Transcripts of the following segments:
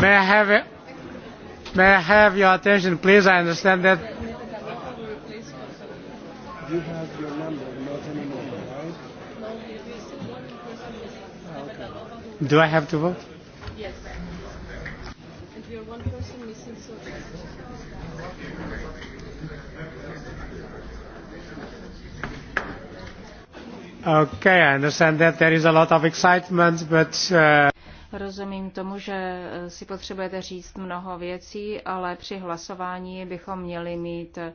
May I have, a, may I have your attention, please? I understand that. You have your number, not anymore, right? Oh, okay. Do I have to vote? Yes. And we are one person missing, so. Okay, I understand that there is a lot of excitement, but. Uh Rozumím tomu, že eh, si potřebujete říct mnoho věcí, ale při hlasování bychom měli mít eh,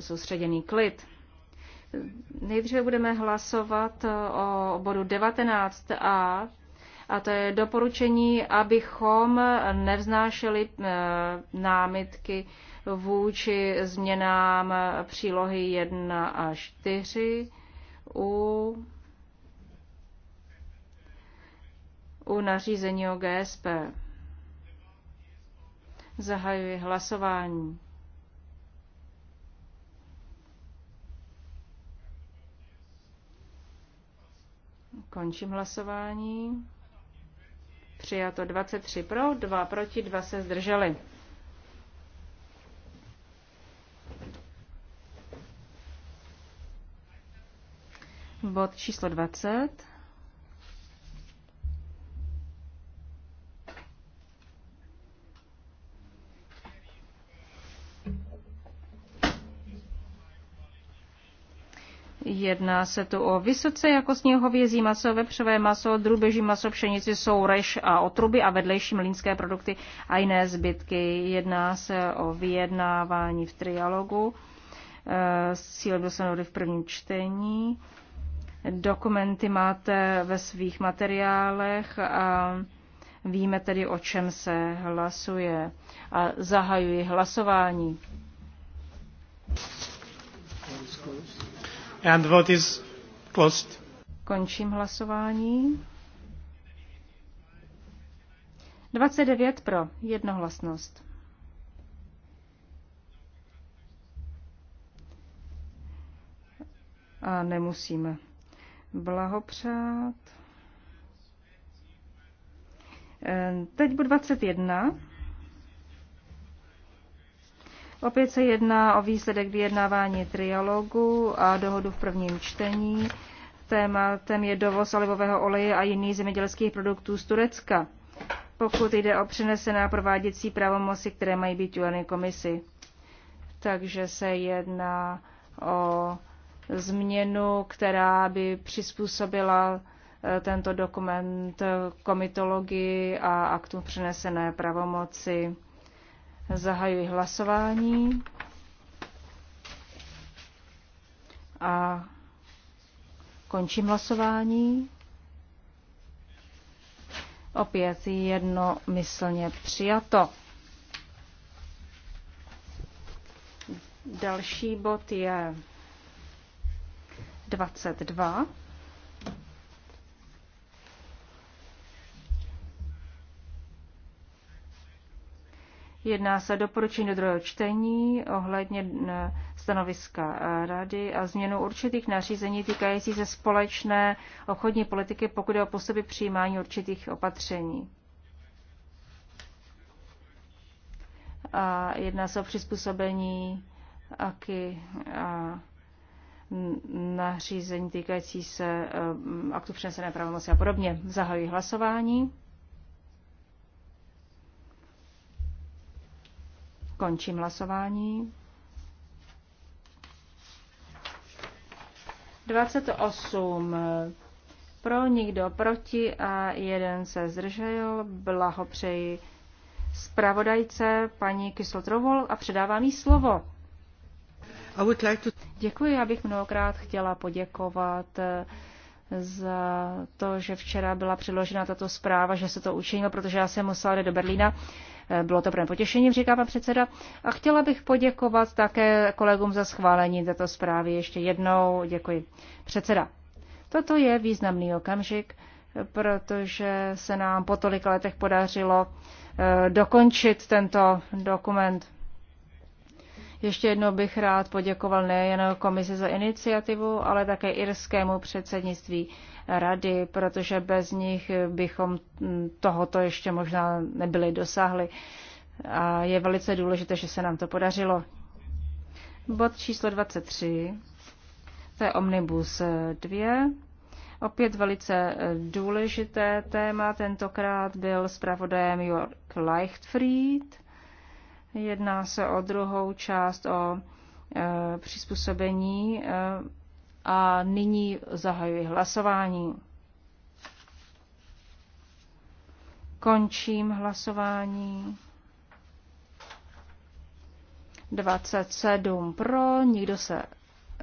soustředěný klid. Nejdříve budeme hlasovat eh, o bodu 19a, a to je doporučení, abychom nevznášeli námitky vůči změnám přílohy 1 a 4 u u nařízení o GSP. Zahajuji hlasování. Končím hlasování. Přijato 23 pro, 2 proti, 2 se zdrželi. Bod číslo 20. Jedná se tu o vysoce jakostní hovězí maso, vepřové maso, drůbeží maso, pšenici, soureš a otruby a vedlejší mlínské produkty a jiné zbytky. Jedná se o vyjednávání v trialogu s eh, cílem dosanody v prvním čtení. Dokumenty máte ve svých materiálech a víme tedy, o čem se hlasuje. A zahajuji hlasování. Thank you. And vote is closed. Končím hlasování. 29 pro, jednohlasnost. A nemusíme blahopřát. Eh, teď bod 21. Opět se jedná o výsledek vyjednávání trialogu a dohodu v prvním čtení. Tématem je dovoz olivového oleje a jiných zemědělských produktů z Turecka, pokud jde o přenesená prováděcí pravomoci, které mají být uděleny komisi. Takže se jedná o změnu, která by přizpůsobila eh, tento dokument komitologii a aktu přenesené pravomoci Zahajuji hlasování. A končím hlasování. Opět jednomyslně přijato. Další bod je 22. Jedná se doporučení do druhého čtení ohledně eh, stanoviska eh, rady a změnu určitých nařízení týkající se společné obchodní politiky, pokud je o postupy přijímání určitých opatření. A jedná se o přizpůsobení aky a nařízení týkající se eh, aktu přenesené pravomoci a podobně. Zahajuji hlasování. Končím hlasování. 28 pro, nikdo proti a jeden se zdržel. Blahopřeji zpravodajce paní Kyslotrovol a předávám jí slovo. Děkuji, já bych mnohokrát chtěla poděkovat eh, za to, že včera byla předložena tato zpráva, že se to učinilo, protože já jsem musela jít do Berlína bylo to pro potěšení, potěšením, říká pan předseda. A chtěla bych poděkovat také kolegům za schválení této zprávy ještě jednou. Děkuji. Předseda, toto je významný okamžik, protože se nám po tolik letech podařilo eh, dokončit tento dokument. Ještě jednou bych rád poděkoval nejen komisi za iniciativu, ale také irskému předsednictví rady, protože bez nich bychom tohoto ještě možná nebyli dosáhli. A je velice důležité, že se nám to podařilo. Bod číslo 23, to je Omnibus 2. Opět velice důležité téma, tentokrát byl zpravodajem Jörg Leichtfried. Jedná se o druhou část o e, přizpůsobení e, a nyní zahajuji hlasování. Končím hlasování. 27 pro, nikdo, se,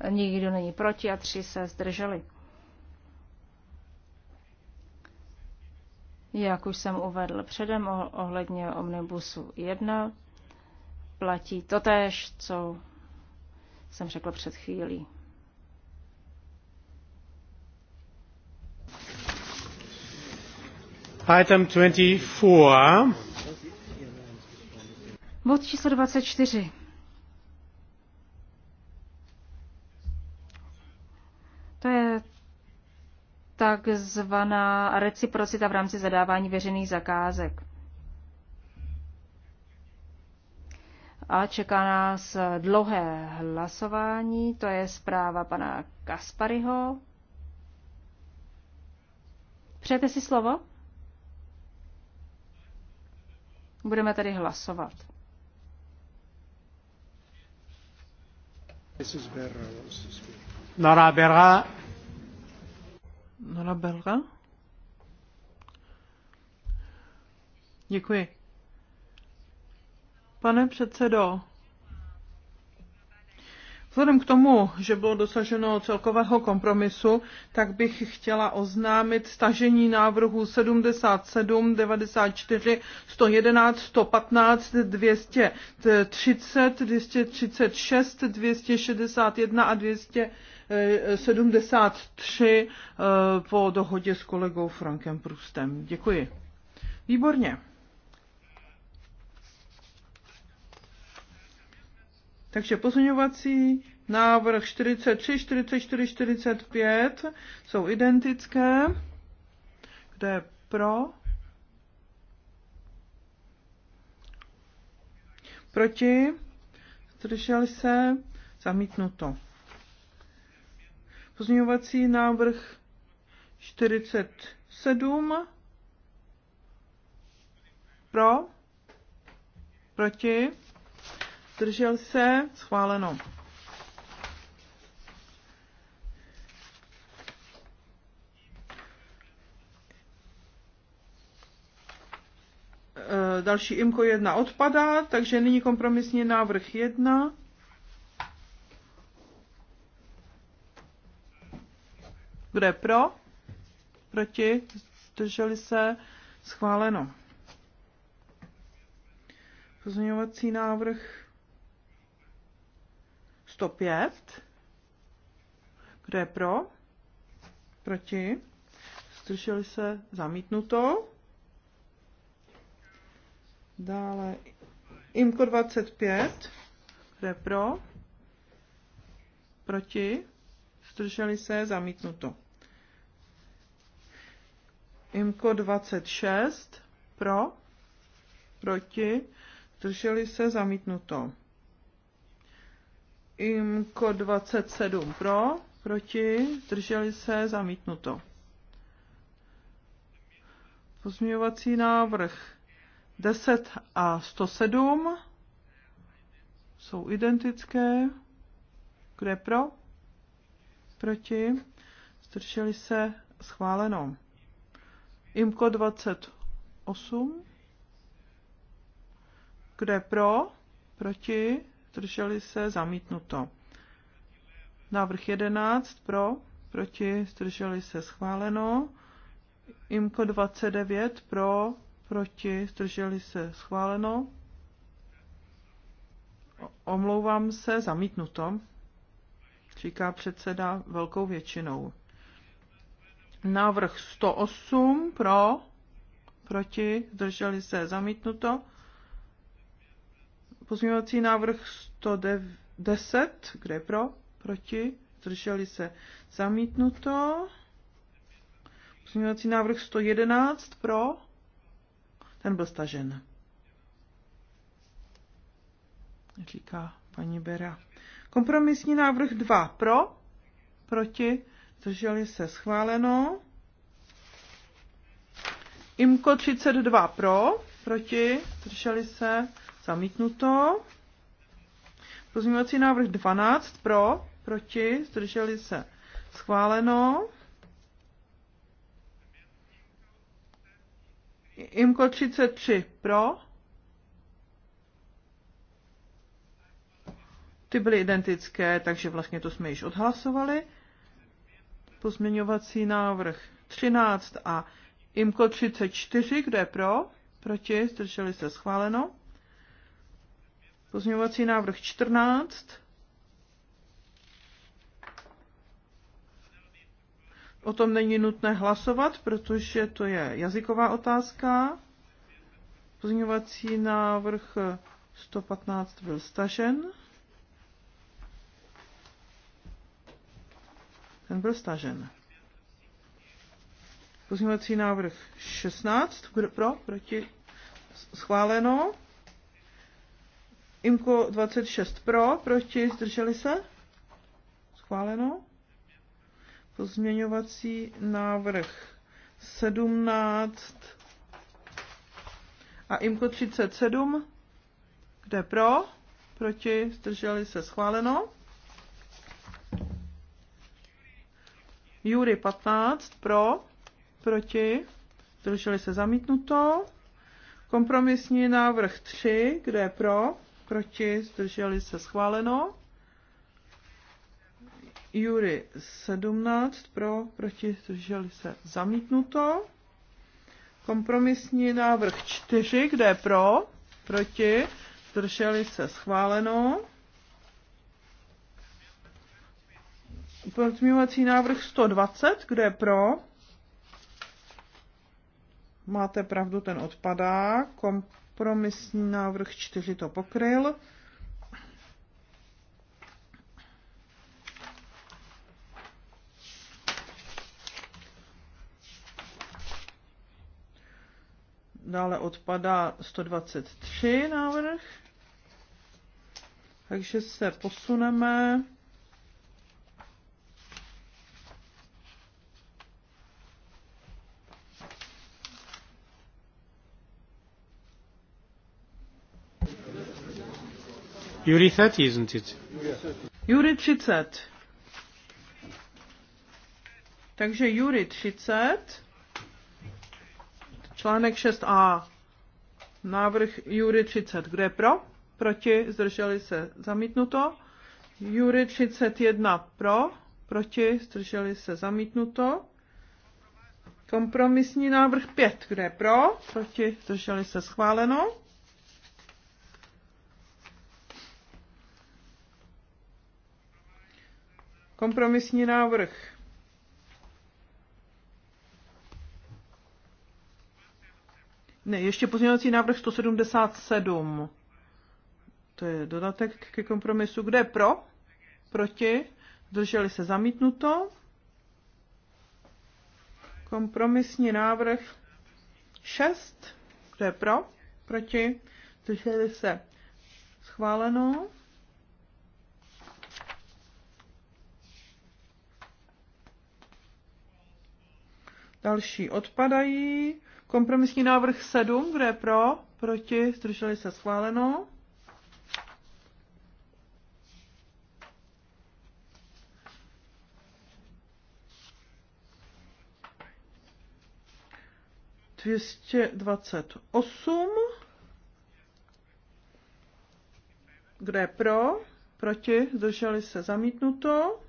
nikdo není proti a tři se zdrželi. Jak už jsem uvedl předem ohledně Omnibusu 1, platí totéž, co jsem řekla před chvílí. Item 24. Bod číslo 24. To je takzvaná reciprocita v rámci zadávání veřejných zakázek. a čeká nás dlouhé hlasování. To je zpráva pana Kaspariho. Přejete si slovo? Budeme tady hlasovat. Nora Berra. Nora Berra? Děkuji. Pane předsedo, Vzhledem k tomu, že bylo dosaženo celkového kompromisu, tak bych chtěla oznámit stažení návrhu 77, 94, 111, 115, 230, 236, 261 a 273 eh, po dohodě s kolegou Frankem Prustem. Děkuji. Výborně. Takže pozměňovací návrh 43, 44, 45 jsou identické. Kde je pro? Proti? Zdržel se? Zamítnuto. Pozměňovací návrh 47. Pro? Proti? zdržel se, schváleno. E, další IMKO 1 odpadá, takže nyní kompromisní návrh 1. Kdo je pro? Proti? Zdrželi se? Schváleno. Pozměňovací návrh 105. Kdo je pro? Proti? Zdrželi se zamítnuto. Dále IMKO 25. Kdo je pro? Proti? Zdrželi se zamítnuto. IMKO 26. Pro? Proti? Zdrželi se zamítnuto. IMKO 27 pro, proti, zdrželi se, zamítnuto. Pozměňovací návrh 10 a 107 jsou identické. Kde pro? Proti. Zdrželi se schváleno. IMKO 28. Kde pro? Proti zdrželi se, zamítnuto. Návrh 11 pro, proti, zdrželi se, schváleno. IMKO 29 pro, proti, zdrželi se, schváleno. Omlouvám se, zamítnuto, říká předseda velkou většinou. Návrh 108 pro, proti, zdrželi se, zamítnuto. Pozměňovací návrh 110, kde je pro, proti, zdrželi se zamítnuto. Pozměňovací návrh 111 pro, ten byl stažen. Říká paní Bera. Kompromisní návrh 2 pro, proti, zdrželi se schváleno. IMKO 32 pro, proti, zdrželi se Zamítnuto. Pozměňovací návrh 12 pro, proti, zdrželi se. Schváleno. Imko 33 pro. Ty byly identické, takže vlastně to jsme již odhlasovali. Pozměňovací návrh 13 a Imko 34, kdo je pro? Proti, zdrželi se schváleno. Pozměňovací návrh 14. O tom není nutné hlasovat, protože to je jazyková otázka. Pozměňovací návrh 115 byl stažen. Ten byl stažen. Pozměňovací návrh 16 pro, proti schváleno. Imko 26 pro, proti, zdrželi se? Schváleno. Pozměňovací návrh 17 a Imko 37, kde pro, proti, zdrželi se, schváleno. Jury 15 pro, proti, zdrželi se zamítnuto. Kompromisní návrh 3, kde je pro, proti, zdrželi se schváleno. Jury 17 pro, proti, zdrželi se zamítnuto. Kompromisní návrh 4, kde je pro, proti, zdrželi se schváleno. Pozměňovací návrh 120, kde je pro, máte pravdu, ten odpadá. Kom- kompromisní návrh 4 to pokryl. Dále odpadá 123 návrh. Takže se posuneme Jury 30, isn't it? Jury 30. Takže Jury 30, článek 6a, návrh Jury 30. Kdo je pro? Proti? Zdrželi se? Zamítnuto. Jury 31 pro, proti, zdrželi se zamítnuto. Kompromisní návrh 5, kde pro, proti, zdrželi se schváleno. Kompromisní návrh. Ne, ještě pozměňovací návrh 177. To je dodatek ke kompromisu. Kde je pro? Proti? Drželi se zamítnuto. Kompromisní návrh 6. Kde je pro? Proti? Drželi se schváleno. Další odpadají. Kompromisní návrh 7, kde je pro, proti, zdrželi se schváleno. Dvěstě dvacet osm. Kde je pro? Proti? Zdrželi se zamítnuto.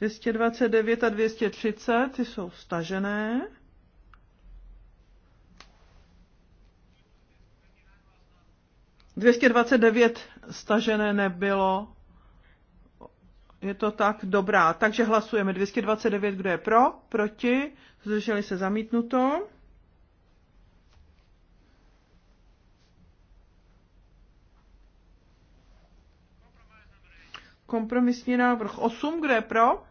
229 a 230, ty jsou stažené. Dvěstě dvacet devět stažené nebylo. Je to tak dobrá. Takže hlasujeme 229, kdo je pro, proti, zdrželi se zamítnuto. Kompromisní návrh 8, kdo je pro?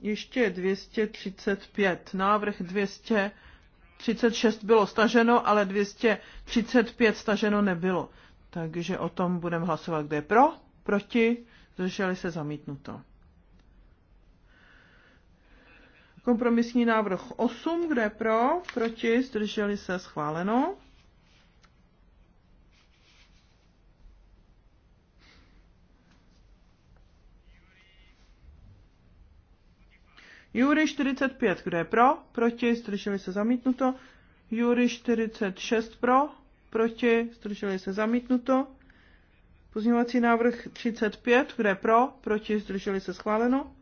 Ještě 235. Návrh 236 bylo staženo, ale 235 staženo nebylo. Takže o tom budeme hlasovat, kde je pro, proti, zdrželi se zamítnuto. Kompromisní návrh 8, kde pro, proti, zdrželi se schváleno. Jury 45, kde je pro, proti, zdrželi se zamítnuto. Jury 46 pro, proti, zdrželi se zamítnuto. Pozměňovací návrh 35, kde pro, proti, zdrželi se schváleno.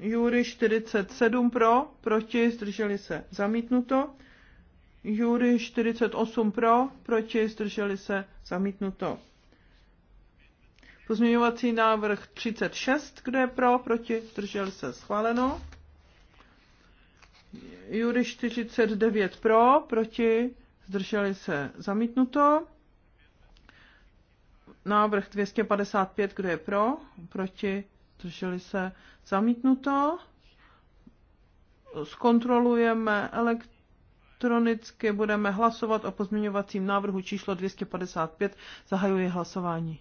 Jury 47 pro, proti, zdrželi se, zamítnuto. Jury 48 pro, proti, zdrželi se, zamítnuto. Pozměňovací návrh 36, kdo je pro, proti, zdrželi se, schváleno. Jury 49 pro, proti, zdrželi se, zamítnuto. Návrh 255, kdo je pro, proti, zdrželi se zamítnuto. Zkontrolujeme elektronicky, budeme hlasovat o pozměňovacím návrhu číslo 255. Zahajuji hlasování.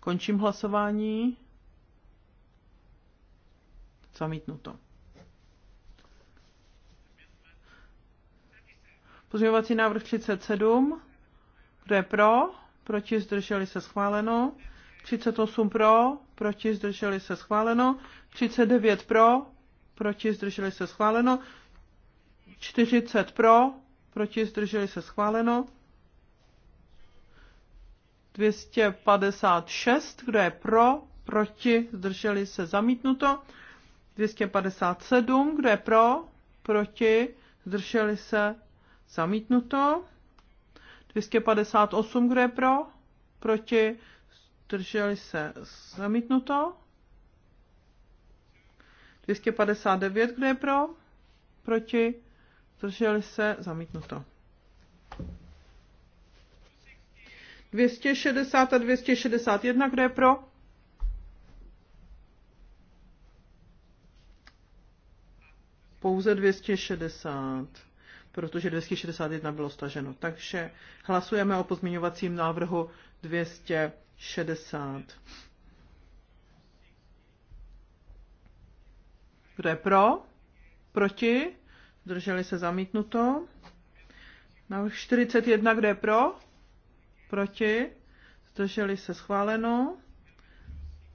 Končím hlasování. Zamítnuto. Pozměňovací návrh 37. Kdo je pro? Proti zdrželi se schváleno. 38 pro, proti zdrželi se schváleno. 39 pro, proti zdrželi se schváleno. 40 pro, proti zdrželi se schváleno. 256, kdo je pro, proti, zdrželi se zamítnuto. 257, kdo je pro, proti, zdrželi se Zamítnuto. 258, kdo je pro? Proti? Drželi se. Zamítnuto. 259, kdo je pro? Proti? Drželi se. Zamítnuto. 260 a 261, kdo je pro? Pouze 260 protože 261 bylo staženo. Takže hlasujeme o pozměňovacím návrhu 260. Kdo je pro? Proti? Zdrželi se zamítnuto. Návrh 41, kdo je pro? Proti? Zdrželi se schváleno.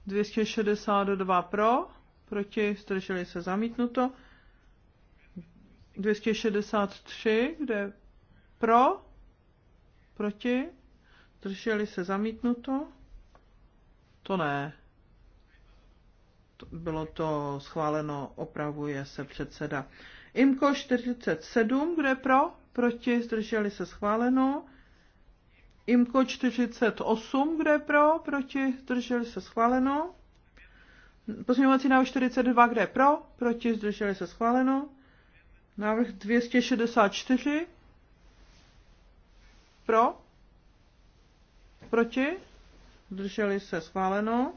262 pro? Proti? Zdrželi se zamítnuto. 263, kde pro, proti, drželi se zamítnuto, to ne. Bylo to schváleno, opravuje se předseda. IMKO 47, kde pro, proti, zdrželi se schváleno. IMKO 48, kde pro, proti, zdrželi se schváleno. Pozměňovací návrh 42, kde pro, proti, zdrželi se schváleno. Návrh 264. Pro? Proti? Drželi se schváleno.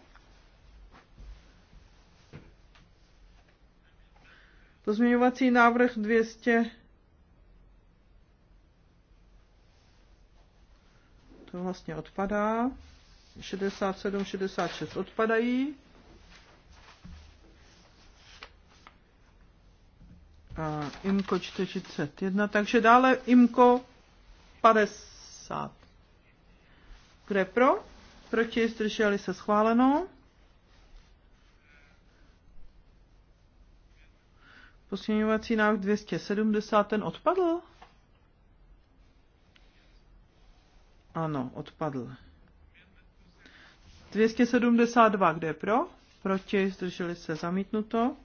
Pozměňovací návrh 200. To vlastně odpadá. 67, 66 odpadají. IMKO 41, takže dále IMKO 50. Kde pro? Proti zdrželi se schváleno. Posměňovací návrh 270, ten odpadl? Ano, odpadl. 272, kde pro? Proti zdrželi se zamítnuto.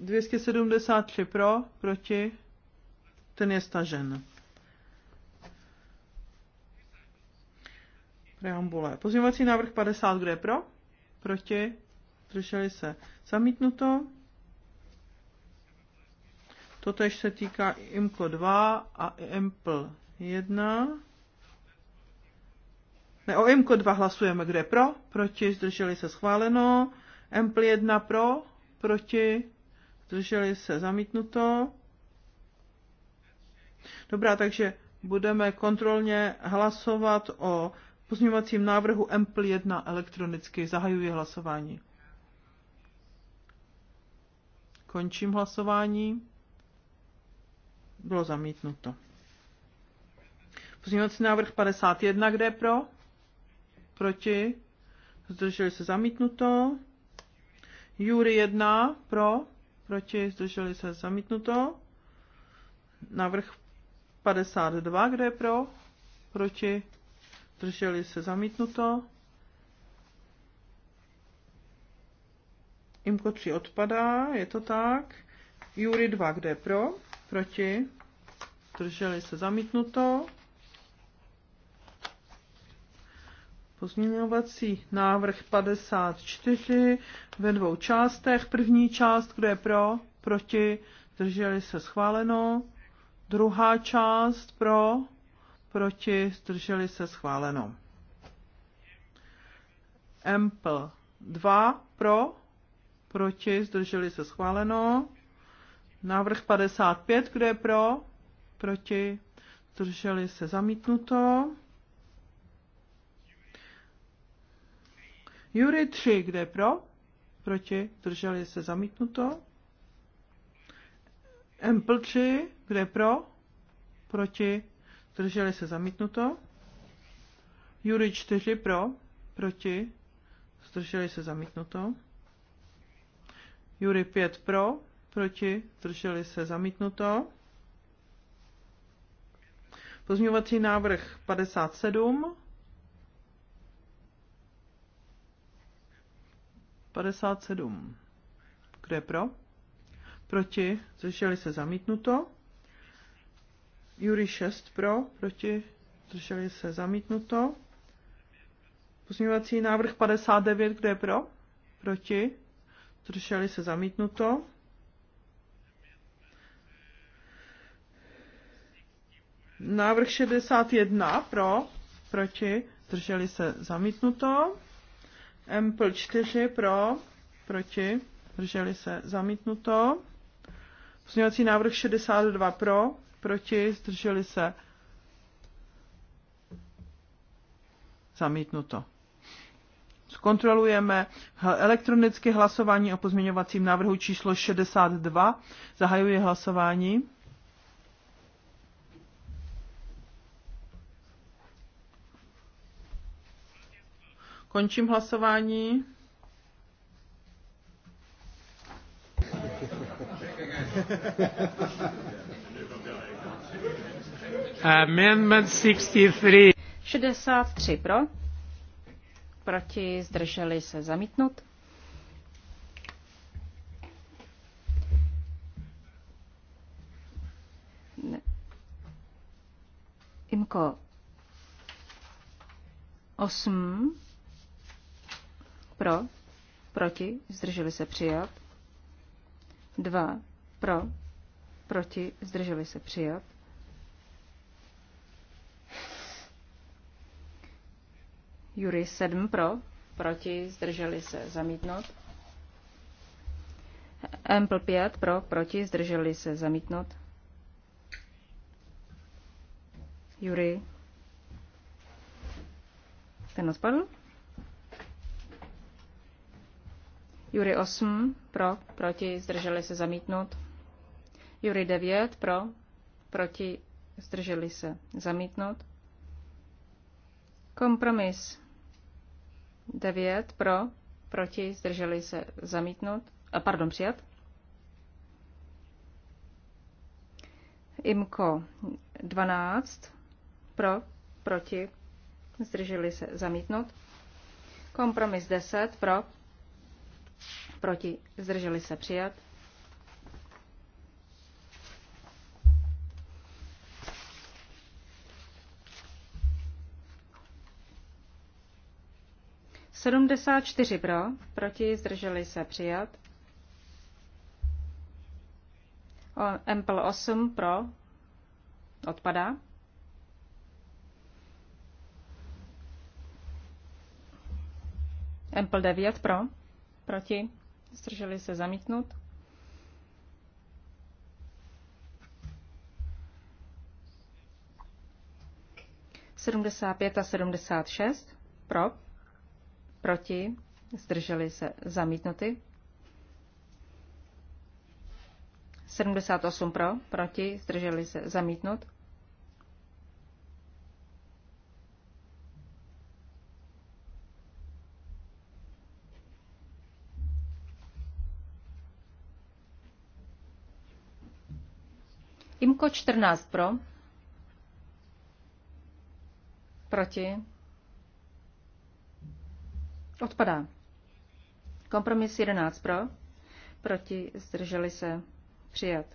273 pro, proti, ten je stažen. Preambule. Pozměňovací návrh 50, kde je pro? Proti? Drželi se. Zamítnuto. Totež se týká IMCO 2 a IMPL 1. Ne, o IMCO 2 hlasujeme, kde je pro? Proti? Zdrželi se. Schváleno. IMPL 1 pro? Proti? zdrželi se zamítnuto. Dobrá, takže budeme kontrolně hlasovat o pozměňovacím návrhu MPL 1 elektronicky. Zahajuji hlasování. Končím hlasování. Bylo zamítnuto. Pozměňovací návrh 51, kde je pro? Proti? Zdrželi se zamítnuto. Jury 1 pro? proti, zdrželi se, zamítnuto. Návrh 52, kdo je pro, proti, zdrželi se, zamítnuto. Imko 3 odpadá, je to tak. Jury 2, kde je pro, proti, zdrželi se, zamítnuto. Pozměňovací návrh 54 ve dvou částech. První část, kde je pro, proti, zdrželi se schváleno. Druhá část pro, proti, zdrželi se schváleno. Empl 2 pro, proti, zdrželi se schváleno. Návrh 55, kde je pro, proti, zdrželi se zamítnuto. Jury 3, kde je pro? Proti, zdrželi se zamítnuto. Empl 3, kde je pro? Proti, zdrželi se zamítnuto. Jury 4 pro, proti, zdrželi se zamítnuto. Jury 5 pro, proti, drželi se zamítnuto. Pozměňovací návrh 57 57. Kdo je pro? Proti? Zdrželi se zamítnuto. Jury 6 pro, proti? Zdrželi se zamítnuto. Pozměňovací návrh 59, kdo je pro? Proti? Zdrželi se zamítnuto. Návrh 61 pro, proti, zdrželi se zamítnuto. M 4 pro, proti, drželi se, zamítnuto. Pozměňovací návrh 62 pro, proti, zdrželi se, zamítnuto. Zkontrolujeme elektronické hlasování o pozměňovacím návrhu číslo 62. Zahajuji hlasování. Končím hlasování. Amendment 63. 63 pro. Proti zdrželi se zamítnut. Ne. Imko 8 pro, proti, zdrželi se přijat. 2 pro, proti, zdrželi se přijat. Jury 7 pro, proti, zdrželi se zamítnout. Empl 5 pro, proti, zdrželi se zamítnout. Jury. Ten odpadl? Jury 8 pro, proti, zdrželi se zamítnout. Jury 9 pro, proti, zdrželi se zamítnout. Kompromis 9 pro, proti, zdrželi se zamítnout. A pardon, přijat. Imko 12 pro, proti, zdrželi se zamítnout. Kompromis 10 pro, proti, zdrželi se přijat. Sedmdesát čtyři pro, proti, zdrželi se přijat. Empl osm pro odpadá. Empl devět pro proti. Zdrželi se zamítnout. Sedmdesát pět a sedmdesát šest. Pro. Proti. Zdrželi se zamítnuty. 78 pro, proti, zdrželi se zamítnut. Imko 14 pro. Proti. Odpadá. Kompromis 11 pro. Proti. Zdrželi se. Přijat.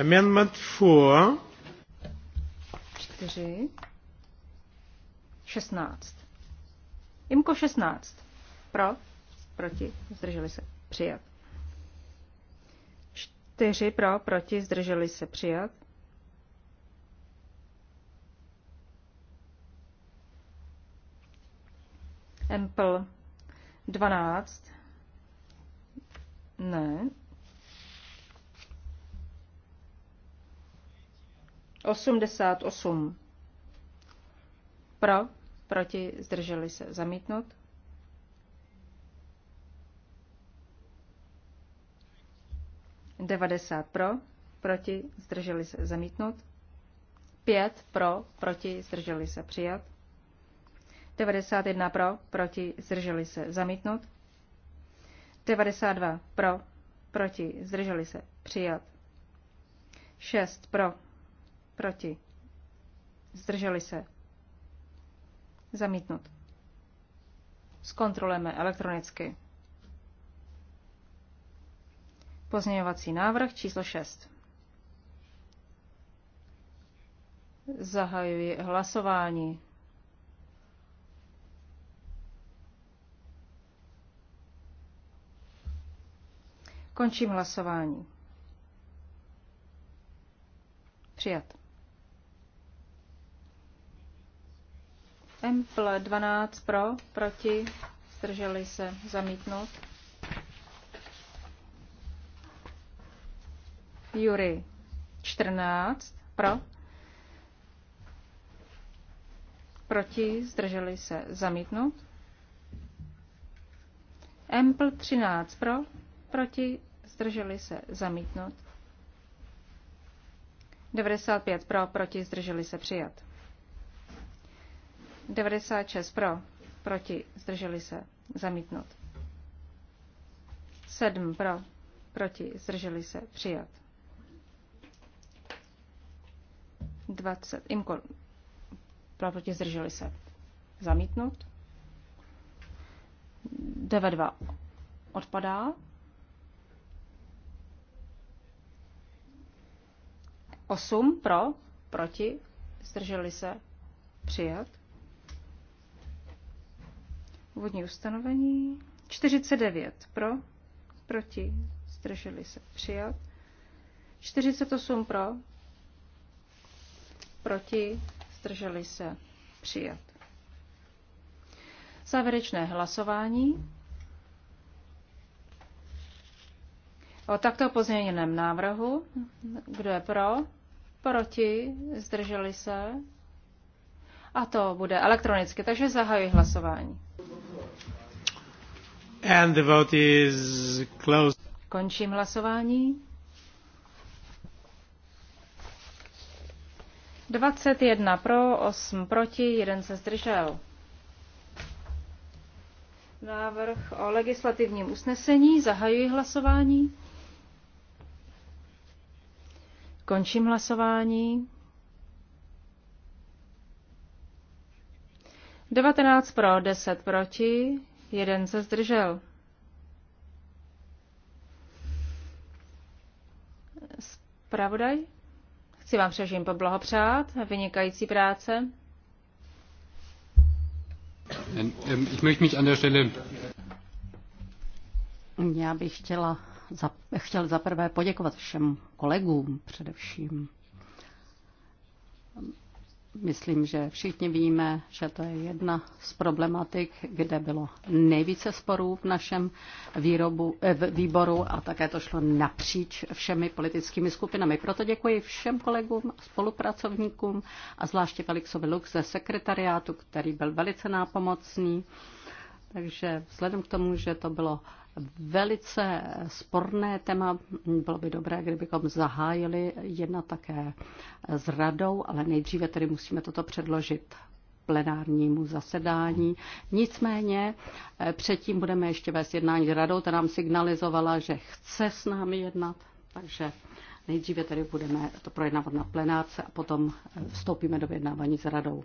Amendment 4 4, 16. Imko 16. Pro, proti, zdrželi se, přijat. 4 pro, proti, zdrželi se, přijat. Empl 12. Ne, 88 pro, proti, zdrželi se zamítnout. 90 pro, proti, zdrželi se zamítnout. 5 pro, proti, zdrželi se přijat. 91 pro, proti, zdrželi se zamítnout. 92 pro, proti, zdrželi se přijat. 6 pro, Proti. Zdrželi se. Zamítnut. Zkontrolujeme elektronicky. Pozměňovací návrh číslo 6. Zahajuji hlasování. Končím hlasování. Přijat. Emple 12 pro, proti, zdrželi se, zamítnout. Jury 14 pro, proti, zdrželi se, zamítnout. Empl 13 pro, proti, zdrželi se, zamítnout. 95 pro, proti, zdrželi se, přijat. 96 pro, proti, zdrželi se, zamítnut. 7 pro, proti, zdrželi se, přijat. 20, imko, pro, proti, zdrželi se, zamítnut. 92 odpadá. Osm pro, proti, zdrželi se, přijat. Úvodní ustanovení. 49 pro, proti, zdrželi se, přijat. 48 pro, proti, zdrželi se, přijat. Závěrečné hlasování. O takto pozměněném návrhu. Kdo je pro? Proti? Zdrželi se? A to bude elektronicky, takže zahajuji hlasování. And the vote is closed. Končím hlasování. 21 pro, 8 proti, 1 se zdržel. Návrh o legislativním usnesení. Zahajuji hlasování. Končím hlasování. 19 pro, 10 proti, Jeden se zdržel. Spravodaj? Chci vám všem poblahopřát. Vynikající práce. Ähm, ähm, Já bych chtěla za, chtěl zaprvé poděkovat všem kolegům především. Myslím, že všichni víme, že to je jedna z problematik, kde bylo nejvíce sporů v našem výrobu, eh, v výboru a také to šlo napříč všemi politickými skupinami. Proto děkuji všem kolegům, spolupracovníkům a zvláště Felixovi Lux ze sekretariátu, který byl velice nápomocný. Takže vzhledem k tomu, že to bylo velice sporné téma. Bylo by dobré, kdybychom zahájili jedna také s radou, ale nejdříve tedy musíme toto předložit plenárnímu zasedání. Nicméně eh, předtím budeme ještě vést jednání s radou, ta nám signalizovala, že chce s námi jednat, takže nejdříve tedy budeme to projednávat na plenáce a potom eh, vstoupíme do vyjednávání s radou.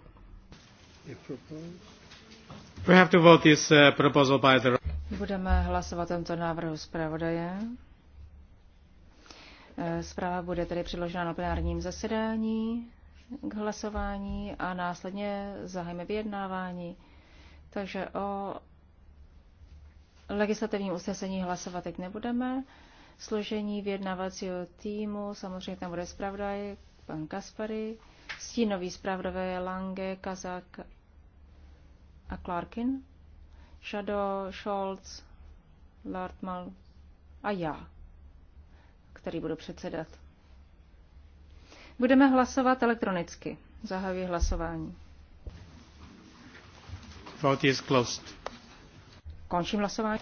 We have to vote this uh, proposal by the Budeme hlasovat tento návrhu zpravodaje. Eh, zpráva bude tedy předložena na plenárním zasedání k hlasování a následně zahajme vyjednávání. Takže o legislativním usnesení hlasovat teď nebudeme. Složení vyjednávacího týmu, samozřejmě tam bude zpravodaj pan Kaspary, stínový zpravodaj Lange, Kazak a Clarkin. Shadow, Scholz, Lord Mal a já, který budu předsedat. Budeme hlasovat elektronicky. Zahajuji hlasování. Vote is closed. Končím hlasování.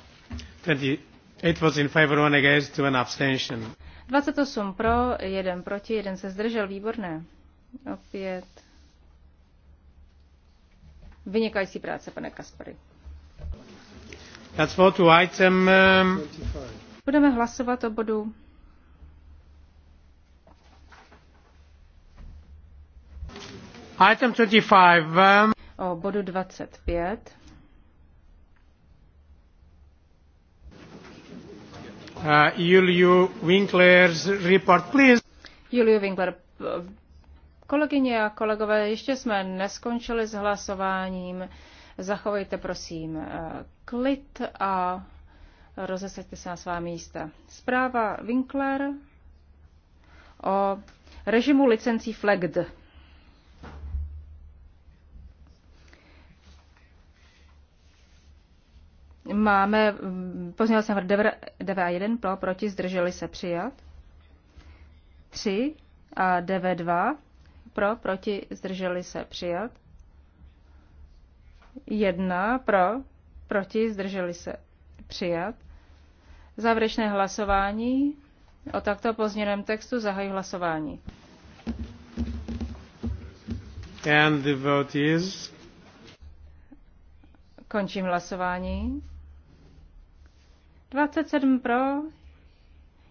28 was in favor, one against, two an abstention. 28 pro, 1 proti, 1 se zdržel. Výborné. Opět. Vynikající práce, pane Kaspary. Let's vote to item, um... Budeme hlasovat o bodu Item 25. Um... O bodu 25. Uh, Juliu Winkler's report, please. Juliu Winkler, kolegyně a kolegové, ještě jsme neskončili s hlasováním. Zachovejte prosím eh, klid a rozesaďte se na svá místa. Zpráva Winkler o režimu licencí FLEGD. Máme, pozněl jsem 9A1 pro, proti, zdrželi se přijat. 3 a 2, pro, proti, zdrželi se přijat. 1 pro, proti, zdrželi se přijat. Závěrečné hlasování o takto pozměněném textu zahají hlasování. And the vote is... Končím hlasování. 27 pro,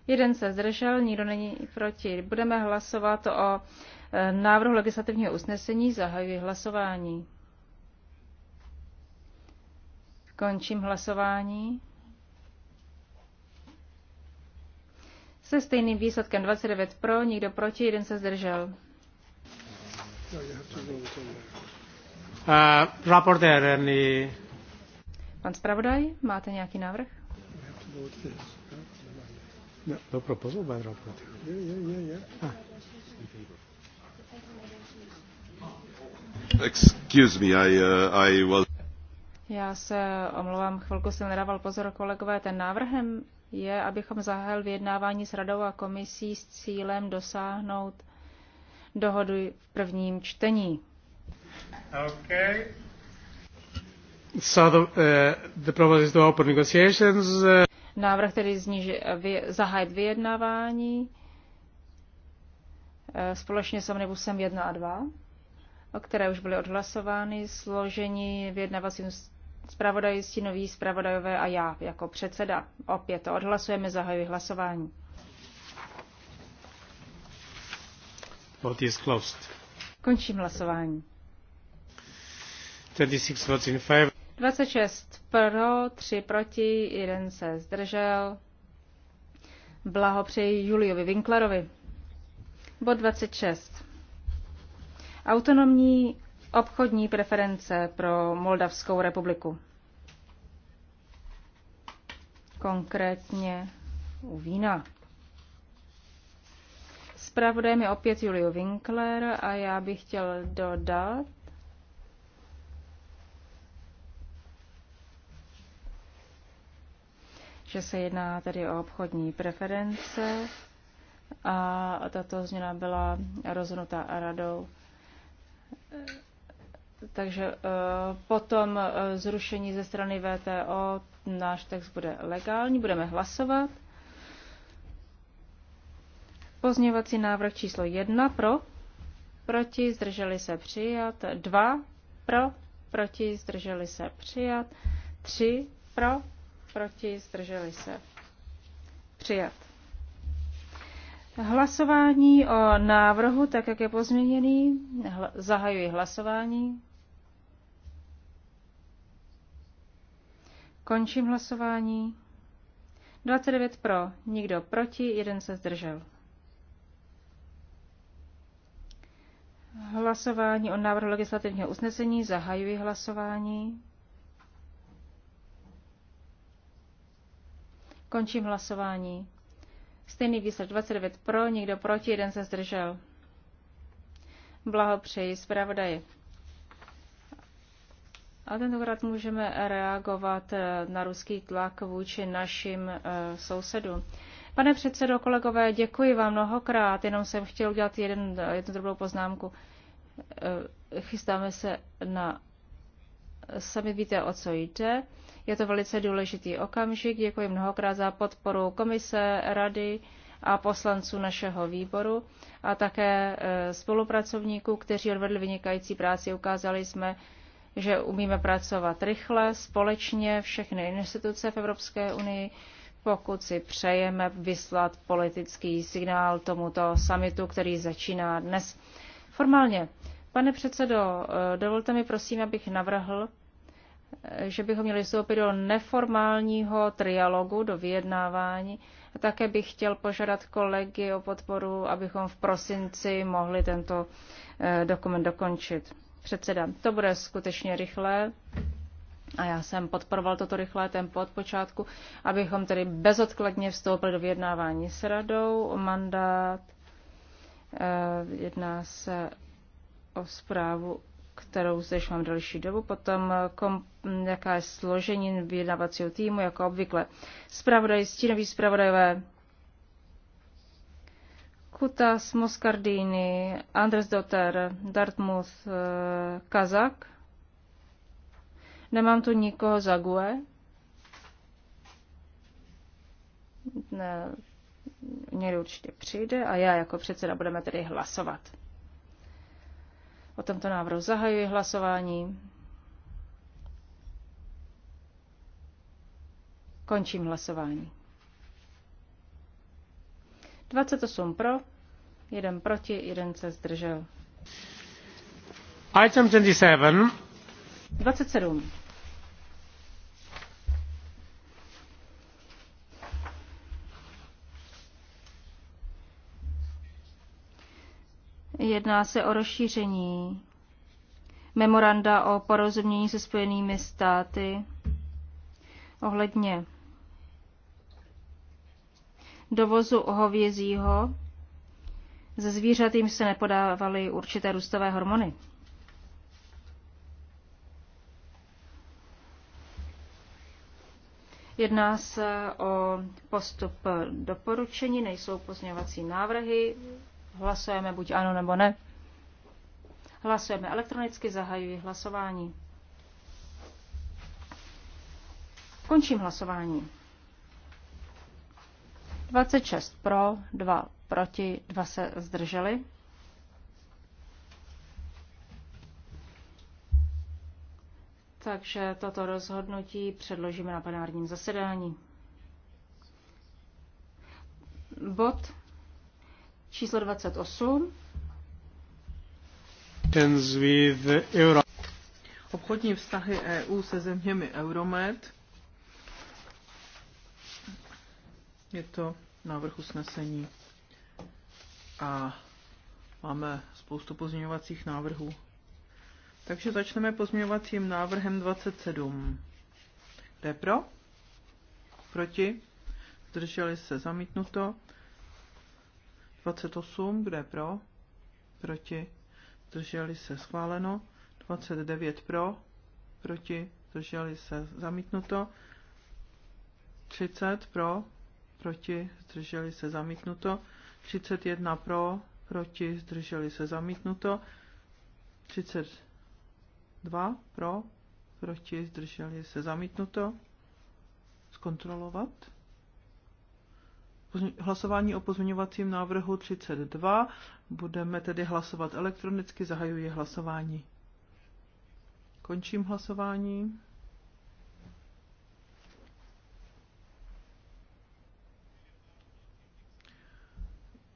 jeden se zdržel, nikdo není proti. Budeme hlasovat o e, návrhu legislativního usnesení, zahajuji hlasování. Končím hlasování. Se stejným výsledkem 29 pro, nikdo proti, jeden se zdržel. Uh, any... Pan zpravodaj, máte nějaký návrh? No, no proposal by Yeah, yeah, yeah, yeah. Ah. Excuse me, I, uh, I was... Já se omlouvám, chvilku jsem nedával pozor, kolegové. Ten návrhem je, abychom zahájil vyjednávání s radou a komisí s cílem dosáhnout dohody v prvním čtení. OK. So the, uh, the proposal is to open negotiations. Uh, Návrh tedy zní, že vy, zahájit vyjednávání eh, společně s omnibusem 1 a 2, o které už byly odhlasovány, složení vyjednávacím zpravodaj, stínoví zpravodajové a já jako předseda. Opět to odhlasujeme, zahajuji hlasování. is closed. Končím hlasování. 36 votes in 26 pro, 3 proti, 1 se zdržel. Blahopřeji Juliovi Winklerovi. Bod 26. Autonomní obchodní preference pro Moldavskou republiku. Konkrétně u vína. Spravodajem je opět Julio Winkler a já bych chtěl dodat, že se jedná tedy o obchodní preference a tato změna byla rozhodnuta radou takže eh, potom eh, zrušení ze strany VTO náš text bude legální, budeme hlasovat. Pozměňovací návrh číslo 1 pro, proti, zdrželi se přijat, 2 pro, proti, zdrželi se přijat, 3 pro, proti, zdrželi se přijat. Hlasování o návrhu, tak jak je pozměněný, zahajuji hlasování. Končím hlasování. 29 pro, nikdo proti, jeden se zdržel. Hlasování o návrhu legislativního usnesení. Zahajuji hlasování. Končím hlasování. Stejný výsledek 29 pro, nikdo proti, jeden se zdržel. Blahopřeji zpravodaji. A tentokrát můžeme reagovat eh, na ruský tlak vůči našim eh, sousedům. Pane předsedo, kolegové, děkuji vám mnohokrát, jenom jsem chtěl udělat jeden, jednu drobnou poznámku. Eh, chystáme se na sami víte, o co jde. Je to velice důležitý okamžik. Děkuji mnohokrát za podporu komise, rady a poslanců našeho výboru a také spolupracovníků, kteří odvedli vynikající práci. Ukázali jsme, že umíme pracovat rychle, společně, všechny instituce v Evropské unii, pokud si přejeme vyslat politický signál tomuto samitu, který začíná dnes. Formálně, pane předsedo, eh, dovolte mi prosím, abych navrhl, eh, že bychom měli vstoupit do neformálního trialogu, do vyjednávání. A také bych chtěl požádat kolegy o podporu, abychom v prosinci mohli tento eh, dokument dokončit. Předseda, to bude skutečně rychlé. A já jsem podporoval toto rychlé tempo od počátku, abychom tedy bezodkladně vstoupili do vyjednávání s radou o mandát. Eh, jedná se o zprávu, kterou zde mám další dobu. Potom, eh, kom, jaká je složení vyjednávacího týmu, jako obvykle. Spravodaj, stínoví zpravodajové, Kutas Moscardini, Andres Dotter, Dartmouth eh, Kazak. Nemám tu nikoho za GUE. Ne, někdy určitě přijde a já jako předseda budeme tedy hlasovat. O tomto návrhu zahajuji hlasování. Končím hlasování. 28 pro, jeden proti, jeden se zdržel. Item 27. 27. Jedná se o rozšíření memoranda o porozumění se Spojenými státy ohledně dovozu hovězího ze zvířat jim se nepodávaly určité růstové hormony. Jedná se o postup doporučení, nejsou pozměňovací návrhy. Hlasujeme buď ano nebo ne. Hlasujeme elektronicky, zahajuji hlasování. Končím hlasování. 26 pro, 2 proti, dva se zdrželi. Takže toto rozhodnutí předložíme na plenárním zasedání. Bod číslo 28. Obchodní vztahy EU se zeměmi Euromed. Je to návrh usnesení a máme spoustu pozměňovacích návrhů. Takže začneme pozměňovacím návrhem 27. Kde pro? Proti? Zdrželi se zamítnuto. 28. Kde pro? Proti? Zdrželi se schváleno. 29 pro, proti, zdrželi se zamítnuto. 30 pro, proti, zdrželi se zamítnuto. 31 pro, proti, zdrželi se zamítnuto. 32 pro, proti, zdrželi se zamítnuto. Zkontrolovat. Hlasování o pozměňovacím návrhu 32. Budeme tedy hlasovat elektronicky. Zahajuji hlasování. Končím hlasování.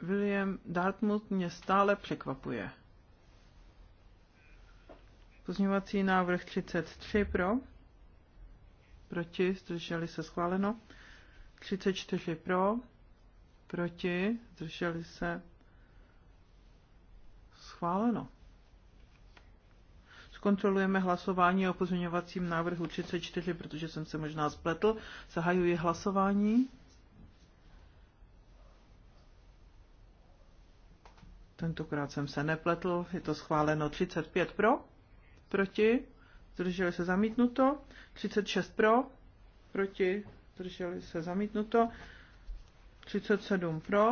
William Dartmouth mě stále překvapuje. Pozměňovací návrh 33 pro, proti, zdrželi se schváleno. 34 pro, proti, zdrželi se schváleno. Zkontrolujeme hlasování o pozměňovacím návrhu 34, protože jsem se možná spletl. Zahajuji hlasování. Tentokrát jsem se nepletl, je to schváleno 35 pro, proti, zdrželi se zamítnuto, 36 pro, proti, zdrželi se zamítnuto, 37 pro,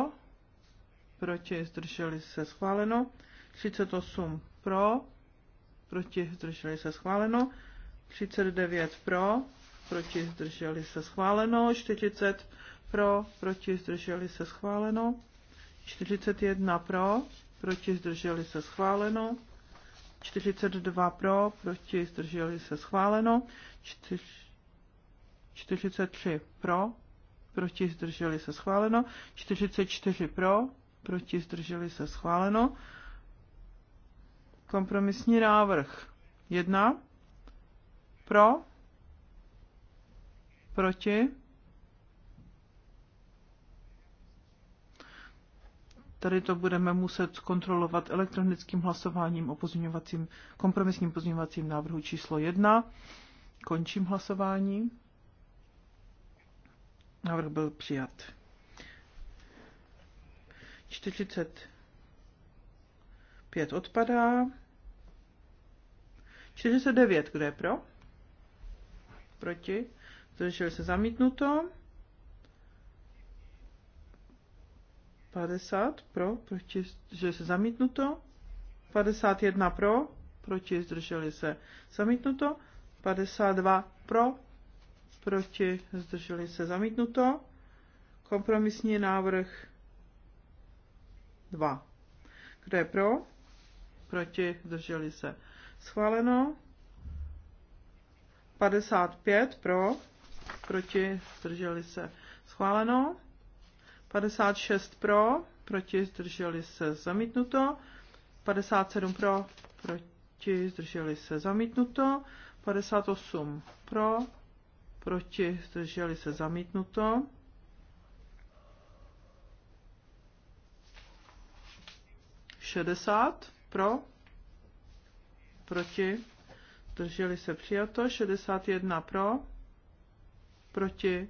proti, zdrželi se schváleno, 38 pro, proti, zdrželi se schváleno, 39 pro, proti, zdrželi se schváleno, 40 pro, proti, zdrželi se schváleno, 41 pro, proti zdrželi se schváleno. 42 pro, proti zdrželi se schváleno. 43 pro, proti zdrželi se schváleno. 44 pro, proti zdrželi se schváleno. Kompromisní návrh 1 pro, proti Tady to budeme muset kontrolovat elektronickým hlasováním o pozměňovacím, kompromisním pozměňovacím návrhu číslo 1. Končím hlasování. Návrh byl přijat. 45 odpadá. 49, kdo je pro? Proti? Zdrželi se zamítnuto. 50 pro, proti, že se zamítnuto. 51 pro, proti, zdrželi se zamítnuto. 52 pro, proti, zdrželi se zamítnuto. Kompromisní návrh 2. Kdo je pro? Proti, zdrželi se. Schváleno. 55 pro, proti, zdrželi se. Schváleno. 56 pro, proti zdrželi se zamítnuto. 57 pro, proti zdrželi se zamítnuto. 58 pro, proti zdrželi se zamítnuto. 60 pro, proti, zdrželi se přijato, 61 pro, proti,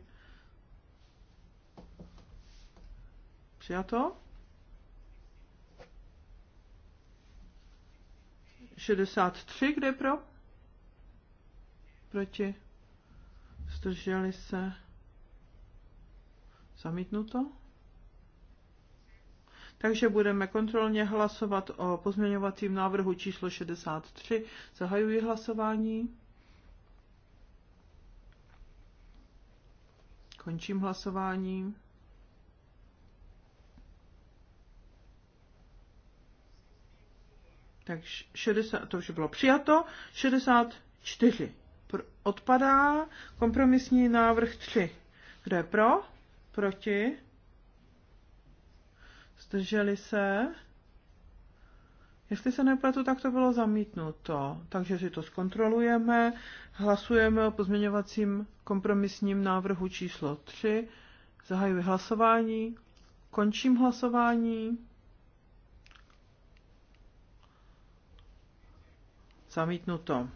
Přijato. 63, kde pro? Proti. Zdrželi se. Zamítnuto. Takže budeme kontrolně hlasovat o pozměňovacím návrhu číslo 63. Zahajuji hlasování. Končím hlasování. Takže 60, to už bylo přijato, 64 odpadá, kompromisní návrh 3. Kdo je pro? Proti? Zdrželi se? Jestli se nepletu, tak to bylo zamítnuto. Takže si to zkontrolujeme. Hlasujeme o pozměňovacím kompromisním návrhu číslo 3. Zahajuji hlasování. Končím hlasování. Zamítnuto.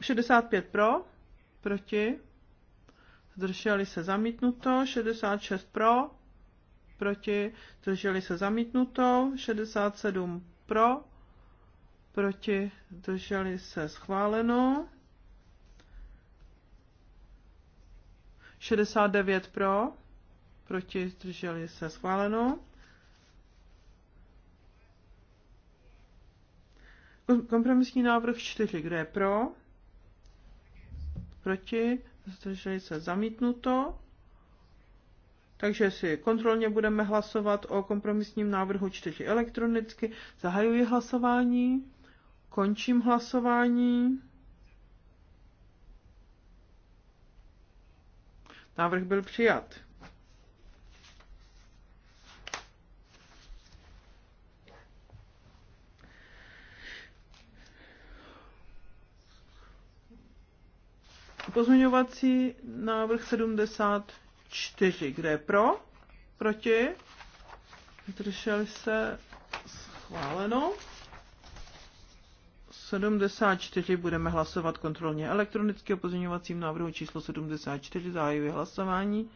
Šedesát pět pro, proti, zdrželi se zamítnuto, 66 pro, proti, zdrželi se zamítnuto, 67 pro, proti, zdrželi se schváleno, 69 pro, proti, zdrželi se schváleno, Kompromisní návrh 4, kdo je pro? Proti? Zdrželi se zamítnuto. Takže si kontrolně budeme hlasovat o kompromisním návrhu 4 elektronicky. Zahajuji hlasování. Končím hlasování. Návrh byl přijat. Pozměňovací návrh 74. Kde je pro? Proti? Zdrželi se? Schváleno. 74 budeme hlasovat kontrolně elektronicky o pozměňovacím návrhu číslo 74. Zahajuji hlasování.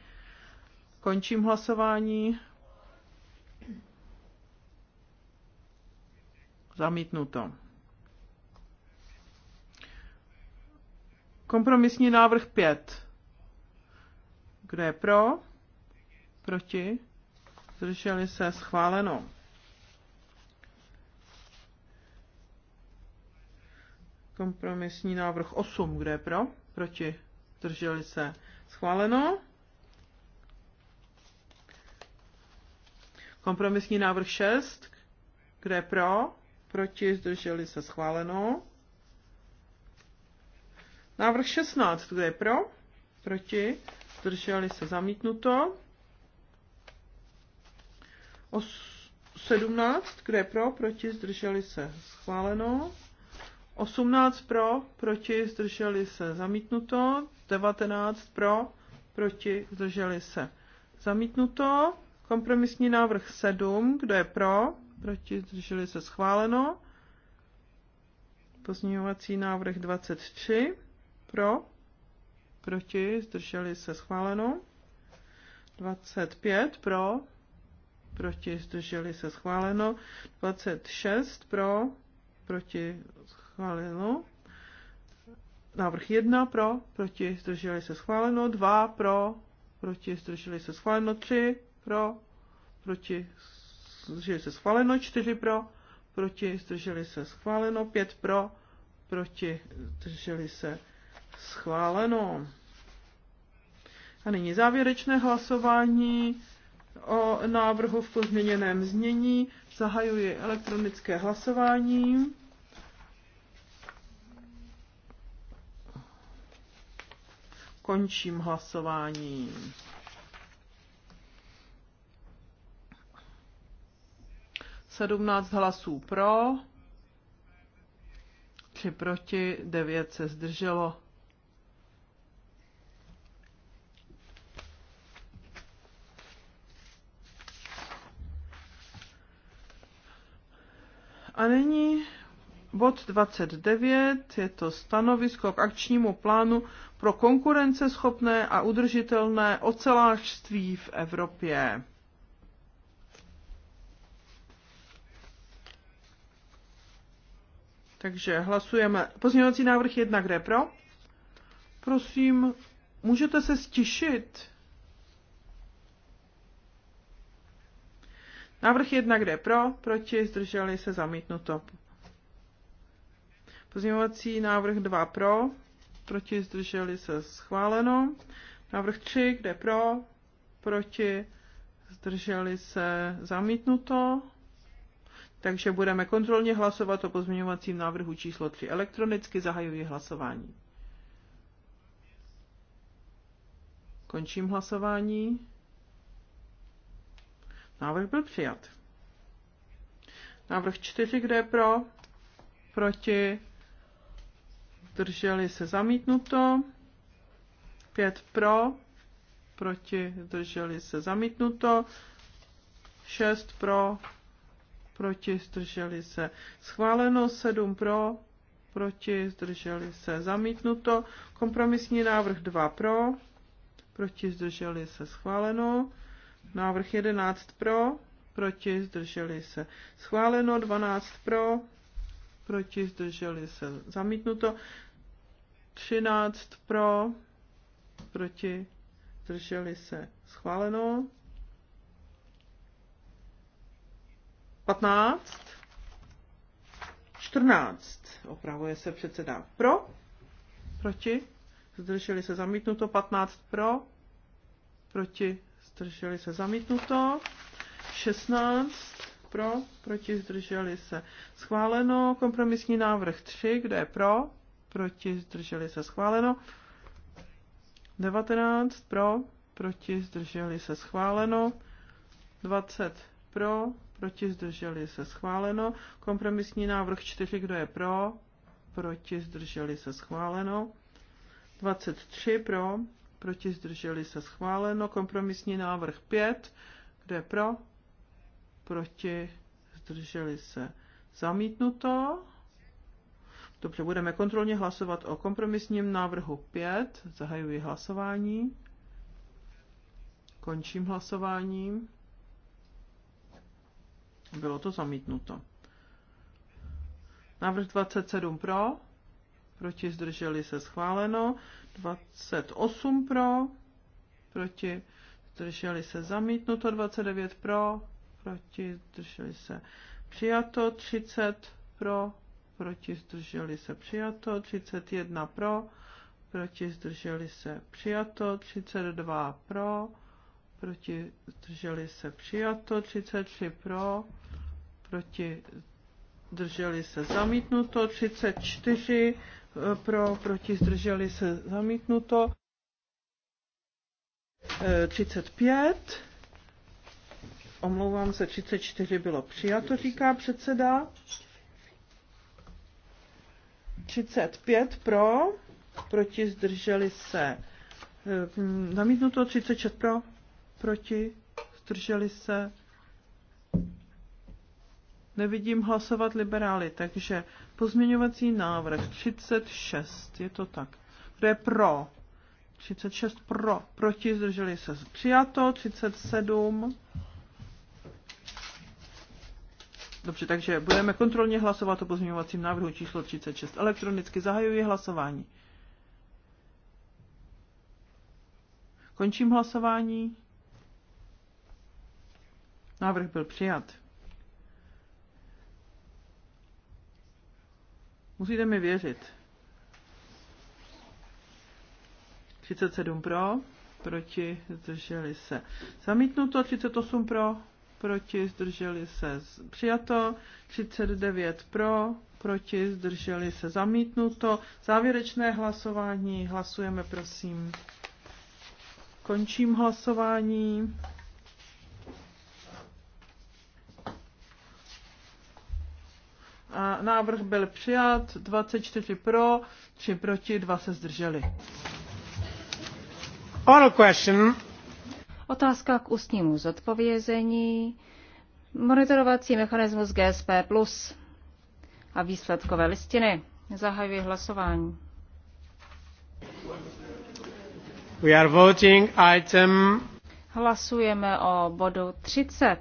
Končím hlasování. Zamítnuto. Kompromisní návrh 5. Kdo je pro? Proti? Zdrželi se schváleno. Kompromisní návrh 8. Kdo je pro? Proti? Zdrželi se schváleno. Kompromisní návrh 6. Kdo je pro? Proti? Zdrželi se schváleno. Návrh 16, kdo je pro? Proti? Zdrželi se zamítnuto. O 17, kdo je pro? Proti? Zdrželi se schváleno. 18 pro, proti, zdrželi se, zamítnuto. 19 pro, proti, zdrželi se, zamítnuto. Kompromisní návrh 7, kdo je pro, proti, zdrželi se, schváleno. Pozměňovací návrh 23. Pro? Proti? Zdrželi se schváleno. 25 pro? Proti? Zdrželi se schváleno. 26 pro? Proti? Schváleno. Návrh 1 pro? Proti? Zdrželi se schváleno. 2 pro? Proti? Zdrželi se schváleno. 3 pro? Proti? Zdrželi se schváleno. 4 pro? Proti? Zdrželi se schváleno. 5 pro? Proti? Zdrželi se schváleno. Schváleno. A nyní závěrečné hlasování o návrhu v pozměněném znění. Zahajuji elektronické hlasování. Končím hlasování. Sedmnáct hlasů pro, tři proti, devět se zdrželo. A nyní bod 29, je to stanovisko k akčnímu plánu pro konkurenceschopné a udržitelné ocelářství v Evropě. Takže hlasujeme. Pozměňovací návrh 1, kde pro? Prosím, můžete se stišit? Návrh 1, kde pro, proti, zdrželi se zamítnuto. Pozměňovací návrh 2 pro, proti, zdrželi se schváleno. Návrh 3, kde pro, proti, zdrželi se zamítnuto. Takže budeme kontrolně hlasovat o pozměňovacím návrhu číslo 3. Elektronicky zahajuji hlasování. Končím hlasování. Návrh byl přijat. Návrh čtyři kde je pro? Proti? Drželi se zamítnuto. Pět pro? Proti? Drželi se zamítnuto. Šest pro? Proti? Zdrželi se schváleno. sedm pro? Proti? Zdrželi se zamítnuto. Kompromisní návrh dva pro? Proti? Zdrželi se schváleno. Návrh 11 pro, proti, zdrželi se. Schváleno 12 pro, proti, zdrželi se. Zamítnuto 13 pro, proti, zdrželi se. Schváleno 15 14 opravuje se předseda pro, proti, zdrželi se. Zamítnuto 15 pro, proti, zdrželi se zamítnuto, 16 pro, proti zdrželi se schváleno, kompromisní návrh 3, kde je pro, proti zdrželi se schváleno, 19 pro, proti zdrželi se schváleno, 20 pro, proti zdrželi se schváleno, kompromisní návrh 4, kdo je pro, proti zdrželi se schváleno, 23 pro, proti, zdrželi se schváleno. Kompromisní návrh 5, kde je pro, proti, zdrželi se zamítnuto. Dobře, budeme kontrolně hlasovat o kompromisním návrhu 5. Zahajuji hlasování. Končím hlasováním. Bylo to zamítnuto. Návrh 27 pro, proti, zdrželi se schváleno, 28 pro, proti, zdrželi se zamítnuto, 29 pro, proti, zdrželi se přijato, 30 pro, proti, zdrželi se přijato, 31 pro, proti, zdrželi se přijato, 32 pro, proti, zdrželi se přijato, 33 pro, proti, zdrželi se zamítnuto, 34 pro, proti, zdrželi se, zamítnuto. 35, e, omlouvám se, 34 bylo přijato, říká předseda. 35 pro, proti, zdrželi se, e, zamítnuto, 36 pro, proti, zdrželi se, nevidím hlasovat liberály, takže Pozměňovací návrh 36, je to tak. Kdo je pro? 36 pro, proti, zdrželi se přijato, 37. Dobře, takže budeme kontrolně hlasovat o pozměňovacím návrhu číslo 36. Elektronicky zahajuji hlasování. Končím hlasování. Návrh byl přijat. Musíte mi věřit. 37 pro, proti, zdrželi se. Zamítnuto 38 pro, proti, zdrželi se. Přijato 39 pro, proti, zdrželi se. Zamítnuto. Závěrečné hlasování. Hlasujeme, prosím. Končím hlasování. návrh byl přijat, 24 pro, 3 proti, 2 se zdrželi. Oral question. Otázka k ústnímu zodpovězení. Monitorovací mechanismus GSP plus a výsledkové listiny. Zahajuji hlasování. We are voting item. Hlasujeme o bodu 30.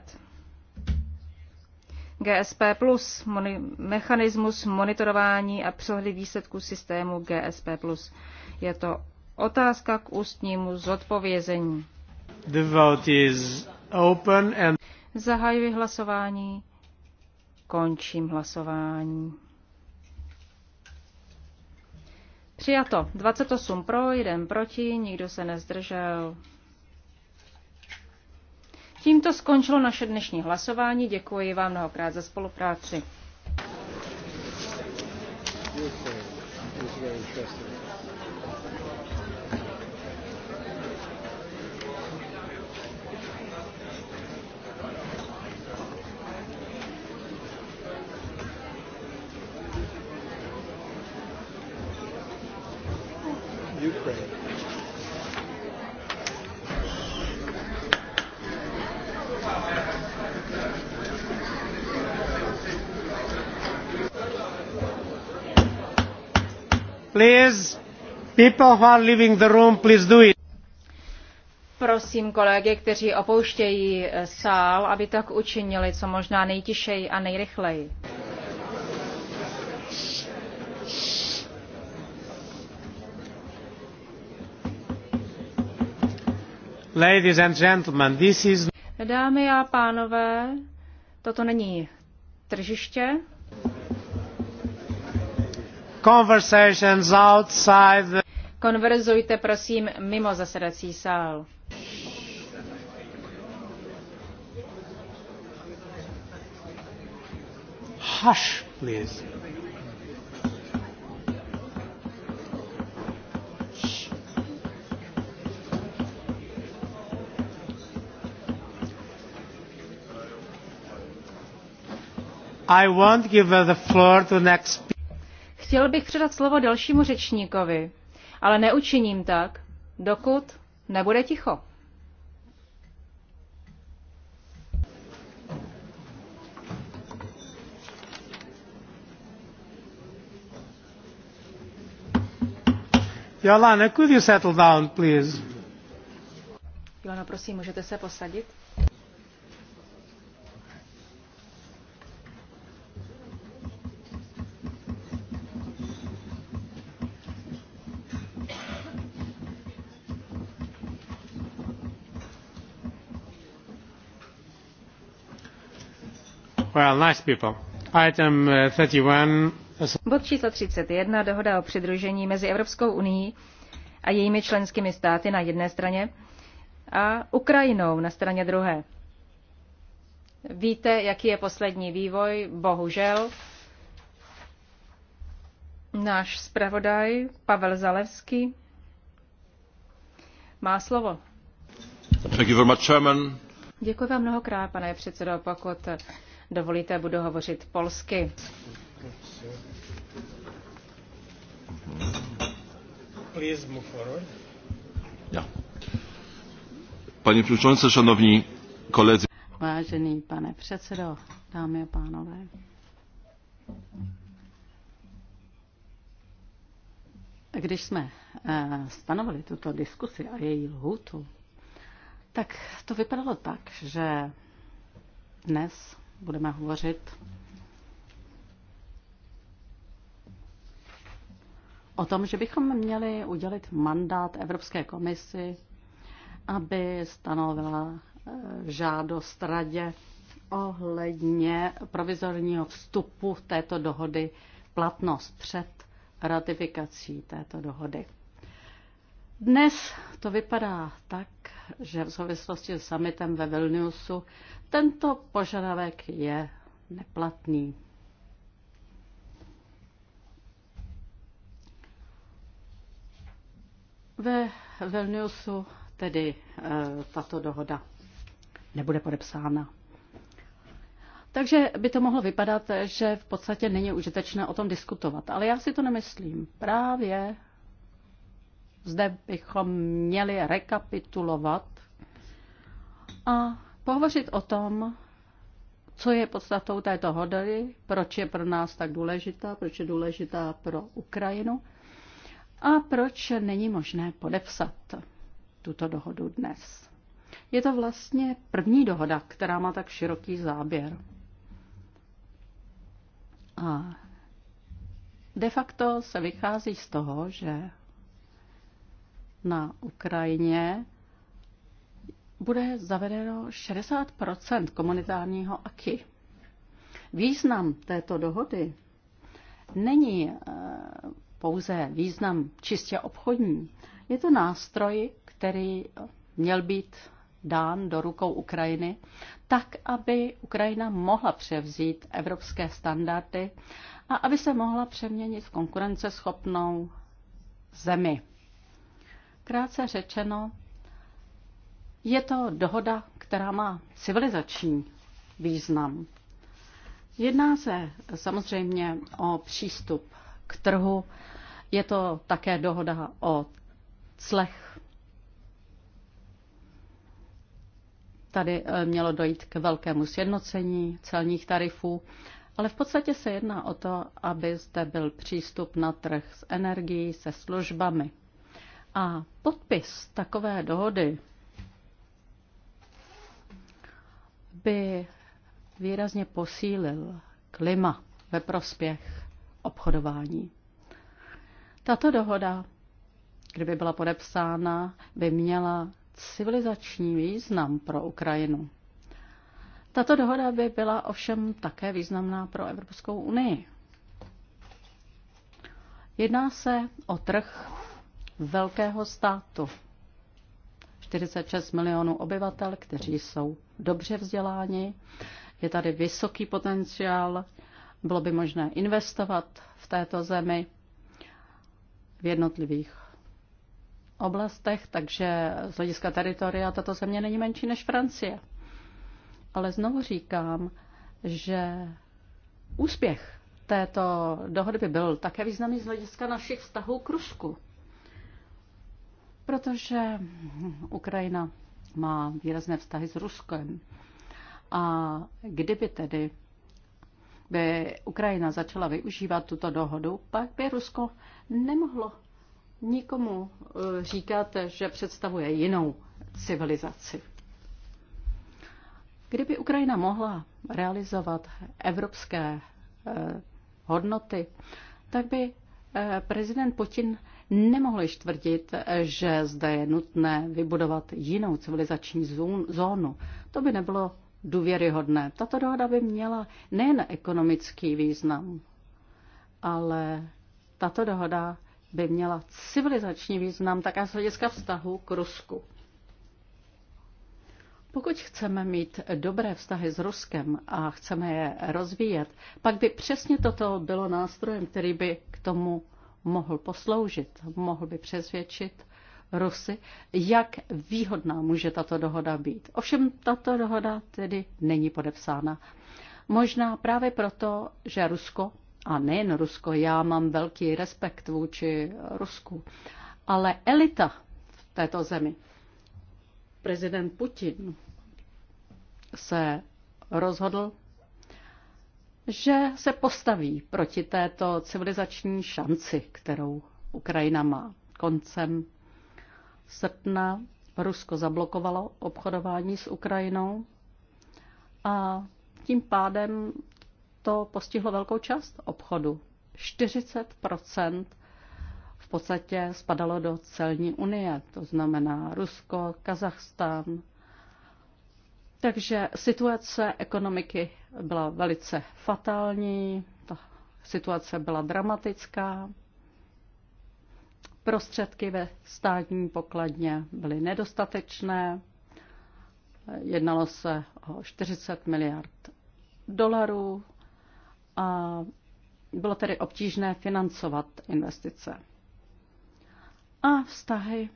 GSP+, plus, mechanismus monitorování a přehledy výsledků systému GSP+. Plus. Je to otázka k ústnímu zodpovězení. The vote is open and... Zahajuji hlasování. Končím hlasování. Přijato. 28 pro, 1 proti, nikdo se nezdržel. Tímto skončilo naše dnešní hlasování. Děkuji vám mnohokrát za spolupráci. Thank uh, you. please, people who are leaving the room, please do it. Prosím kolegy, kteří opouštějí eh, sál, aby tak učinili co možná nejtišeji a nejrychleji. Ladies and gentlemen, this is... Dámy a pánové, toto není tržiště conversations outside the... Konverzujte prosím mimo zasedací sál. Hush, please. I won't give the floor to next Chtěl bych předat slovo dalšímu řečníkovi, ale neučiním tak, dokud nebude ticho. Jolana, could you settle down, please? Jolana, prosím, můžete se posadit? Uh, Bod číslo 31. Dohoda o přidružení mezi Evropskou unii a jejími členskými státy na jedné straně a Ukrajinou na straně druhé. Víte, jaký je poslední vývoj? Bohužel. Náš zpravodaj Pavel Zalevský má slovo. Thank you very much, Děkuji vám mnohokrát, pane předsedo. Pokud dovolíte, budu hovořit polsky. Please move šanovní kolegy. Vážený pane předsedo, dámy a pánové. Když jsme eh, stanovili tuto diskusi a její lhůtu, tak to vypadalo tak, že dnes budeme hovořit o tom, že bychom měli udělit mandát Evropské komisi, aby stanovila eh, žádost radě ohledně provizorního vstupu této dohody platnost před ratifikací této dohody. Dnes to vypadá tak, že v souvislosti s summitem ve Vilniusu tento požadavek je neplatný. Ve Vilniusu tedy e, tato dohoda nebude podepsána. Takže by to mohlo vypadat, že v podstatě není užitečné o tom diskutovat. Ale já si to nemyslím. Právě zde bychom měli rekapitulovat a pohovořit o tom, co je podstatou této hodody, proč je pro nás tak důležitá, proč je důležitá pro Ukrajinu a proč není možné podepsat tuto dohodu dnes. Je to vlastně první dohoda, která má tak široký záběr. A de facto se vychází z toho, že na Ukrajině bude zavedeno 60 komunitárního aky. Význam této dohody není eh, pouze význam čistě obchodní. Je to nástroj, který měl být dán do rukou Ukrajiny, tak, aby Ukrajina mohla převzít evropské standardy a aby se mohla přeměnit v konkurenceschopnou zemi. Krátce řečeno, je to dohoda, která má civilizační význam. Jedná se samozřejmě o přístup k trhu, je to také dohoda o clech. Tady eh, mělo dojít k velkému sjednocení celních tarifů, ale v podstatě se jedná o to, aby zde byl přístup na trh s energií, se službami. A podpis takové dohody by výrazně posílil klima ve prospěch obchodování. Tato dohoda, kdyby byla podepsána, by měla civilizační význam pro Ukrajinu. Tato dohoda by byla ovšem také významná pro Evropskou unii. Jedná se o trh velkého státu. 46 milionů obyvatel, kteří jsou dobře vzděláni. Je tady vysoký potenciál, bylo by možné investovat v této zemi v jednotlivých oblastech, takže z hlediska teritoria tato země není menší než Francie. Ale znovu říkám, že úspěch této dohody by byl také významný z hlediska našich vztahů k Rusku protože Ukrajina má výrazné vztahy s Ruskem. A kdyby tedy by Ukrajina začala využívat tuto dohodu, pak by Rusko nemohlo nikomu eh, říkat, že představuje jinou civilizaci. Kdyby Ukrajina mohla realizovat evropské eh, hodnoty, tak by eh, prezident Putin nemohli štvrdit, že zde je nutné vybudovat jinou civilizační zónu. To by nebylo důvěryhodné. Tato dohoda by měla nejen ekonomický význam, ale tato dohoda by měla civilizační význam také z hlediska vztahu k Rusku. Pokud chceme mít dobré vztahy s Ruskem a chceme je rozvíjet, pak by přesně toto bylo nástrojem, který by k tomu mohl posloužit, mohl by přesvědčit Rusy, jak výhodná může tato dohoda být. Ovšem tato dohoda tedy není podepsána. Možná právě proto, že Rusko, a nejen Rusko, já mám velký respekt vůči Rusku, ale elita v této zemi, prezident Putin, se rozhodl že se postaví proti této civilizační šanci, kterou Ukrajina má. Koncem srpna Rusko zablokovalo obchodování s Ukrajinou a tím pádem to postihlo velkou část obchodu. 40 v podstatě spadalo do celní unie, to znamená Rusko, Kazachstán, takže situace ekonomiky byla velice fatální, ta situace byla dramatická, prostředky ve státní pokladně byly nedostatečné, jednalo se o 40 miliard dolarů a bylo tedy obtížné financovat investice. A vztahy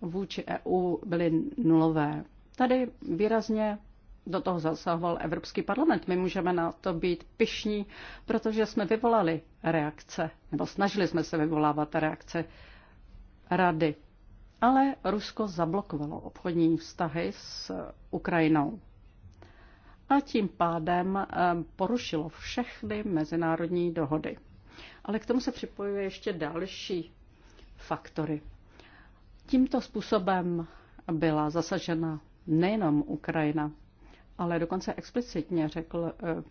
vůči EU byly nulové. Tady výrazně do toho zasahoval Evropský parlament. My můžeme na to být pišní, protože jsme vyvolali reakce, nebo snažili jsme se vyvolávat reakce rady. Ale Rusko zablokovalo obchodní vztahy s Ukrajinou. A tím pádem eh, porušilo všechny mezinárodní dohody. Ale k tomu se připojuje ještě další faktory. Tímto způsobem byla zasažena nejenom Ukrajina, ale dokonce explicitně řekl eh,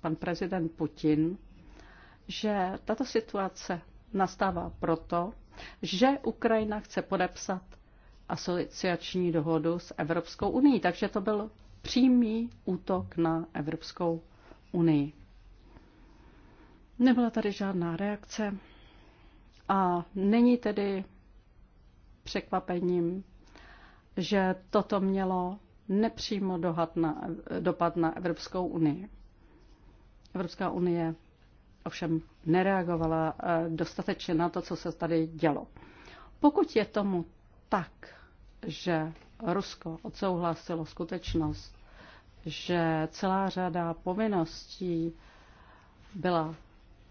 pan prezident Putin, že tato situace nastává proto, že Ukrajina chce podepsat asociační dohodu s Evropskou unii. Takže to byl přímý útok na Evropskou unii. Nebyla tady žádná reakce a není tedy překvapením, že toto mělo nepřímo dohad na, dopad na Evropskou unii. Evropská unie ovšem nereagovala eh, dostatečně na to, co se tady dělo. Pokud je tomu tak, že Rusko odsouhlasilo skutečnost, že celá řada povinností byla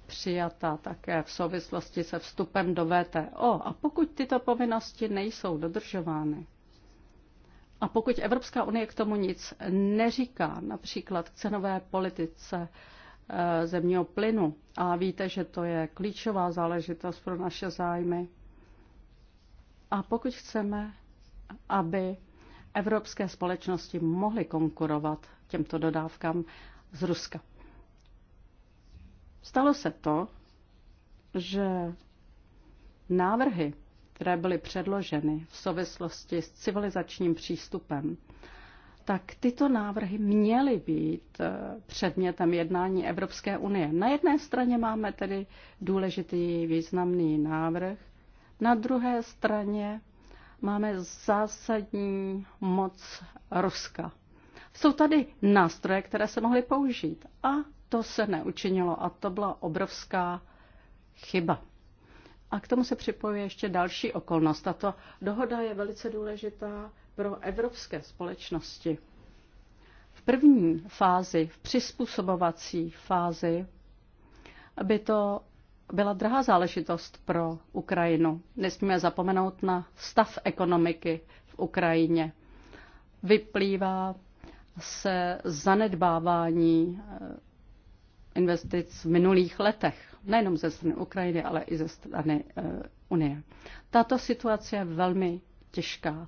přijata také v souvislosti se vstupem do VTO a pokud tyto povinnosti nejsou dodržovány, a pokud Evropská unie k tomu nic neříká, například k cenové politice eh, zemního plynu, a víte, že to je klíčová záležitost pro naše zájmy, a pokud chceme, aby evropské společnosti mohly konkurovat těmto dodávkám z Ruska. Stalo se to, že návrhy které byly předloženy v souvislosti s civilizačním přístupem, tak tyto návrhy měly být eh, předmětem jednání Evropské unie. Na jedné straně máme tedy důležitý významný návrh, na druhé straně máme zásadní moc Ruska. Jsou tady nástroje, které se mohly použít a to se neučinilo a to byla obrovská chyba. A k tomu se připojuje ještě další okolnost. Tato dohoda je velice důležitá pro evropské společnosti. V první fázi, v přizpůsobovací fázi, by to byla drahá záležitost pro Ukrajinu. Nesmíme zapomenout na stav ekonomiky v Ukrajině. Vyplývá se zanedbávání eh, investic v minulých letech, nejenom ze strany Ukrajiny, ale i ze strany eh, Unie. Tato situace je velmi těžká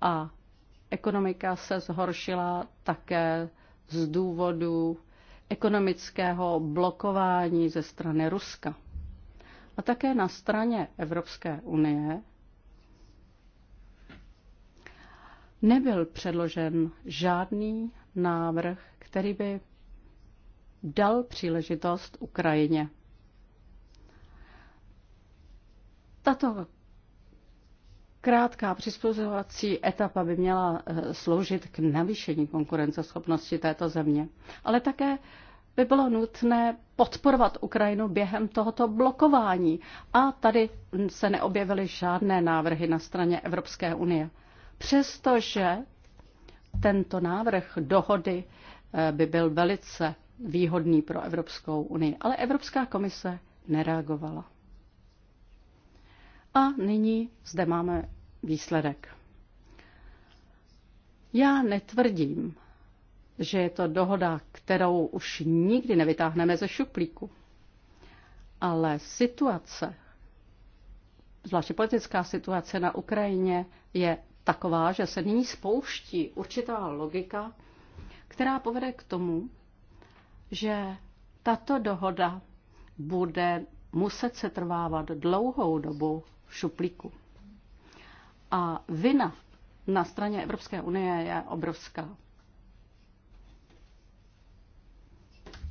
a ekonomika se zhoršila také z důvodu ekonomického blokování ze strany Ruska. A také na straně Evropské unie nebyl předložen žádný návrh, který by dal příležitost Ukrajině. Tato krátká přizpůsobovací etapa by měla eh, sloužit k navýšení konkurenceschopnosti této země, ale také by bylo nutné podporovat Ukrajinu během tohoto blokování. A tady se neobjevily žádné návrhy na straně Evropské unie. Přestože tento návrh dohody eh, by byl velice výhodný pro Evropskou unii. Ale Evropská komise nereagovala. A nyní zde máme výsledek. Já netvrdím, že je to dohoda, kterou už nikdy nevytáhneme ze šuplíku. Ale situace, zvláště politická situace na Ukrajině, je taková, že se nyní spouští určitá logika, která povede k tomu, že tato dohoda bude muset se trvávat dlouhou dobu v šuplíku. A vina na straně Evropské unie je obrovská.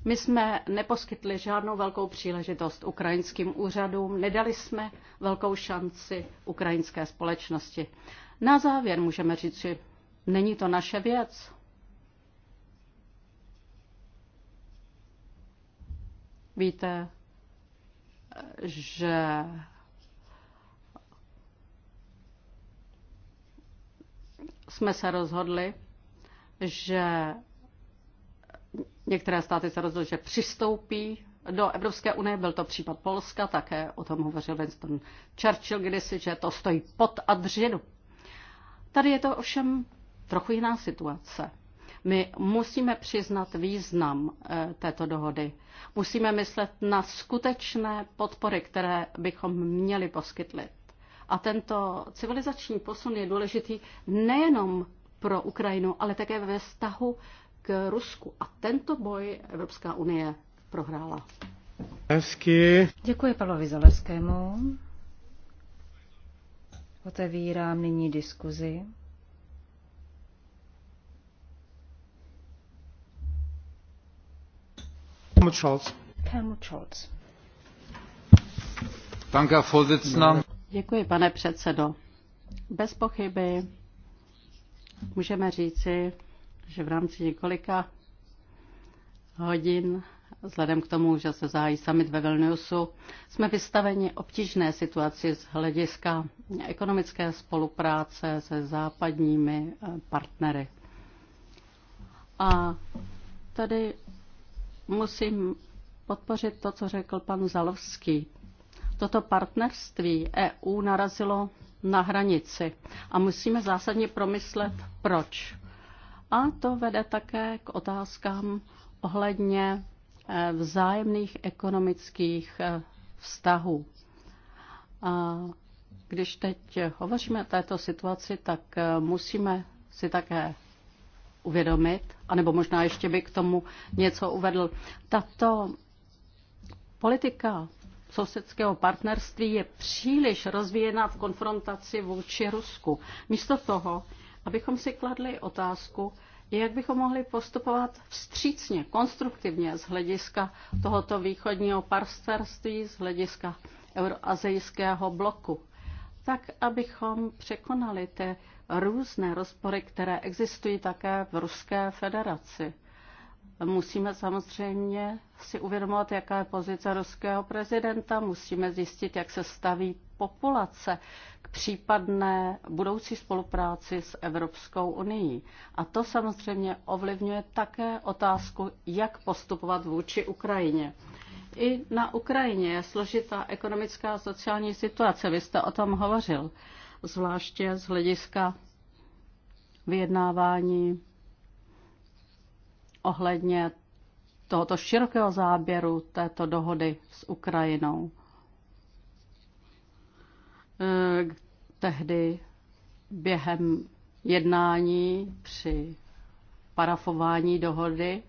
My jsme neposkytli žádnou velkou příležitost ukrajinským úřadům, nedali jsme velkou šanci ukrajinské společnosti. Na závěr můžeme říci, není to naše věc, Víte, že jsme se rozhodli, že některé státy se rozhodly, že přistoupí do Evropské unie. Byl to případ Polska, také o tom hovořil Winston Churchill kdysi, že to stojí pod a dřinu. Tady je to ovšem trochu jiná situace. My musíme přiznat význam eh, této dohody. Musíme myslet na skutečné podpory, které bychom měli poskytlit. A tento civilizační posun je důležitý nejenom pro Ukrajinu, ale také ve vztahu k Rusku. A tento boj Evropská unie prohrála. Hezky. Děkuji Pavlovi Zaleskému. Otevírám nyní diskuzi. Helmut Scholz. Helmut Scholz. Danke, Děkuji, pane předsedo. Bez pochyby můžeme říci, že v rámci několika hodin, vzhledem k tomu, že se zahájí summit ve Vilniusu, jsme vystaveni obtížné situaci z hlediska ekonomické spolupráce se západními eh, partnery. A tady musím podpořit to, co řekl pan Zalovský. Toto partnerství EU narazilo na hranici a musíme zásadně promyslet, proč. A to vede také k otázkám ohledně eh, vzájemných ekonomických eh, vztahů. A když teď hovoříme o této situaci, tak eh, musíme si také uvědomit, anebo možná ještě by k tomu něco uvedl. Tato politika sousedského partnerství je příliš rozvíjena v konfrontaci vůči Rusku. Místo toho, abychom si kladli otázku, jak bychom mohli postupovat vstřícně, konstruktivně z hlediska tohoto východního partnerství, z hlediska euroazijského bloku, tak abychom překonali ty různé rozpory, které existují také v Ruské federaci. Musíme samozřejmě si uvědomovat, jaká je pozice ruského prezidenta, musíme zjistit, jak se staví populace k případné budoucí spolupráci s Evropskou unii. A to samozřejmě ovlivňuje také otázku, jak postupovat vůči Ukrajině. I na Ukrajině je složitá ekonomická a sociální situace, vy jste o tom hovořil zvláště z hlediska vyjednávání ohledně tohoto širokého záběru této dohody s Ukrajinou. E, tehdy během jednání při parafování dohody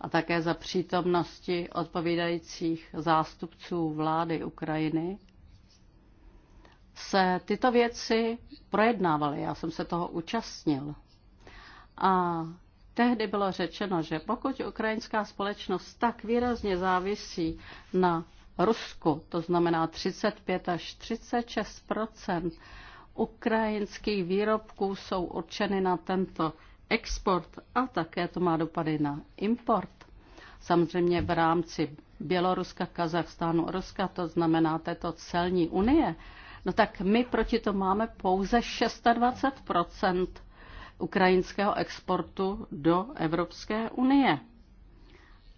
a také za přítomnosti odpovídajících zástupců vlády Ukrajiny se tyto věci projednávaly. Já jsem se toho účastnil. A tehdy bylo řečeno, že pokud ukrajinská společnost tak výrazně závisí na Rusku, to znamená 35 až 36 ukrajinských výrobků jsou určeny na tento export a také to má dopady na import. Samozřejmě v rámci Běloruska, Kazachstánu, Ruska, to znamená této celní unie, no tak my proti tomu máme pouze 26 ukrajinského exportu do Evropské unie.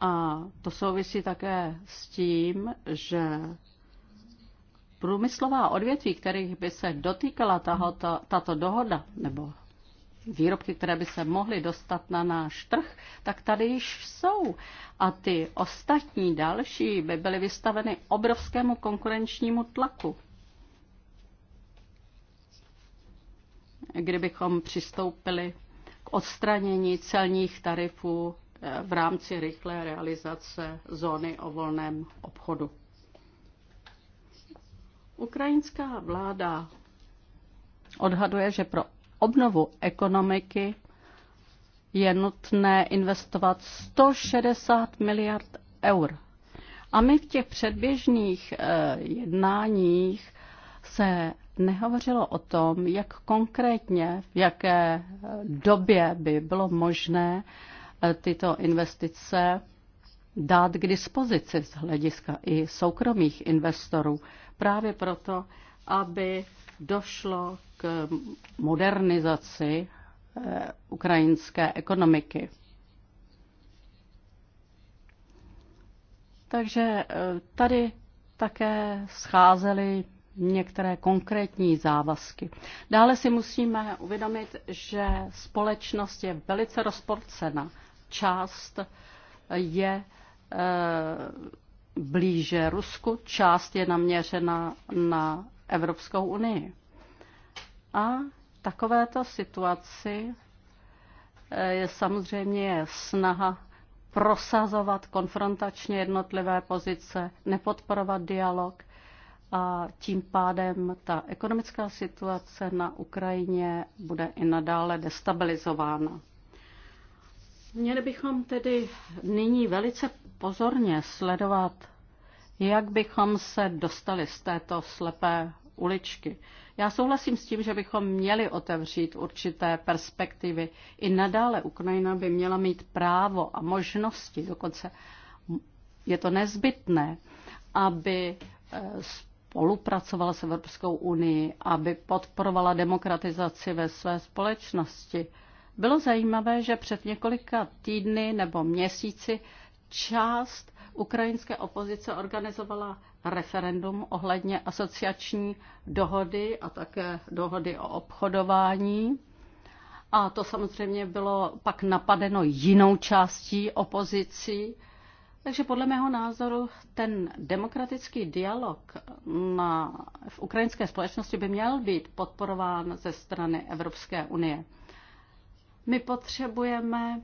A to souvisí také s tím, že průmyslová odvětví, kterých by se dotýkala tato, tato dohoda, nebo výrobky, které by se mohly dostat na náš trh, tak tady již jsou. A ty ostatní další by byly vystaveny obrovskému konkurenčnímu tlaku. kdybychom přistoupili k odstranění celních tarifů eh, v rámci rychlé realizace zóny o volném obchodu. Ukrajinská vláda odhaduje, že pro obnovu ekonomiky je nutné investovat 160 miliard eur. A my v těch předběžných eh, jednáních se nehovořilo o tom, jak konkrétně, v jaké době by bylo možné eh, tyto investice dát k dispozici z hlediska i soukromých investorů. Právě proto, aby došlo k modernizaci eh, ukrajinské ekonomiky. Takže eh, tady také scházely některé konkrétní závazky. Dále si musíme uvědomit, že společnost je velice rozporcena. Část je e, blíže Rusku, část je naměřena na Evropskou unii. A takovéto situaci eh, je samozřejmě snaha prosazovat konfrontačně jednotlivé pozice, nepodporovat dialog a tím pádem ta ekonomická situace na Ukrajině bude i nadále destabilizována. Měli bychom tedy nyní velice pozorně sledovat, jak bychom se dostali z této slepé uličky. Já souhlasím s tím, že bychom měli otevřít určité perspektivy. I nadále Ukrajina by měla mít právo a možnosti, dokonce je to nezbytné, aby z eh, spolupracovala s Evropskou unii, aby podporovala demokratizaci ve své společnosti. Bylo zajímavé, že před několika týdny nebo měsíci část ukrajinské opozice organizovala referendum ohledně asociační dohody a také dohody o obchodování. A to samozřejmě bylo pak napadeno jinou částí opozicí, takže podle mého názoru ten demokratický dialog na, v ukrajinské společnosti by měl být podporován ze strany Evropské unie. My potřebujeme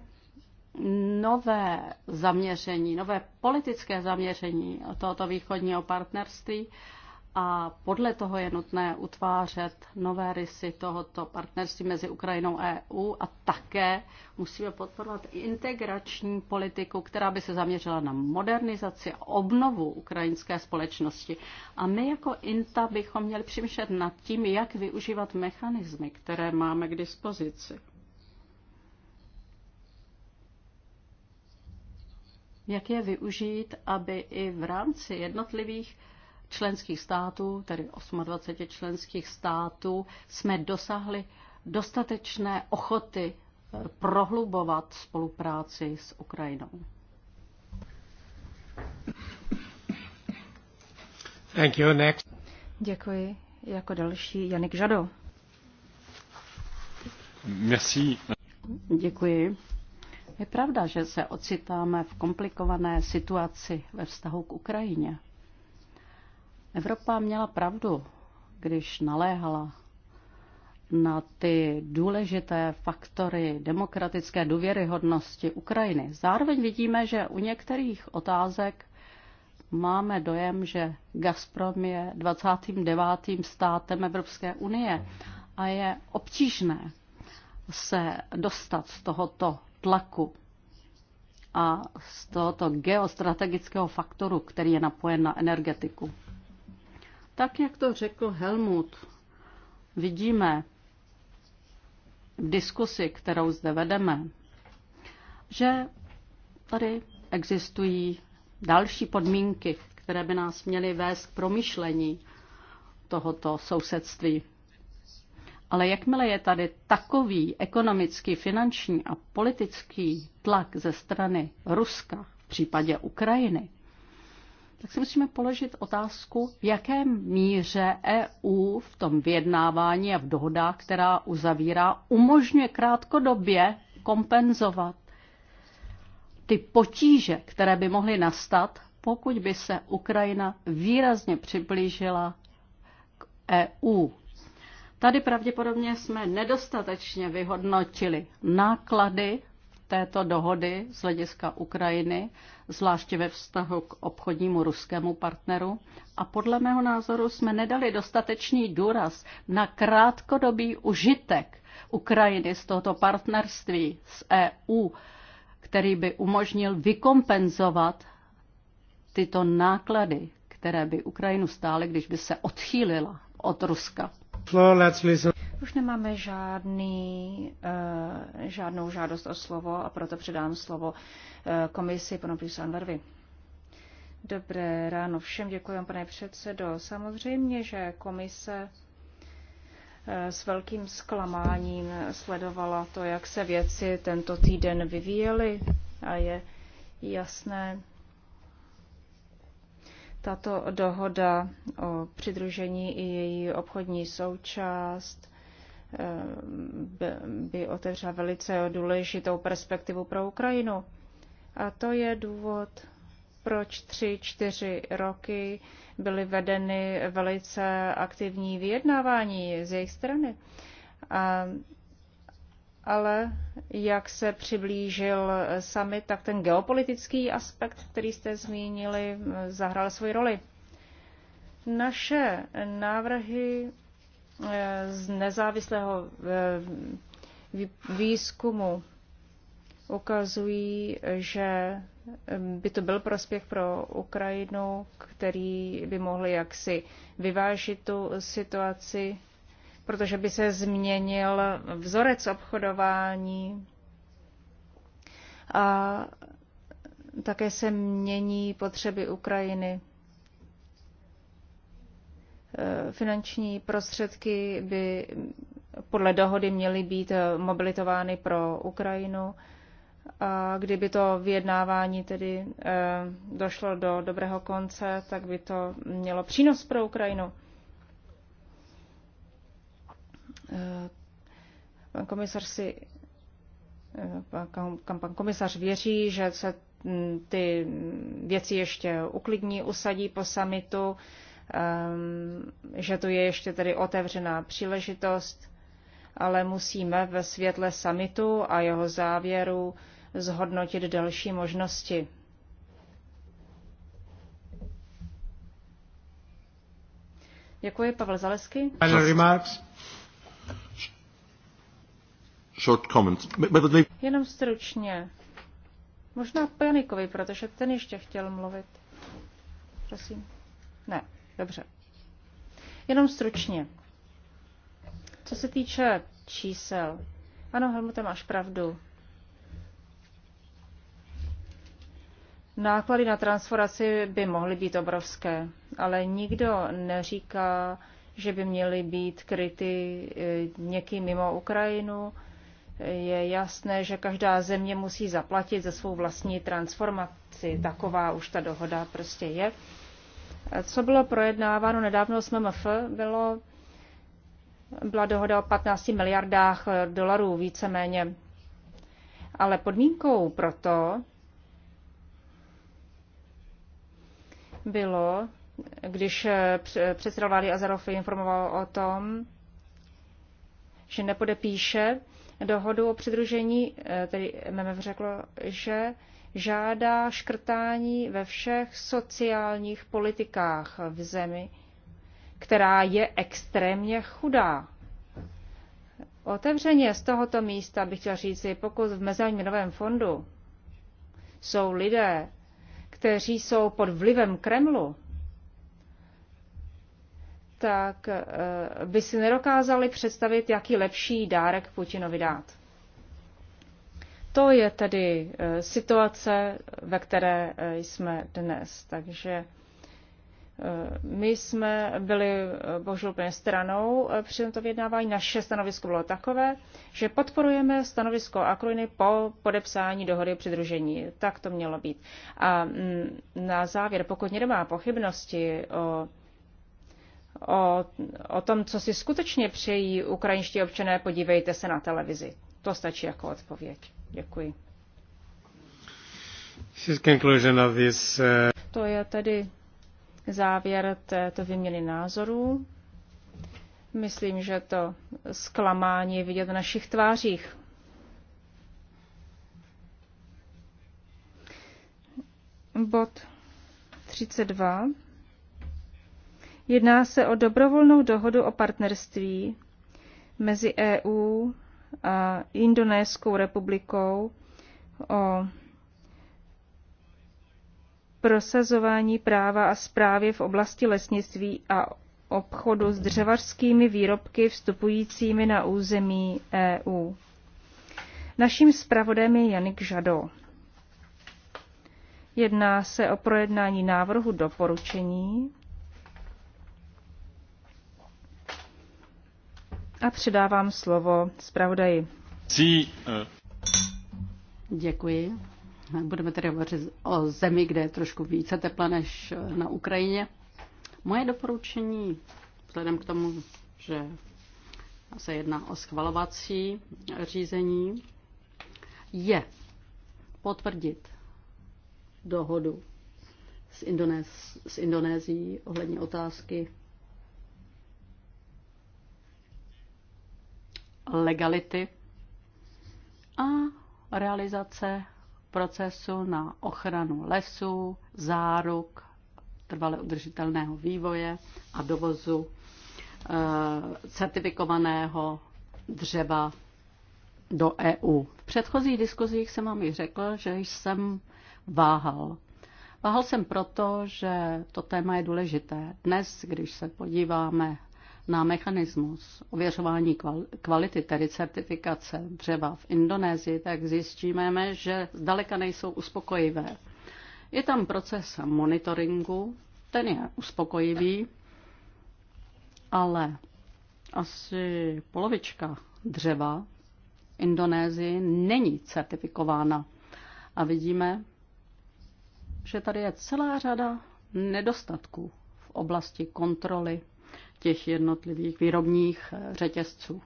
nové zaměření, nové politické zaměření tohoto východního partnerství a podle toho je nutné utvářet nové rysy tohoto partnerství mezi Ukrajinou a EU a také musíme podporovat integrační politiku, která by se zaměřila na modernizaci a obnovu ukrajinské společnosti. A my jako INTA bychom měli přemýšlet nad tím, jak využívat mechanismy, které máme k dispozici. Jak je využít, aby i v rámci jednotlivých členských států, tedy 28 členských států, jsme dosáhli dostatečné ochoty eh, prohlubovat spolupráci s Ukrajinou. Thank you. Next. Děkuji. Jako další Janik Žado. Merci. Děkuji. Je pravda, že se ocitáme v komplikované situaci ve vztahu k Ukrajině. Evropa měla pravdu, když naléhala na ty důležité faktory demokratické důvěryhodnosti Ukrajiny. Zároveň vidíme, že u některých otázek máme dojem, že Gazprom je 29. státem Evropské unie a je obtížné se dostat z tohoto tlaku a z tohoto geostrategického faktoru, který je napojen na energetiku. Tak, jak to řekl Helmut, vidíme v diskusi, kterou zde vedeme, že tady existují další podmínky, které by nás měly vést k promyšlení tohoto sousedství. Ale jakmile je tady takový ekonomický, finanční a politický tlak ze strany Ruska v případě Ukrajiny, tak si musíme položit otázku, v jaké míře EU v tom vyjednávání a v dohodách, která uzavírá, umožňuje krátkodobě kompenzovat ty potíže, které by mohly nastat, pokud by se Ukrajina výrazně přiblížila k EU. Tady pravděpodobně jsme nedostatečně vyhodnotili náklady této dohody z hlediska Ukrajiny, zvláště ve vztahu k obchodnímu ruskému partneru. A podle mého názoru jsme nedali dostatečný důraz na krátkodobý užitek Ukrajiny z tohoto partnerství s EU, který by umožnil vykompenzovat tyto náklady, které by Ukrajinu stály, když by se odchýlila od Ruska. Už nemáme žádný, eh, žádnou žádost o slovo a proto předám slovo eh, komisi panu Pisanvervi. Dobré ráno všem, děkuji, pane předsedo. Samozřejmě, že komise eh, s velkým zklamáním sledovala to, jak se věci tento týden vyvíjely a je jasné, tato dohoda o přidružení i její obchodní součást by otevřela velice důležitou perspektivu pro Ukrajinu. A to je důvod, proč tři, čtyři roky byly vedeny velice aktivní vyjednávání z jejich strany. A, ale jak se přiblížil sami, tak ten geopolitický aspekt, který jste zmínili, zahrál svoji roli. Naše návrhy Eh, z nezávislého eh, výzkumu ukazují, že eh, by to byl prospěch pro Ukrajinu, který by mohl jaksi vyvážit tu situaci, protože by se změnil vzorec obchodování a také se mění potřeby Ukrajiny. Eh, finanční prostředky by podle dohody měly být eh, mobilitovány pro Ukrajinu. A kdyby to vyjednávání tedy eh, došlo do dobrého konce, tak by to mělo přínos pro Ukrajinu. Pan komisař si kam pan komisař věří, že se hm, ty věci ještě uklidní, usadí po samitu. Ehm, že tu je ještě tedy otevřená příležitost, ale musíme ve světle samitu a jeho závěru zhodnotit další možnosti. Děkuji, Pavel Zalesky. Short comments. Jenom stručně. Možná Panikovi, protože ten ještě chtěl mluvit. Prosím. Ne. Dobře. Jenom stručně. Co se týče čísel. Ano, Helmute, máš pravdu. Náklady na transformaci by mohly být obrovské, ale nikdo neříká, že by měly být kryty e, někým mimo Ukrajinu. Je jasné, že každá země musí zaplatit za svou vlastní transformaci. Taková už ta dohoda prostě je. Co bylo projednáváno nedávno s MMF, bylo, byla dohoda o 15 miliardách dolarů víceméně. Ale podmínkou pro to bylo, když předseda vlády Azarov informoval o tom, že nepodepíše dohodu o přidružení, tedy MMF řeklo, že žádá škrtání ve všech sociálních politikách v zemi, která je extrémně chudá. Otevřeně z tohoto místa bych chtěl říct pokud v Mezinárodním novém fondu jsou lidé, kteří jsou pod vlivem Kremlu, tak eh, by si nedokázali představit, jaký lepší dárek Putinovi dát. To je tedy e, situace, ve které e, jsme dnes. Takže e, my jsme byli bohužel úplně stranou při tomto vyjednávání. Naše stanovisko bylo takové, že podporujeme stanovisko Akrony po podepsání dohody o přidružení. Tak to mělo být. A mm, na závěr, pokud někdo má pochybnosti o, o, o tom, co si skutečně přejí ukrajinští občané, podívejte se na televizi. To stačí jako odpověď. Děkuji. To je tedy závěr této vyměny názorů. Myslím, že to zklamání je vidět v našich tvářích. Bod 32. Jedná se o dobrovolnou dohodu o partnerství mezi EU a Indonéskou republikou o prosazování práva a zprávy v oblasti lesnictví a obchodu s dřevařskými výrobky vstupujícími na území EU. Naším zpravodem je Janik Žado. Jedná se o projednání návrhu doporučení a předávám slovo zpravodaji. Eh. Děkuji. Budeme tedy hovořit o zemi, kde je trošku více tepla než eh, na Ukrajině. Moje doporučení, vzhledem k tomu, že se jedná o schvalovací řízení, je potvrdit dohodu s, Indonéz, s Indonésií ohledně otázky legality a realizace procesu na ochranu lesů, záruk, trvale udržitelného vývoje a dovozu eh, certifikovaného dřeva do EU. V předchozích diskuzích jsem vám i řekl, že jsem váhal. Váhal jsem proto, že to téma je důležité. Dnes, když se podíváme na mechanismus ověřování kvality, tedy certifikace dřeva v Indonésii, tak zjistíme, že zdaleka nejsou uspokojivé. Je tam proces monitoringu, ten je uspokojivý, ale asi polovička dřeva v Indonésii není certifikována. A vidíme, že tady je celá řada nedostatků v oblasti kontroly těch jednotlivých výrobních eh, řetězců.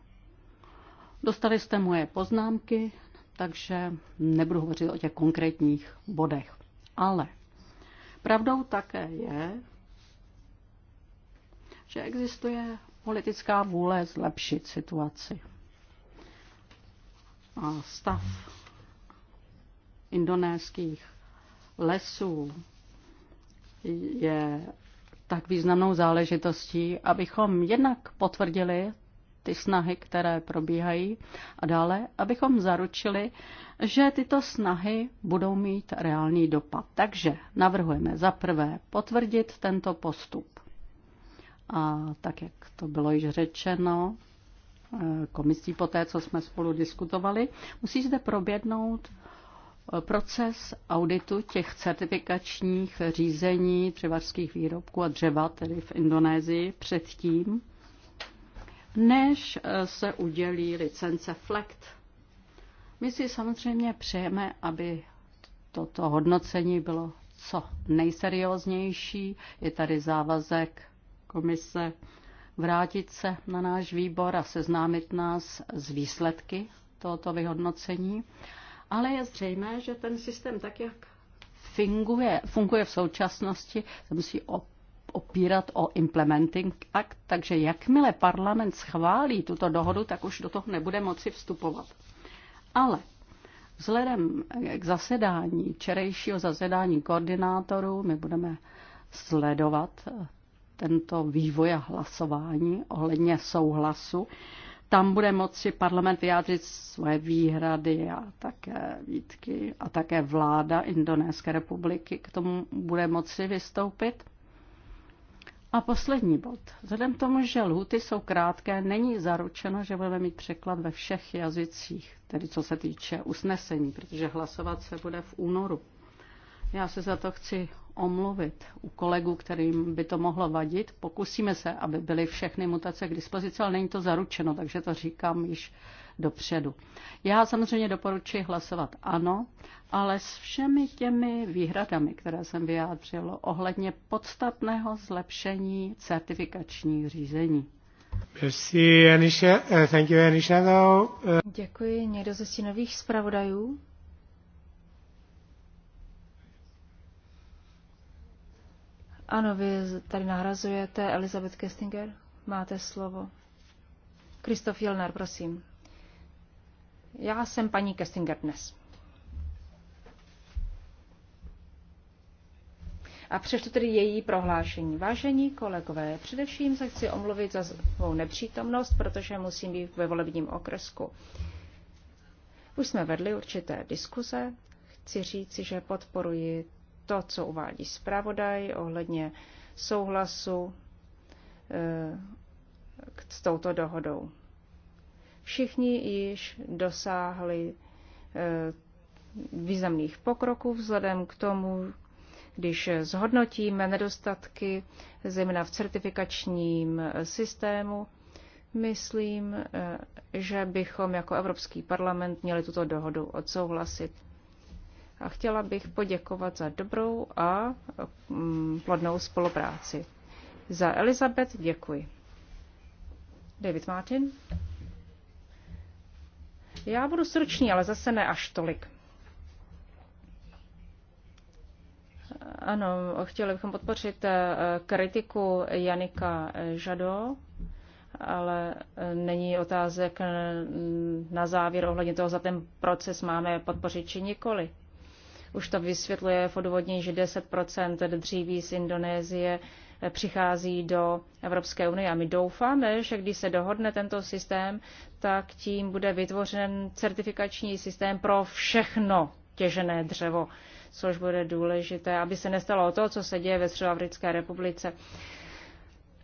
Dostali jste moje poznámky, takže nebudu hovořit o těch konkrétních bodech. Ale pravdou také je, že existuje politická vůle zlepšit situaci. A stav indonéských lesů je tak významnou záležitostí, abychom jednak potvrdili ty snahy, které probíhají a dále, abychom zaručili, že tyto snahy budou mít reálný dopad. Takže navrhujeme za prvé potvrdit tento postup. A tak, jak to bylo již řečeno, eh, komisí po té, co jsme spolu diskutovali, musí zde proběhnout. Proces auditu těch certifikačních řízení dřevařských výrobků a dřeva, tedy v Indonésii, předtím, než eh, se udělí licence FLECT. My si samozřejmě přejeme, aby toto hodnocení bylo co nejserióznější. Je tady závazek komise vrátit se na náš výbor a seznámit nás s výsledky tohoto vyhodnocení ale je zřejmé, že ten systém tak, jak funguje, funguje v současnosti, se musí opírat o implementing act, takže jakmile parlament schválí tuto dohodu, tak už do toho nebude moci vstupovat. Ale vzhledem k zasedání, čerejšího zasedání koordinátorů, my budeme sledovat tento vývoj a hlasování ohledně souhlasu tam bude moci parlament vyjádřit svoje výhrady a také výtky a také vláda Indonéské republiky k tomu bude moci vystoupit. A poslední bod. Vzhledem k tomu, že lhuty jsou krátké, není zaručeno, že budeme mít překlad ve všech jazycích, tedy co se týče usnesení, protože hlasovat se bude v únoru. Já se za to chci omluvit u kolegů, kterým by to mohlo vadit. Pokusíme se, aby byly všechny mutace k dispozici, ale není to zaručeno, takže to říkám již dopředu. Já samozřejmě doporučuji hlasovat ano, ale s všemi těmi výhradami, které jsem vyjádřil ohledně podstatného zlepšení certifikačních řízení. Merci, Anisha. Uh, thank you, Anisha. Uh, Děkuji. Někdo ze stínových zpravodajů? Ano, vy tady nahrazujete Elizabeth Kestinger. Máte slovo. Kristof Jelner, prosím. Já jsem paní Kestinger dnes. A přečtu tedy její prohlášení. Vážení kolegové, především se chci omluvit za svou nepřítomnost, protože musím být ve volebním okresku. Už jsme vedli určité diskuze. Chci říci, že podporuji to, co uvádí zpravodaj ohledně souhlasu eh, s touto dohodou. Všichni již dosáhli eh, významných pokroků vzhledem k tomu, když zhodnotíme nedostatky, zejména v certifikačním systému, myslím, eh, že bychom jako Evropský parlament měli tuto dohodu odsouhlasit a chtěla bych poděkovat za dobrou a mm, plodnou spolupráci. Za Elizabeth děkuji. David Martin. Já budu stručný, ale zase ne až tolik. Ano, chtěli bychom podpořit eh, kritiku Janika Žado, ale eh, není otázek eh, na závěr ohledně toho, za ten proces máme podpořit či nikoli. Už to vysvětluje v odvodnění, že 10 dříví z Indonésie přichází do Evropské unie. A my doufáme, že když se dohodne tento systém, tak tím bude vytvořen certifikační systém pro všechno těžené dřevo, což bude důležité, aby se nestalo to, co se děje ve Středoafrické republice.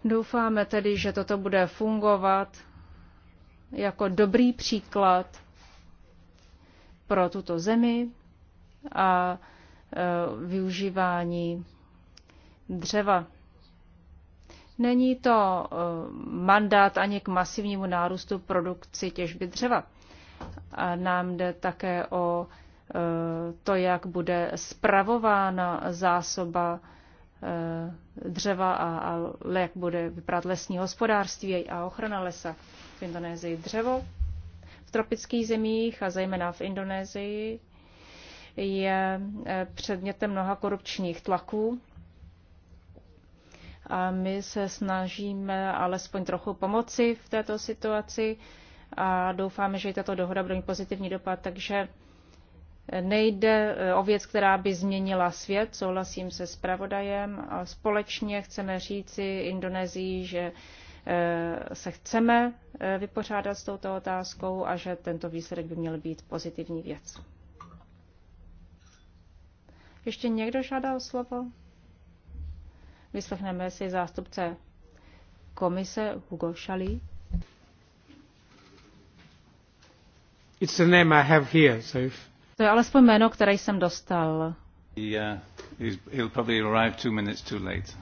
Doufáme tedy, že toto bude fungovat jako dobrý příklad pro tuto zemi, a e, využívání dřeva. Není to e, mandát ani k masivnímu nárůstu produkci těžby dřeva. A nám jde také o e, to, jak bude spravována zásoba dřeva a, a jak bude vypadat lesní hospodářství a ochrana lesa. V Indonésii dřevo, v tropických zemích a zejména v Indonésii je eh, předmětem mnoha korupčních tlaků. A my se snažíme alespoň trochu pomoci v této situaci a doufáme, že i tato dohoda bude mít pozitivní dopad. Takže nejde eh, o věc, která by změnila svět, souhlasím se s pravodajem. A společně chceme říci Indonésii, že eh, se chceme vypořádat s touto otázkou a že tento výsledek by měl být pozitivní věc. Ještě někdo žádá o slovo? Vyslechneme si zástupce komise Hugo Šalí. It's the name I have here, so if... To je alespoň jméno, které jsem dostal. Yeah, he'll probably arrive two minutes too late.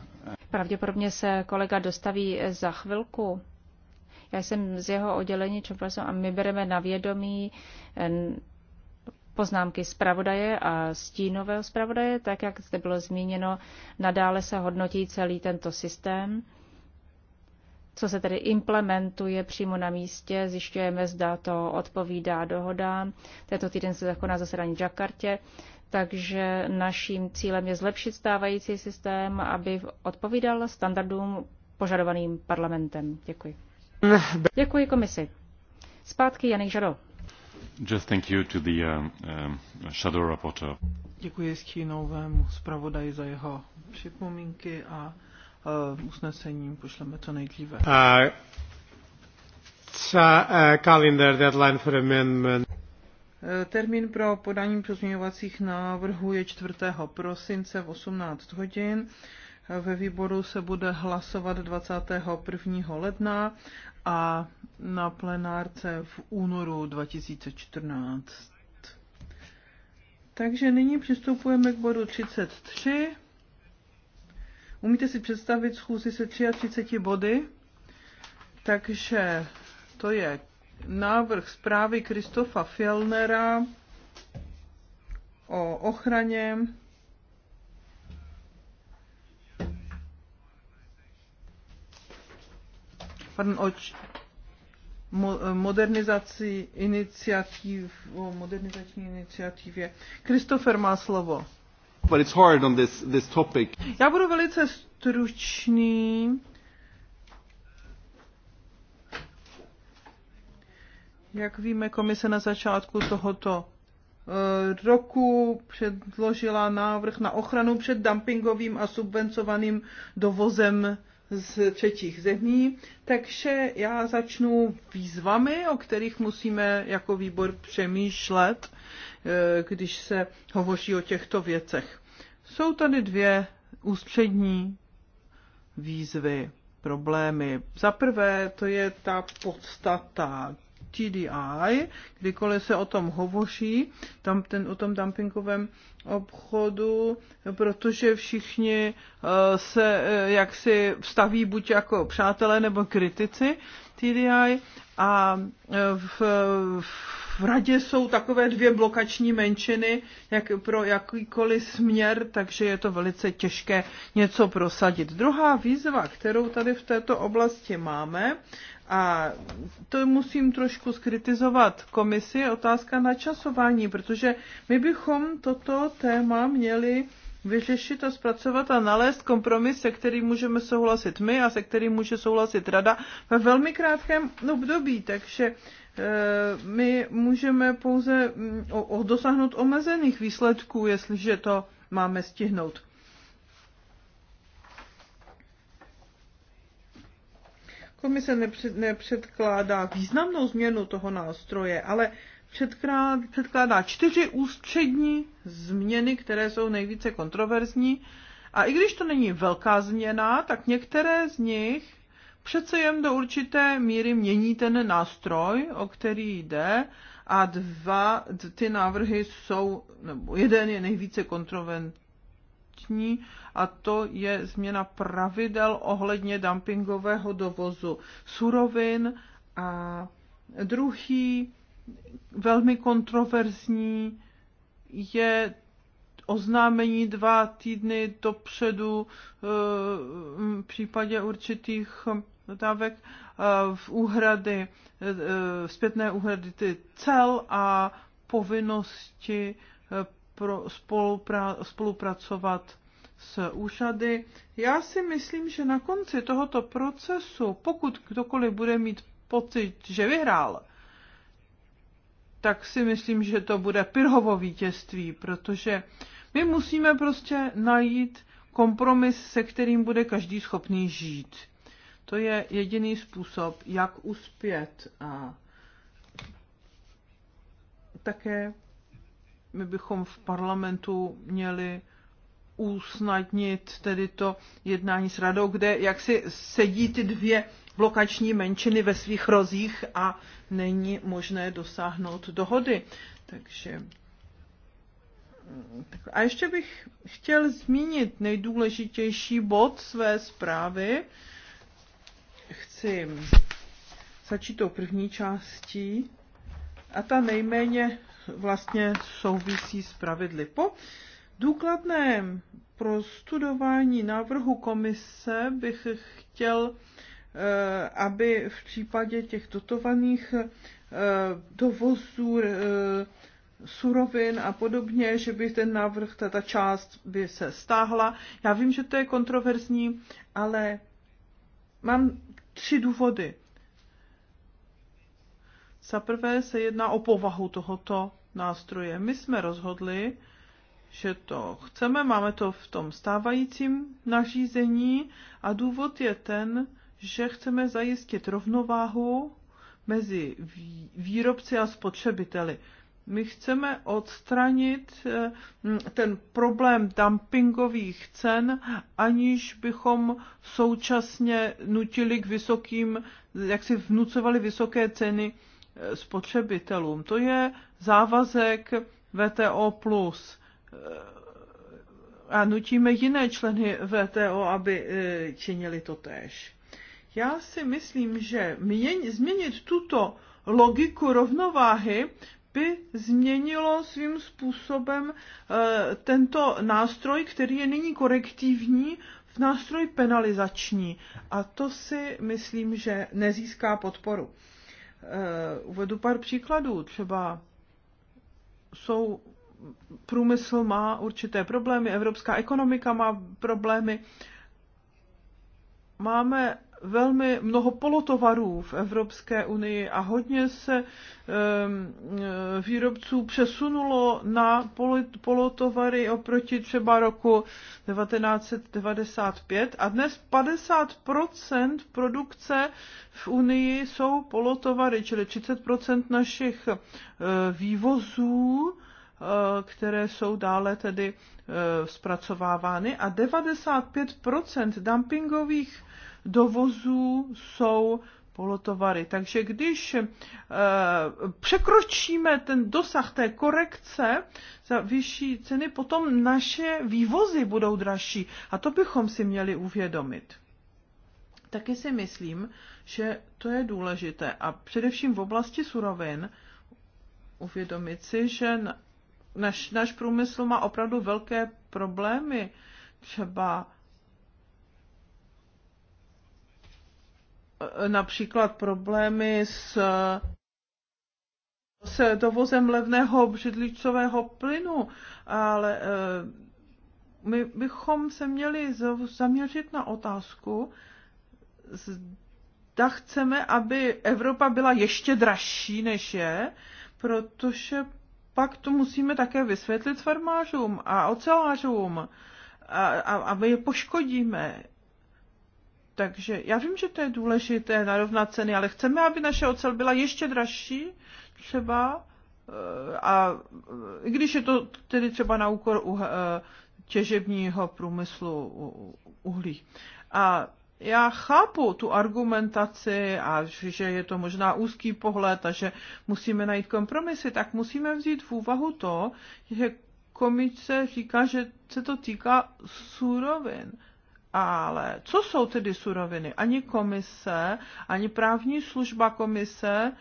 Pravděpodobně se kolega dostaví za chvilku. Já jsem z jeho oddělení a my bereme na vědomí eh, poznámky zpravodaje a stínového zpravodaje, tak jak zde bylo zmíněno, nadále se hodnotí celý tento systém. Co se tedy implementuje přímo na místě, zjišťujeme, zda to odpovídá dohodám. Tento týden se zakoná zasedání v Jakartě, takže naším cílem je zlepšit stávající systém, aby odpovídal standardům požadovaným parlamentem. Děkuji. Děkuji komisi. Zpátky Janik Žadov. Um, um, Děkuji stínovému zpravodaji za jeho připomínky a uh, usnesením pošleme to nejdříve. Uh, uh, deadline uh, Termín pro podání pozměňovacích návrhů je 4. prosince v 18 hodin. Ve výboru se bude hlasovat 21. ledna a na plenárce v únoru 2014. Takže nyní přistupujeme k bodu 33. Umíte si představit schůzi se 33 body? Takže to je návrh zprávy Kristofa Fjellnera o ochraně o modernizaci iniciativ, o modernizační iniciativě. Christopher má slovo. But it's hard on this, this topic. Já budu velice stručný. Jak víme, komise na začátku tohoto eh, roku předložila návrh na ochranu před dumpingovým a subvencovaným dovozem z třetích zemí. Takže já začnu výzvami, o kterých musíme jako výbor přemýšlet, eh, když se hovoří o těchto věcech. Jsou tady dvě ústřední výzvy, problémy. Za prvé, to je ta podstata, TDI, kdykoliv se o tom hovoří, tam ten, o tom dumpingovém obchodu, protože všichni eh, se eh, jaksi vstaví buď jako přátelé nebo kritici TDI a eh, v, v v radě jsou takové dvě blokační menšiny jak pro jakýkoliv směr, takže je to velice těžké něco prosadit. Druhá výzva, kterou tady v této oblasti máme, a to musím trošku skritizovat komisi, otázka otázka načasování, protože my bychom toto téma měli vyřešit a zpracovat a nalézt kompromis, se kterým můžeme souhlasit my a se kterým může souhlasit rada ve velmi krátkém období. Takže e, my můžeme pouze mm, dosáhnout omezených výsledků, jestliže to máme stihnout. Komise nepřed, nepředkládá významnou změnu toho nástroje, ale předkládá, předkládá čtyři ústřední změny, které jsou nejvíce kontroverzní. A i když to není velká změna, tak některé z nich přece jen do určité míry mění ten nástroj, o který jde, a dva ty návrhy jsou, nebo jeden je nejvíce kontroverzní zvláštní a to je změna pravidel ohledně dumpingového dovozu surovin a druhý velmi kontroverzní je oznámení dva týdny dopředu eh, v případě určitých dávek eh, v úhrady, eh, zpětné úhrady ty cel a povinnosti pro spolupra, spolupracovat s úřady. Já si myslím, že na konci tohoto procesu, pokud kdokoliv bude mít pocit, že vyhrál, tak si myslím, že to bude Pirhovo vítězství, protože my musíme prostě najít kompromis, se kterým bude každý schopný žít. To je jediný způsob, jak uspět a také my bychom v parlamentu měli usnadnit tedy to jednání s radou, kde jak si sedí ty dvě blokační menšiny ve svých rozích a není možné dosáhnout dohody. Takže mm, a ještě bych chtěl zmínit nejdůležitější bod své zprávy. Chci začít tou první částí. A ta nejméně vlastně souvisí s pravidly. Po důkladném prostudování návrhu komise bych chtěl, eh, aby v případě těch dotovaných eh, dovozů eh, surovin a podobně, že by ten návrh, ta část by se stáhla. Já vím, že to je kontroverzní, ale mám tři důvody. Za prvé se jedná o povahu tohoto nástroje. My jsme rozhodli, že to chceme, máme to v tom stávajícím nařízení a důvod je ten, že chceme zajistit rovnováhu mezi výrobci a spotřebiteli. My chceme odstranit eh, ten problém dumpingových cen, aniž bychom současně nutili k vysokým, jak si vnucovali vysoké ceny spotřebitelům. To je závazek VTO+. A nutíme jiné členy VTO, aby e, činili to též. Já si myslím, že změnit tuto logiku rovnováhy by změnilo svým způsobem e, tento nástroj, který je nyní korektivní, v nástroj penalizační. A to si myslím, že nezíská podporu. Eh, uvedu pár příkladů. Třeba jsou průmysl má určité problémy, evropská ekonomika má problémy. Máme velmi mnoho polotovarů v Evropské unii a hodně se eh, výrobců přesunulo na polotovary oproti třeba roku 1995 a dnes 50% produkce v Unii jsou polotovary, čili 30% našich eh, vývozů eh, které jsou dále tedy zpracovávány a 95% dumpingových dovozů jsou polotovary. Takže když e, překročíme ten dosah té korekce za vyšší ceny, potom naše vývozy budou dražší. A to bychom si měli uvědomit. Taky si myslím, že to je důležité. A především v oblasti surovin uvědomit si, že naš, náš průmysl má opravdu velké problémy. Třeba Eh, například problémy s eh, s dovozem levného břidličového plynu, ale eh, my bychom se měli zaměřit na otázku, zda chceme, aby Evropa byla ještě dražší, než je, protože pak to musíme také vysvětlit farmářům a ocelářům a, a, a my je poškodíme. Takže já vím, že to je důležité narovnat ceny, ale chceme, aby naše ocel byla ještě dražší třeba eh, a eh, i když je to tedy třeba na úkor uh, eh, těžebního průmyslu uhlí. A já chápu tu argumentaci a že je to možná úzký pohled a že musíme najít kompromisy, tak musíme vzít v úvahu to, že komice říká, že se to týká surovin. Ale co jsou tedy suroviny? Ani komise, ani právní služba komise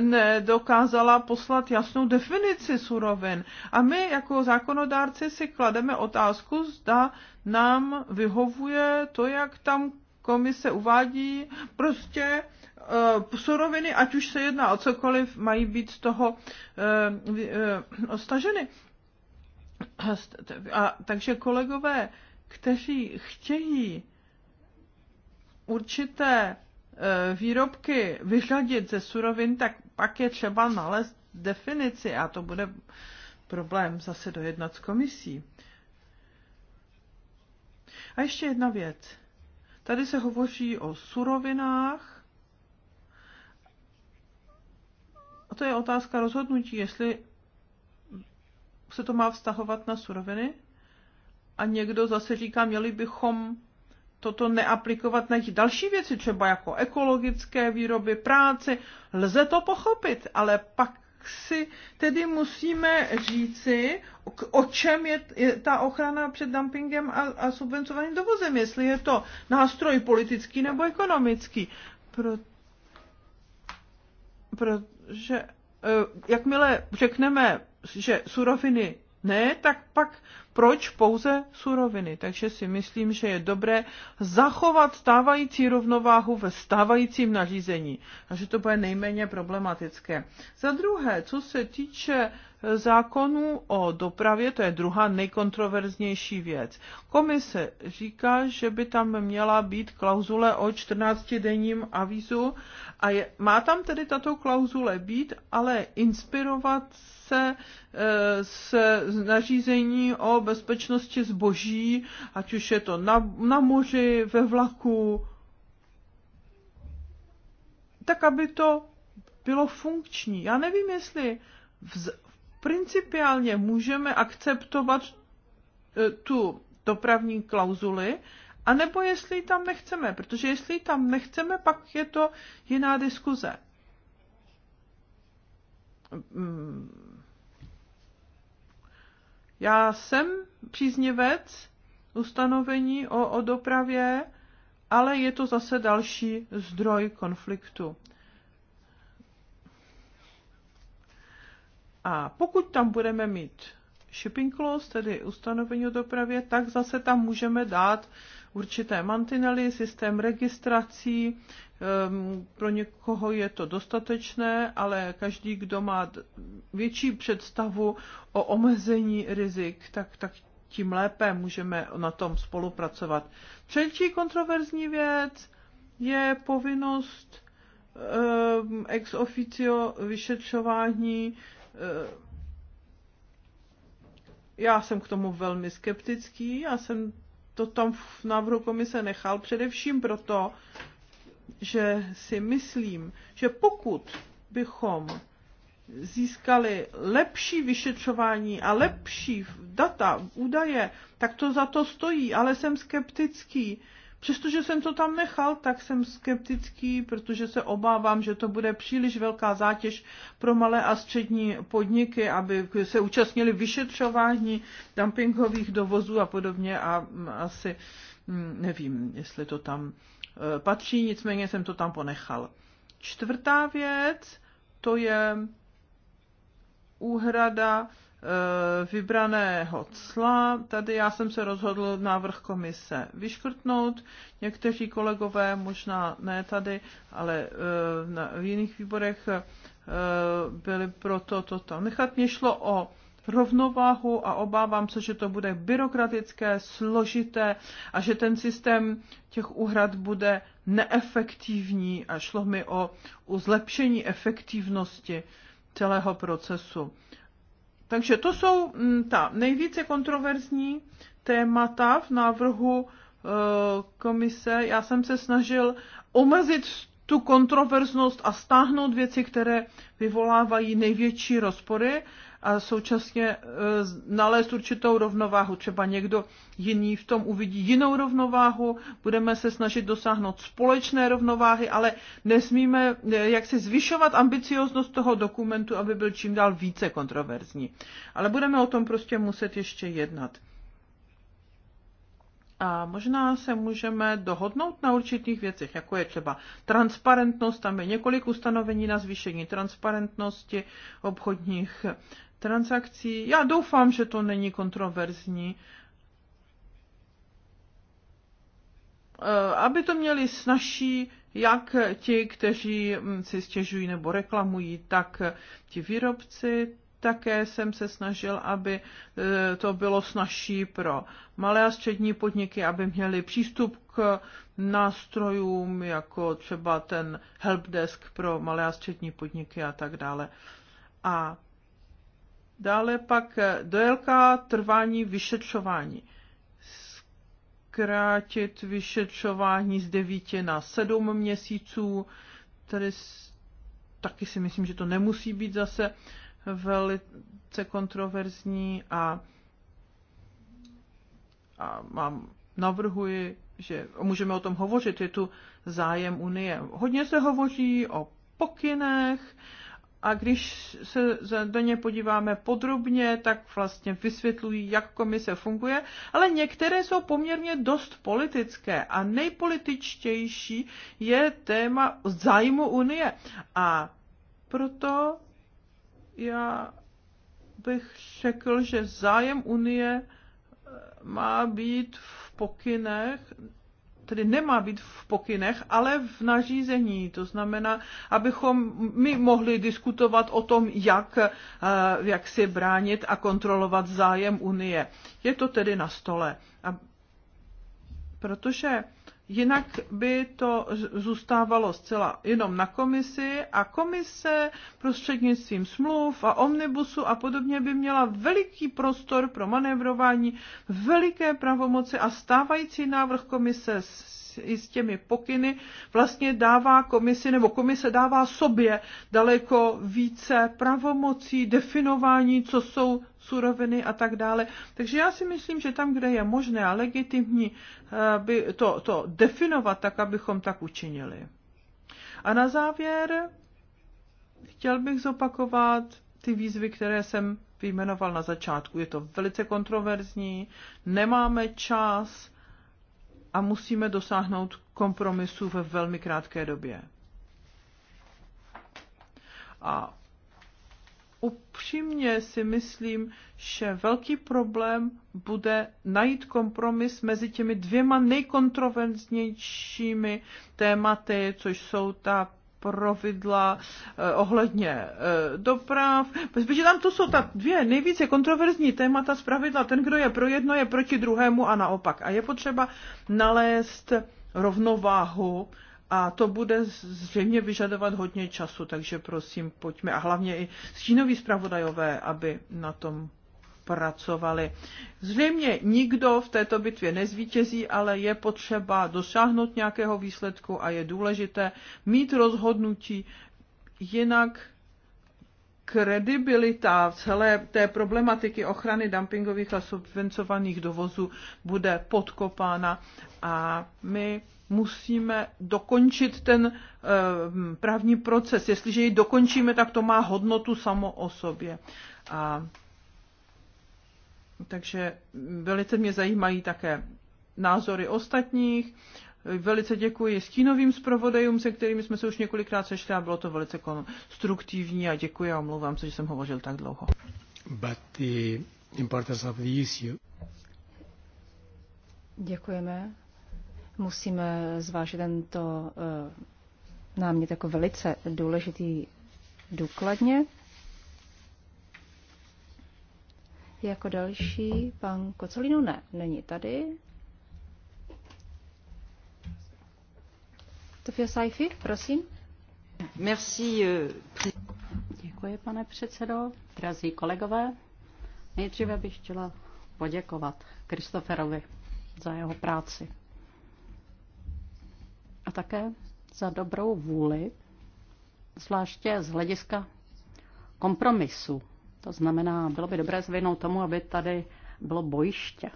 nedokázala poslat jasnou definici surovin. A my jako zákonodárci si klademe otázku, zda nám vyhovuje to, jak tam komise uvádí, prostě e, suroviny, ať už se jedná o cokoliv, mají být z toho e, e, staženy. A, takže kolegové, kteří chtějí určité eh, výrobky vyřadit ze surovin, tak pak je třeba nalézt definici a to bude problém zase dojednat s komisí. A ještě jedna věc. Tady se hovoří o surovinách. A to je otázka rozhodnutí, jestli se to má vztahovat na suroviny a někdo zase říká, měli bychom toto neaplikovat na další věci, třeba jako ekologické výroby, práci. Lze to pochopit, ale pak si tedy musíme říci, o čem je, ta ochrana před dumpingem a, a subvencovaným dovozem, jestli je to nástroj politický nebo ekonomický. Pro, protože eh, jakmile řekneme, že suroviny ne, tak pak proč pouze suroviny? Takže si myslím, že je dobré zachovat stávající rovnováhu ve stávajícím nařízení a že to bude nejméně problematické. Za druhé, co se týče e, zákonů o dopravě, to je druhá nejkontroverznější věc. Komise říká, že by tam měla být klauzule o 14-denním avizu a je, má tam tedy tato klauzule být, ale inspirovat se e, s nařízení o bezpečnosti zboží, ať už je to na, na moři, ve vlaku, tak aby to bylo funkční. Já nevím, jestli vz, principiálně můžeme akceptovat e, tu dopravní klauzuli, anebo jestli ji tam nechceme, protože jestli ji tam nechceme, pak je to jiná diskuze. Mm, já jsem příznivec ustanovení o, o dopravě, ale je to zase další zdroj konfliktu. A pokud tam budeme mít shipping clause, tedy ustanovení o dopravě, tak zase tam můžeme dát určité mantinely, systém registrací, Ehm, pro někoho je to dostatečné, ale každý, kdo má větší představu o omezení rizik, tak, tak tím lépe můžeme na tom spolupracovat. Třetí kontroverzní věc je povinnost ehm, ex officio vyšetřování. Ehm, já jsem k tomu velmi skeptický, já jsem to tam v návrhu komise nechal především proto, že si myslím, že pokud bychom získali lepší vyšetřování a lepší data, údaje, tak to za to stojí, ale jsem skeptický. Přestože jsem to tam nechal, tak jsem skeptický, protože se obávám, že to bude příliš velká zátěž pro malé a střední podniky, aby se účastnili vyšetřování dumpingových dovozů a podobně a asi mm, nevím, jestli to tam Eh, patří, nicméně jsem to tam ponechal. Čtvrtá věc, to je úhrada eh, vybraného cla. Tady já jsem se rozhodl návrh komise vyškrtnout. Někteří kolegové, možná ne tady, ale eh, v jiných výborech byli proto toto. Nechat mě šlo o rovnováhu a obávám se, že to bude byrokratické, složité a že ten systém těch úhrad bude neefektivní a šlo mi o, o zlepšení efektivnosti celého procesu. Takže to jsou mm, ta nejvíce kontroverzní témata v návrhu e, komise. Já jsem se snažil omezit tu kontroverznost a stáhnout věci, které vyvolávají největší rozpory a současně e, nalézt určitou rovnováhu. Třeba někdo jiný v tom uvidí jinou rovnováhu, budeme se snažit dosáhnout společné rovnováhy, ale nesmíme e, jak si zvyšovat ambicioznost toho dokumentu, aby byl čím dál více kontroverzní. Ale budeme o tom prostě muset ještě jednat. A možná se můžeme dohodnout na určitých věcech, jako je třeba transparentnost, tam je několik ustanovení na zvýšení transparentnosti obchodních transakcí. Já doufám, že to není kontroverzní. Eh, aby to měli snažší jak ti, kteří hm, si stěžují nebo reklamují, tak ti výrobci, také jsem se snažil, aby e, to bylo snažší pro malé a střední podniky, aby měli přístup k nástrojům, jako třeba ten helpdesk pro malé a střední podniky a tak dále. A dále pak e, délka trvání vyšetřování zkrátit vyšetřování z 9 na 7 měsíců, tedy taky si myslím, že to nemusí být zase velice kontroverzní a, a mám, navrhuji, že můžeme o tom hovořit, je tu zájem Unie. Hodně se hovoří o pokynech a když se do ně podíváme podrobně, tak vlastně vysvětlují, jak komise funguje, ale některé jsou poměrně dost politické a nejpolitičtější je téma zájmu Unie. A proto já bych řekl, že zájem Unie eh, má být v pokynech, tedy nemá být v pokynech, ale v nařízení. To znamená, abychom my mohli diskutovat o tom, jak, eh, jak si bránit a kontrolovat zájem Unie. Je to tedy na stole. A protože Jinak by to zůstávalo zcela jenom na komisi a komise prostřednictvím smluv a omnibusu a podobně by měla veliký prostor pro manévrování, veliké pravomoci a stávající návrh komise i s těmi pokyny, vlastně dává komisi, nebo komise dává sobě daleko více pravomocí, definování, co jsou suroviny a tak dále. Takže já si myslím, že tam, kde je možné a legitimní eh, by to, to definovat tak, abychom tak učinili. A na závěr chtěl bych zopakovat ty výzvy, které jsem vyjmenoval na začátku. Je to velice kontroverzní, nemáme čas, a musíme dosáhnout kompromisu ve velmi krátké době. A upřímně si myslím, že velký problém bude najít kompromis mezi těmi dvěma nejkontroverznějšími tématy, což jsou ta pravidla eh, ohledně eh, doprav, protože tam to jsou ta dvě nejvíce kontroverzní témata z pravidla. Ten, kdo je pro jedno, je proti druhému a naopak. A je potřeba nalézt rovnováhu a to bude zřejmě vyžadovat hodně času, takže prosím, pojďme. A hlavně i stínoví zpravodajové, aby na tom pracovali. Zřejmě nikdo v této bitvě nezvítězí, ale je potřeba dosáhnout nějakého výsledku a je důležité mít rozhodnutí, jinak kredibilita celé té problematiky ochrany dumpingových a subvencovaných dovozů bude podkopána a my musíme dokončit ten e, právní proces. Jestliže ji dokončíme, tak to má hodnotu samo o sobě. A takže velice mě zajímají také názory ostatních. Velice děkuji stínovým zpravodajům, se kterými jsme se už několikrát sešli a bylo to velice konstruktivní a děkuji a omlouvám se, že jsem hovořil tak dlouho. But the importance of the issue. Děkujeme. Musíme zvážit tento eh, námět jako velice důležitý důkladně. Jako další pan Kocolino ne, není tady. Tofio Saifi, prosím. Merci, eh, Děkuji, pane předsedo. Drazí kolegové, nejdříve bych chtěla poděkovat Kristoferovi za jeho práci a také za dobrou vůli, zvláště z hlediska kompromisu to znamená, bylo by dobré zvinout tomu, aby tady bylo bojiště,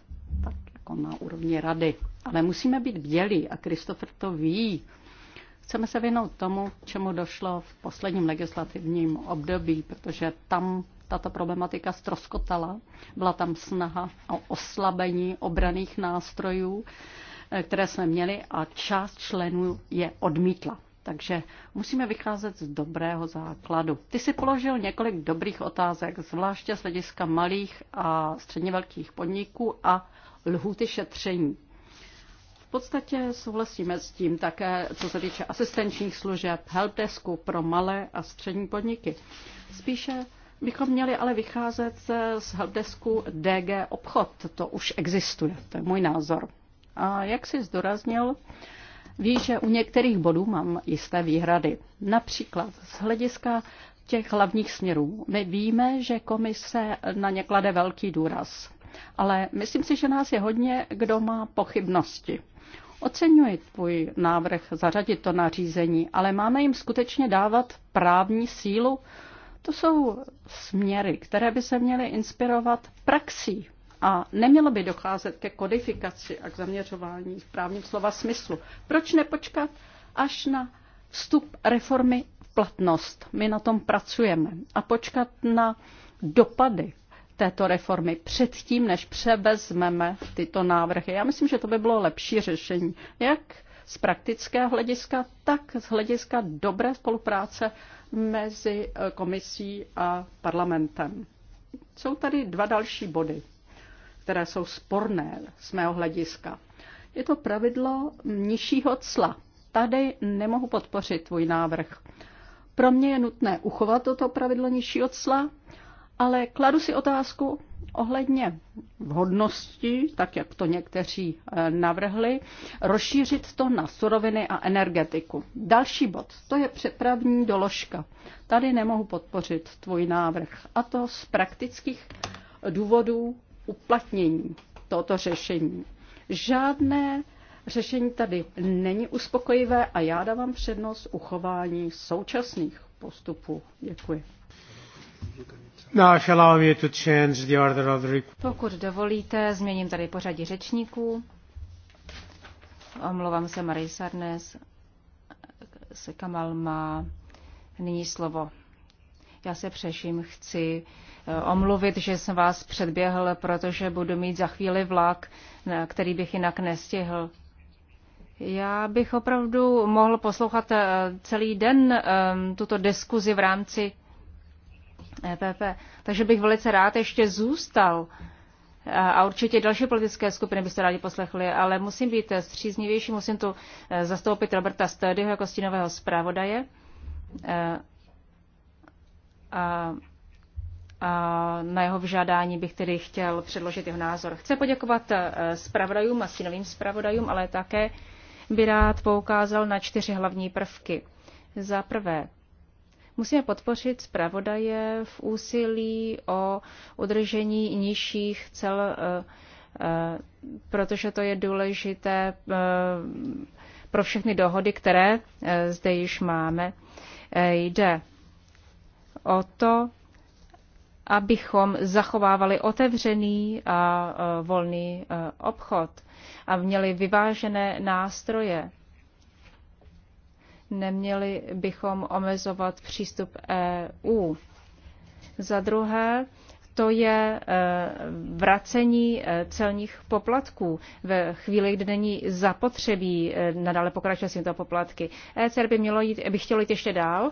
tak jako na úrovni rady. Ale musíme být bdělí a Kristofer to ví. Chceme se věnout tomu, čemu došlo v posledním legislativním období, protože tam tato problematika stroskotala. Byla tam snaha o oslabení obraných nástrojů, eh, které jsme měli a část členů je odmítla. Takže musíme vycházet z dobrého základu. Ty si položil několik dobrých otázek, zvláště z hlediska malých a středně velkých podniků a lhuty šetření. V podstatě souhlasíme s tím také, co se týče asistenčních služeb, helpdesku pro malé a střední podniky. Spíše bychom měli ale vycházet z helpdesku DG obchod. To už existuje, to je můj názor. A jak jsi zdoraznil, ví, že u některých bodů mám jisté výhrady. Například z hlediska těch hlavních směrů. My víme, že komise na ně klade velký důraz, ale myslím si, že nás je hodně, kdo má pochybnosti. Oceňuji tvůj návrh zařadit to nařízení, ale máme jim skutečně dávat právní sílu? To jsou směry, které by se měly inspirovat praxí a nemělo by docházet ke kodifikaci a k zaměřování v právním slova smyslu. Proč nepočkat až na vstup reformy v platnost? My na tom pracujeme a počkat na dopady této reformy předtím, než převezmeme tyto návrhy. Já myslím, že to by bylo lepší řešení, jak z praktického hlediska, tak z hlediska dobré spolupráce mezi eh, komisí a parlamentem. Jsou tady dva další body které jsou sporné z mého hlediska. Je to pravidlo nižšího cla. Tady nemohu podpořit tvůj návrh. Pro mě je nutné uchovat toto pravidlo nižšího cla, ale kladu si otázku ohledně vhodnosti, tak jak to někteří eh, navrhli, rozšířit to na suroviny a energetiku. Další bod, to je přepravní doložka. Tady nemohu podpořit tvůj návrh. A to z praktických důvodů uplatnění tohoto řešení. Žádné řešení tady není uspokojivé a já dávám přednost uchování současných postupů. Děkuji. No, Pokud dovolíte, změním tady pořadí řečníků. Omlouvám se Marie Sarnes. Se Kamal má nyní slovo. Já se přeším, chci Eh, omluvit, že jsem vás předběhl, protože budu mít za chvíli vlak, který bych jinak nestihl. Já bych opravdu mohl poslouchat eh, celý den tuto diskuzi v rámci EPP, takže bych velice rád ještě zůstal. Eh, a určitě další politické skupiny byste rádi poslechli, ale musím být stříznivější, musím tu zastoupit Roberta Stödyho jako stínového zpravodaje. A a na jeho vžádání bych tedy chtěl předložit jeho názor. Chce poděkovat eh, zpravodajům a synovým zpravodajům, ale také by rád poukázal na čtyři hlavní prvky. Za prvé, musíme podpořit zpravodaje v úsilí o udržení nižších cel, eh, eh, protože to je důležité pro všechny dohody, které zde již máme. Jde o to, abychom zachovávali otevřený a e, volný e, obchod a měli vyvážené nástroje. Neměli bychom omezovat přístup EU. Za druhé, to je e, vracení celních poplatků ve chvíli, kdy není zapotřebí nadále pokračovat s tímto poplatky. ECR by, mělo jít, by chtělo jít ještě dál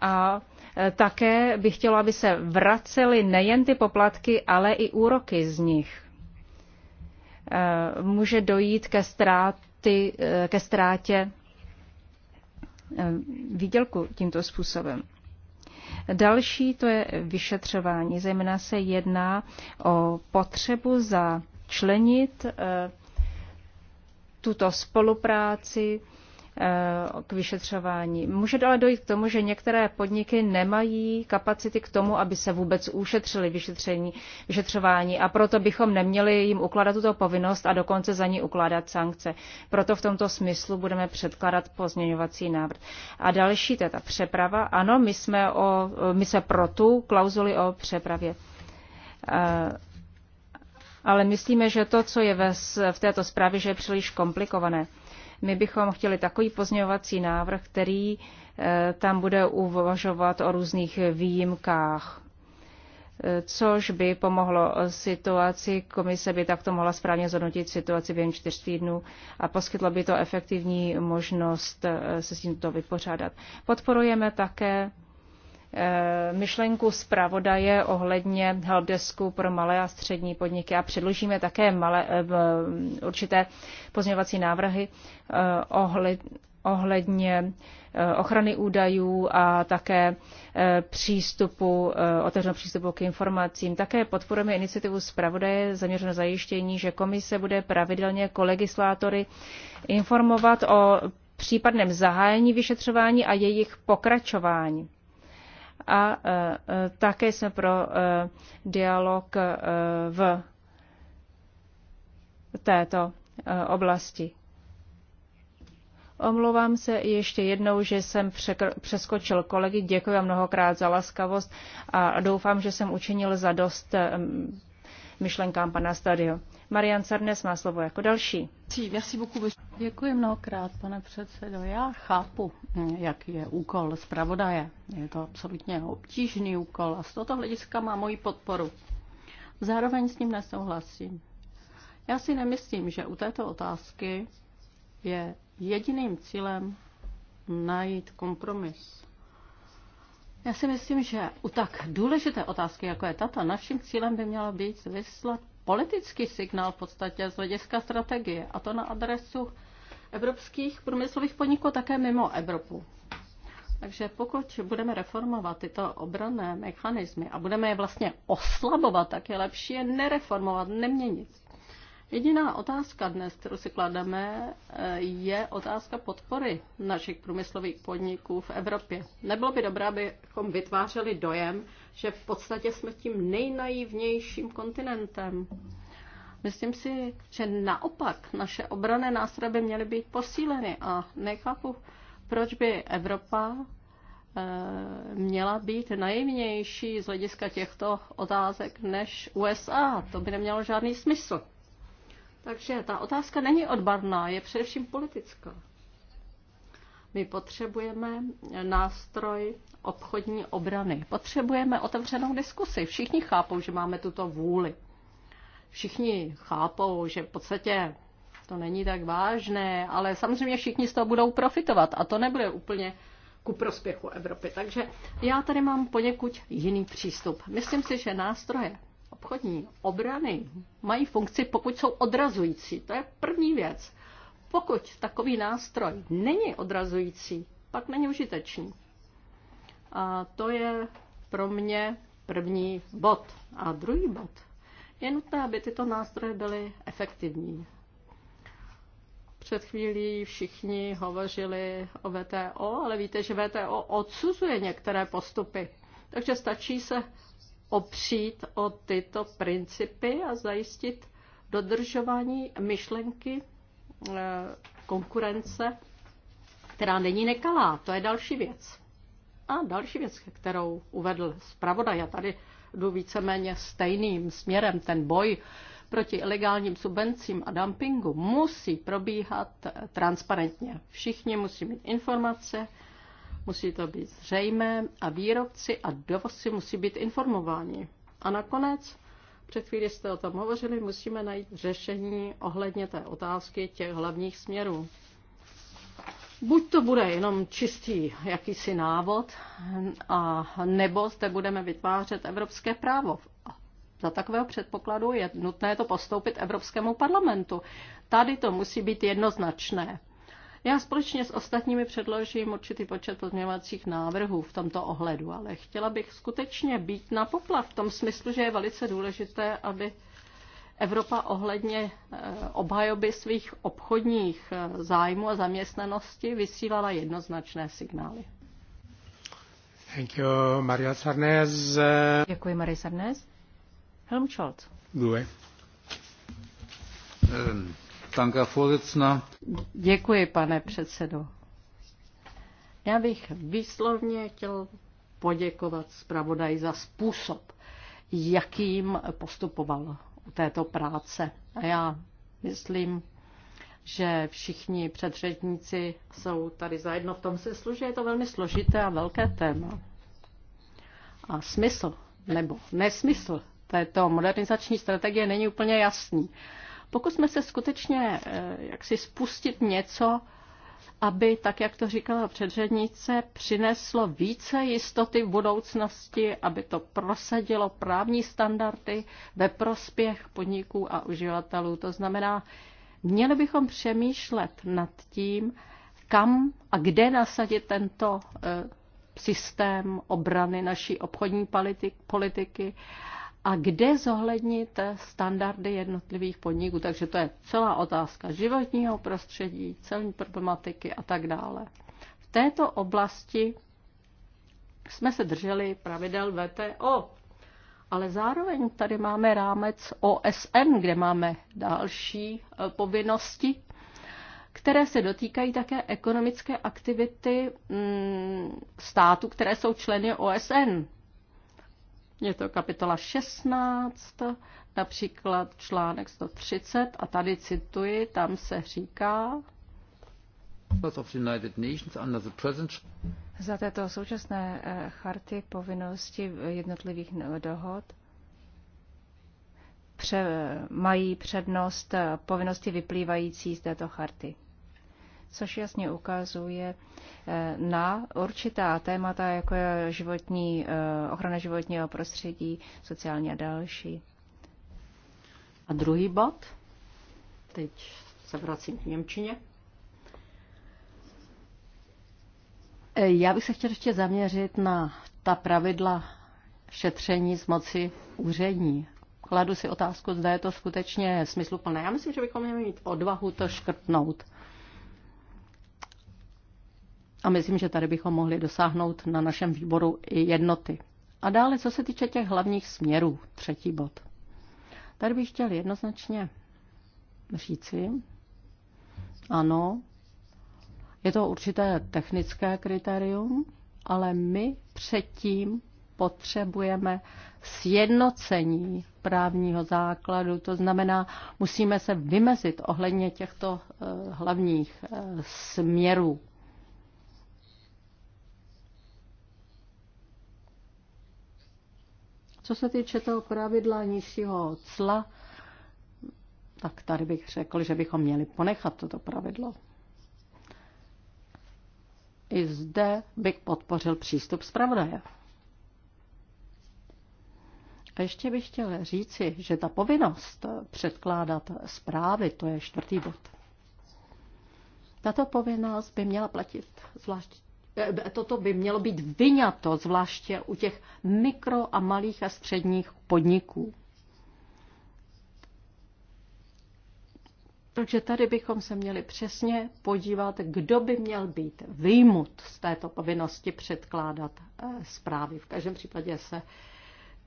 a Eh, také bych chtěla, aby se vracely nejen ty poplatky, ale i úroky z nich. Eh, může dojít ke, ztráty, eh, ke ztrátě výdělku tímto způsobem. Další to je vyšetřování. Zejména se jedná o potřebu začlenit tuto spolupráci Eh, k vyšetřování. Může ale dojít k tomu, že některé podniky nemají kapacity k tomu, aby se vůbec ušetřili vyšetření, vyšetřování a proto bychom neměli jim ukládat tuto povinnost a dokonce za ní ukládat sankce. Proto v tomto smyslu budeme předkládat pozměňovací návrh. A další, to je ta přeprava. Ano, my jsme, o, my jsme pro tu klauzuli o přepravě eh, ale myslíme, že to, co je ve, v této zprávě, že je příliš komplikované. My bychom chtěli takový pozměňovací návrh, který eh, tam bude uvažovat o různých výjimkách eh, což by pomohlo situaci. Komise by takto mohla správně zhodnotit situaci během čtyř týdnů a poskytlo by to efektivní možnost eh, se s tímto vypořádat. Podporujeme také Eh, myšlenku zpravodaje ohledně helpdesku pro malé a střední podniky a předložíme také malé, eh, určité pozměňovací návrhy eh, ohledně ochrany údajů a také přístupu, otevřeného přístupu k informacím. Také podporujeme iniciativu zpravodaje zaměřenou zajištění, že komise bude pravidelně kolegislátory informovat o případném zahájení vyšetřování a jejich pokračování a e, e, také jsme pro e, dialog v této oblasti. Omlouvám se ještě jednou, že jsem přeskočil kolegy. Děkuji vám mnohokrát za laskavost a doufám, že jsem učinil za dost myšlenkám pana Stadio. Marian Sarnes má slovo jako další. Děkuji mnohokrát, pane předsedo. Já chápu, jaký je úkol zpravodaje. Je to absolutně obtížný úkol a z tohoto hlediska má moji podporu. Zároveň s ním nesouhlasím. Já si nemyslím, že u této otázky je jediným cílem najít kompromis. Já si myslím, že u tak důležité otázky, jako je tato, naším cílem by mělo být vyslat politický signál v podstatě z hlediska strategie, a to na adresu evropských průmyslových podniků také mimo Evropu. Takže pokud budeme reformovat tyto obranné mechanismy a budeme je vlastně oslabovat, tak je lepší je nereformovat, neměnit. Jediná otázka dnes, kterou si klademe, eh, je otázka podpory našich průmyslových podniků v Evropě. Nebylo by dobré, abychom vytvářeli dojem, že v podstatě jsme tím nejnaivnějším kontinentem. Myslím si, že naopak naše obrané nástroje by měly být posíleny a nechápu, proč by Evropa eh, měla být naivnější z hlediska těchto otázek než USA. To by nemělo žádný smysl. Takže ta otázka není odbarná, je především politická. My potřebujeme nástroj obchodní obrany. Potřebujeme otevřenou diskusi. Všichni chápou, že máme tuto vůli. Všichni chápou, že v podstatě to není tak vážné, ale samozřejmě všichni z toho budou profitovat a to nebude úplně ku prospěchu Evropy. Takže já tady mám poněkud jiný přístup. Myslím si, že nástroje obchodní obrany mají funkci, pokud jsou odrazující. To je první věc. Pokud takový nástroj není odrazující, pak není užitečný. A to je pro mě první bod. A druhý bod. Je nutné, aby tyto nástroje byly efektivní. Před chvílí všichni hovořili o VTO, ale víte, že VTO odsuzuje některé postupy. Takže stačí se opřít o tyto principy a zajistit dodržování myšlenky eh, konkurence, která není nekalá. To je další věc. A další věc, kterou uvedl zpravodaj, Já tady jdu víceméně stejným směrem, ten boj proti ilegálním subvencím a dumpingu musí probíhat eh, transparentně. Všichni musí mít informace, Musí to být zřejmé a výrobci a dovozci musí být informováni. A nakonec, před chvíli jste o tom hovořili, musíme najít řešení ohledně té otázky těch hlavních směrů. Buď to bude jenom čistý jakýsi návod, a nebo zde budeme vytvářet evropské právo. Za takového předpokladu je nutné to postoupit Evropskému parlamentu. Tady to musí být jednoznačné. Já společně s ostatními předložím určitý počet pozměňovacích návrhů v tomto ohledu, ale chtěla bych skutečně být na poplav v tom smyslu, že je velice důležité, aby Evropa ohledně eh, obhajoby svých obchodních eh, zájmů a zaměstnanosti vysílala jednoznačné signály. Thank you, Maria Sarnes. Děkuji, Maria Sarnes. Helm Scholz. Gue. Um, Děkuji, pane předsedo. Já bych výslovně chtěl poděkovat zpravodaji za způsob, jakým postupoval u této práce. A já myslím, že všichni předřečníci jsou tady zajedno v tom smyslu, že je to velmi složité a velké téma. A smysl nebo nesmysl této modernizační strategie není úplně jasný. Pokusme se skutečně eh, jak si spustit něco, aby, tak jak to říkala předřednice, přineslo více jistoty v budoucnosti, aby to prosadilo právní standardy ve prospěch podniků a uživatelů. To znamená, měli bychom přemýšlet nad tím, kam a kde nasadit tento eh, systém obrany naší obchodní politiky a kde zohlednit standardy jednotlivých podniků. Takže to je celá otázka životního prostředí, celní problematiky a tak dále. V této oblasti jsme se drželi pravidel VTO, ale zároveň tady máme rámec OSN, kde máme další eh, povinnosti, které se dotýkají také ekonomické aktivity mm, států, které jsou členy OSN. Je to kapitola 16, například článek 130, a tady cituji, tam se říká, za této současné eh, charty povinnosti jednotlivých eh, dohod pře, mají přednost eh, povinnosti vyplývající z této charty což jasně ukazuje eh, na určitá témata, jako je životní, eh, ochrana životního prostředí, sociální a další. A druhý bod, teď se vracím k Němčině. Eh, já bych se chtěl ještě zaměřit na ta pravidla šetření z moci úřední. Kladu si otázku, zda je to skutečně smysluplné. Já myslím, že bychom měli mít odvahu to škrtnout. A myslím, že tady bychom mohli dosáhnout na našem výboru i jednoty. A dále, co se týče těch hlavních směrů, třetí bod. Tady bych chtěl jednoznačně říci, ano, je to určité technické kritérium, ale my předtím potřebujeme sjednocení právního základu. To znamená, musíme se vymezit ohledně těchto eh, hlavních eh, směrů Co se týče toho pravidla nižšího cla, tak tady bych řekl, že bychom měli ponechat toto pravidlo. I zde bych podpořil přístup zpravodaje. A ještě bych chtěl říci, že ta povinnost předkládat zprávy, to je čtvrtý bod. Tato povinnost by měla platit zvlášť Eh, toto by mělo být vyňato, zvláště u těch mikro a malých a středních podniků. Takže tady bychom se měli přesně podívat, kdo by měl být výjimut z této povinnosti předkládat eh, zprávy. V každém případě se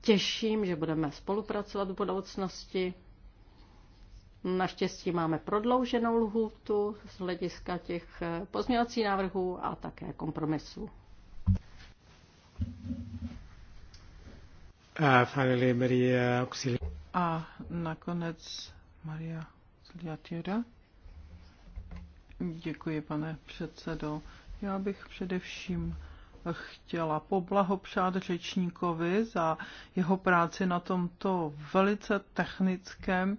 těším, že budeme spolupracovat v budoucnosti. Naštěstí máme prodlouženou lhůtu z hlediska těch eh, pozměňovacích návrhů a také kompromisů. A nakonec Maria Auxiliatiura. Děkuji, pane předsedo. Já bych především chtěla poblahopřát řečníkovi za jeho práci na tomto velice technickém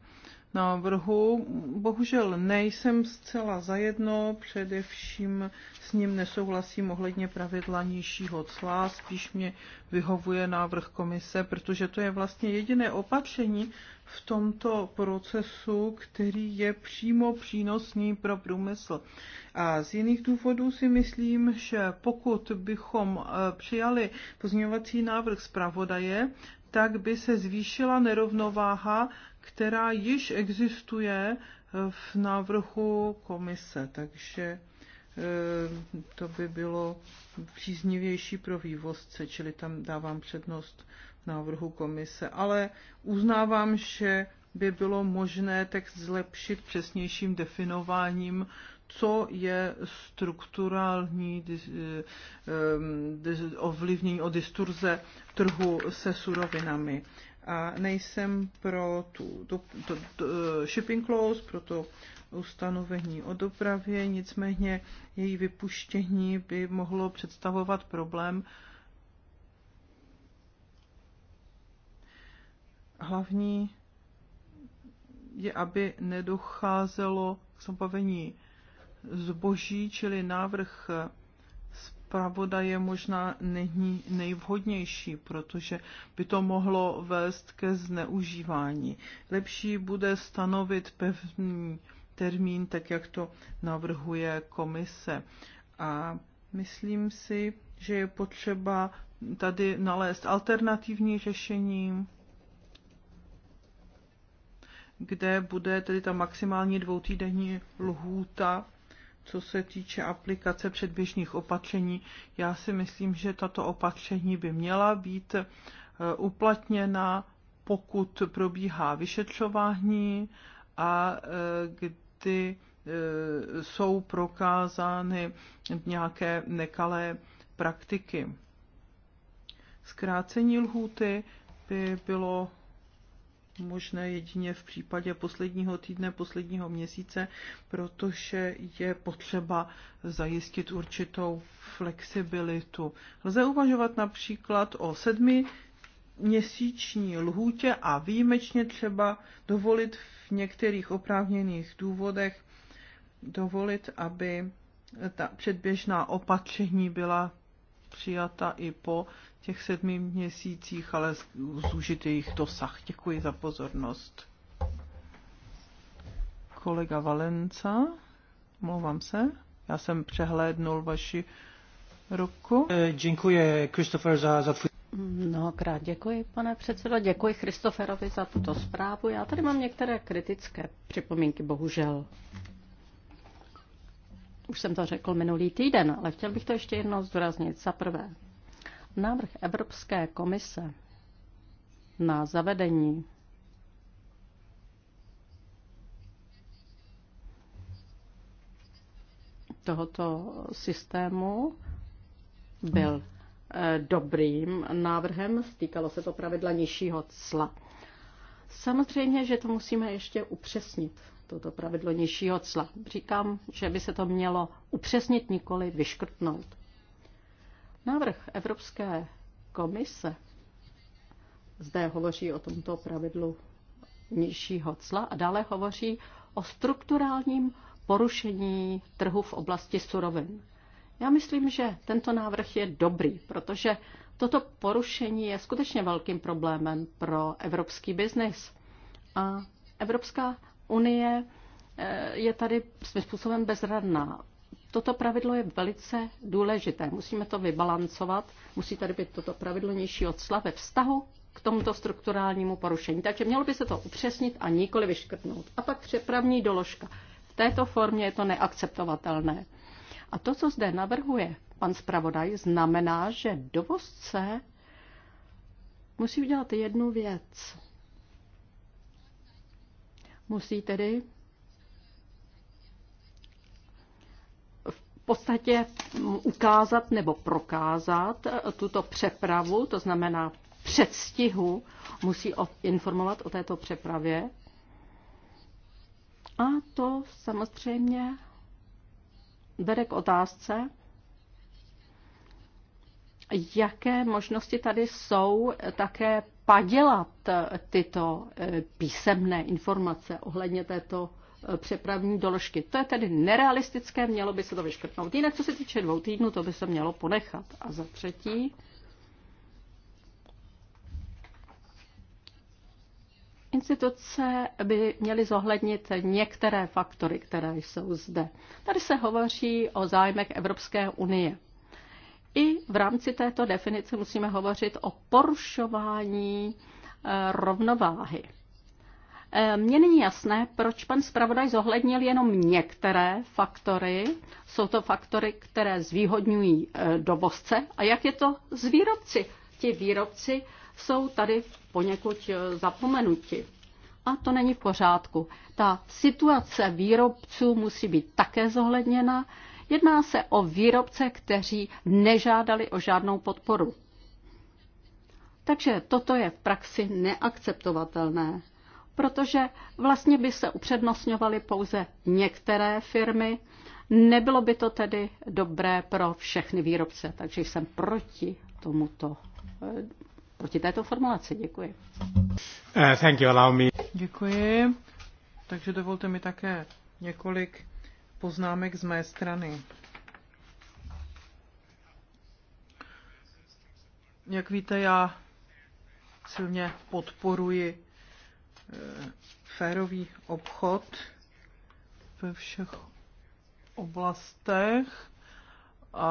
návrhu. Bohužel nejsem zcela zajedno, především s ním nesouhlasím ohledně pravidla nižšího cla, spíš mě vyhovuje návrh komise, protože to je vlastně jediné opatření v tomto procesu, který je přímo přínosný pro průmysl. A z jiných důvodů si myslím, že pokud bychom eh, přijali pozměňovací návrh zpravodaje, tak by se zvýšila nerovnováha která již existuje eh, v návrhu komise, takže eh, to by bylo příznivější pro vývozce, čili tam dávám přednost návrhu komise. Ale uznávám, že by bylo možné text zlepšit přesnějším definováním, co je strukturální eh, ovlivnění o disturze trhu se surovinami a nejsem pro tu, tu, tu, tu shipping clause, pro to ustanovení o dopravě, nicméně její vypuštění by mohlo představovat problém. Hlavní je, aby nedocházelo k zabavení zboží, čili návrh je možná není nejvhodnější, protože by to mohlo vést ke zneužívání. Lepší bude stanovit pevný termín, tak jak to navrhuje komise. A myslím si, že je potřeba tady nalézt alternativní řešení, kde bude tedy ta maximální dvoutýdenní lhůta co se týče aplikace předběžných opatření, já si myslím, že tato opatření by měla být eh, uplatněna, pokud probíhá vyšetřování a eh, kdy eh, jsou prokázány nějaké nekalé praktiky. Zkrácení lhůty by bylo možné jedině v případě posledního týdne, posledního měsíce, protože je potřeba zajistit určitou flexibilitu. Lze uvažovat například o sedmi měsíční lhůtě a výjimečně třeba dovolit v některých oprávněných důvodech dovolit, aby ta předběžná opatření byla přijata i po těch sedmi měsících, ale zúžit jejich dosah. Děkuji za pozornost. Kolega Valenca, mluvám se, já jsem přehlédnul vaši ruku. Eh, děkuji, Christopher, za, za tvůj... Mnohokrát děkuji, pane předsedo. Děkuji Christopherovi za tuto zprávu. Já tady mám některé kritické připomínky, bohužel. Už jsem to řekl minulý týden, ale chtěl bych to ještě jednou zdůraznit. Za prvé, Návrh Evropské komise na zavedení tohoto systému byl eh, dobrým návrhem, stýkalo se to pravidla nižšího cla. Samozřejmě, že to musíme ještě upřesnit, toto pravidlo nižšího cla. Říkám, že by se to mělo upřesnit, nikoli vyškrtnout. Návrh Evropské komise zde hovoří o tomto pravidlu nižšího cla a dále hovoří o strukturálním porušení trhu v oblasti surovin. Já myslím, že tento návrh je dobrý, protože toto porušení je skutečně velkým problémem pro evropský biznis. A Evropská unie eh, je tady svým způsobem bezradná. Toto pravidlo je velice důležité. Musíme to vybalancovat. Musí tady být toto pravidlo nižší odslav ve vztahu k tomuto strukturálnímu porušení. Takže mělo by se to upřesnit a nikoli vyškrtnout. A pak přepravní doložka. V této formě je to neakceptovatelné. A to, co zde navrhuje pan zpravodaj, znamená, že dovozce musí udělat jednu věc. Musí tedy podstatě mm, ukázat nebo prokázat eh, tuto přepravu, to znamená předstihu, musí informovat o této přepravě. A to samozřejmě vede k otázce, jaké možnosti tady jsou také padělat eh, tyto eh, písemné informace ohledně této přepravní doložky. To je tedy nerealistické, mělo by se to vyškrtnout. Jinak, co se týče dvou týdnů, to by se mělo ponechat. A za třetí, Instituce by měly zohlednit některé faktory, které jsou zde. Tady se hovoří o zájmech Evropské unie. I v rámci této definice musíme hovořit o porušování eh, rovnováhy. Eh, mně není jasné, proč pan zpravodaj zohlednil jenom některé faktory. Jsou to faktory, které zvýhodňují eh, dovozce. A jak je to s výrobci? Ti výrobci jsou tady poněkud eh, zapomenuti. A to není v pořádku. Ta situace výrobců musí být také zohledněna. Jedná se o výrobce, kteří nežádali o žádnou podporu. Takže toto je v praxi neakceptovatelné protože vlastně by se upřednostňovaly pouze některé firmy. Nebylo by to tedy dobré pro všechny výrobce, takže jsem proti tomuto, eh, proti této formulaci. Děkuji. Uh, thank you, allow me. Děkuji. Takže dovolte mi také několik poznámek z mé strany. Jak víte, já silně podporuji férový obchod ve všech oblastech. A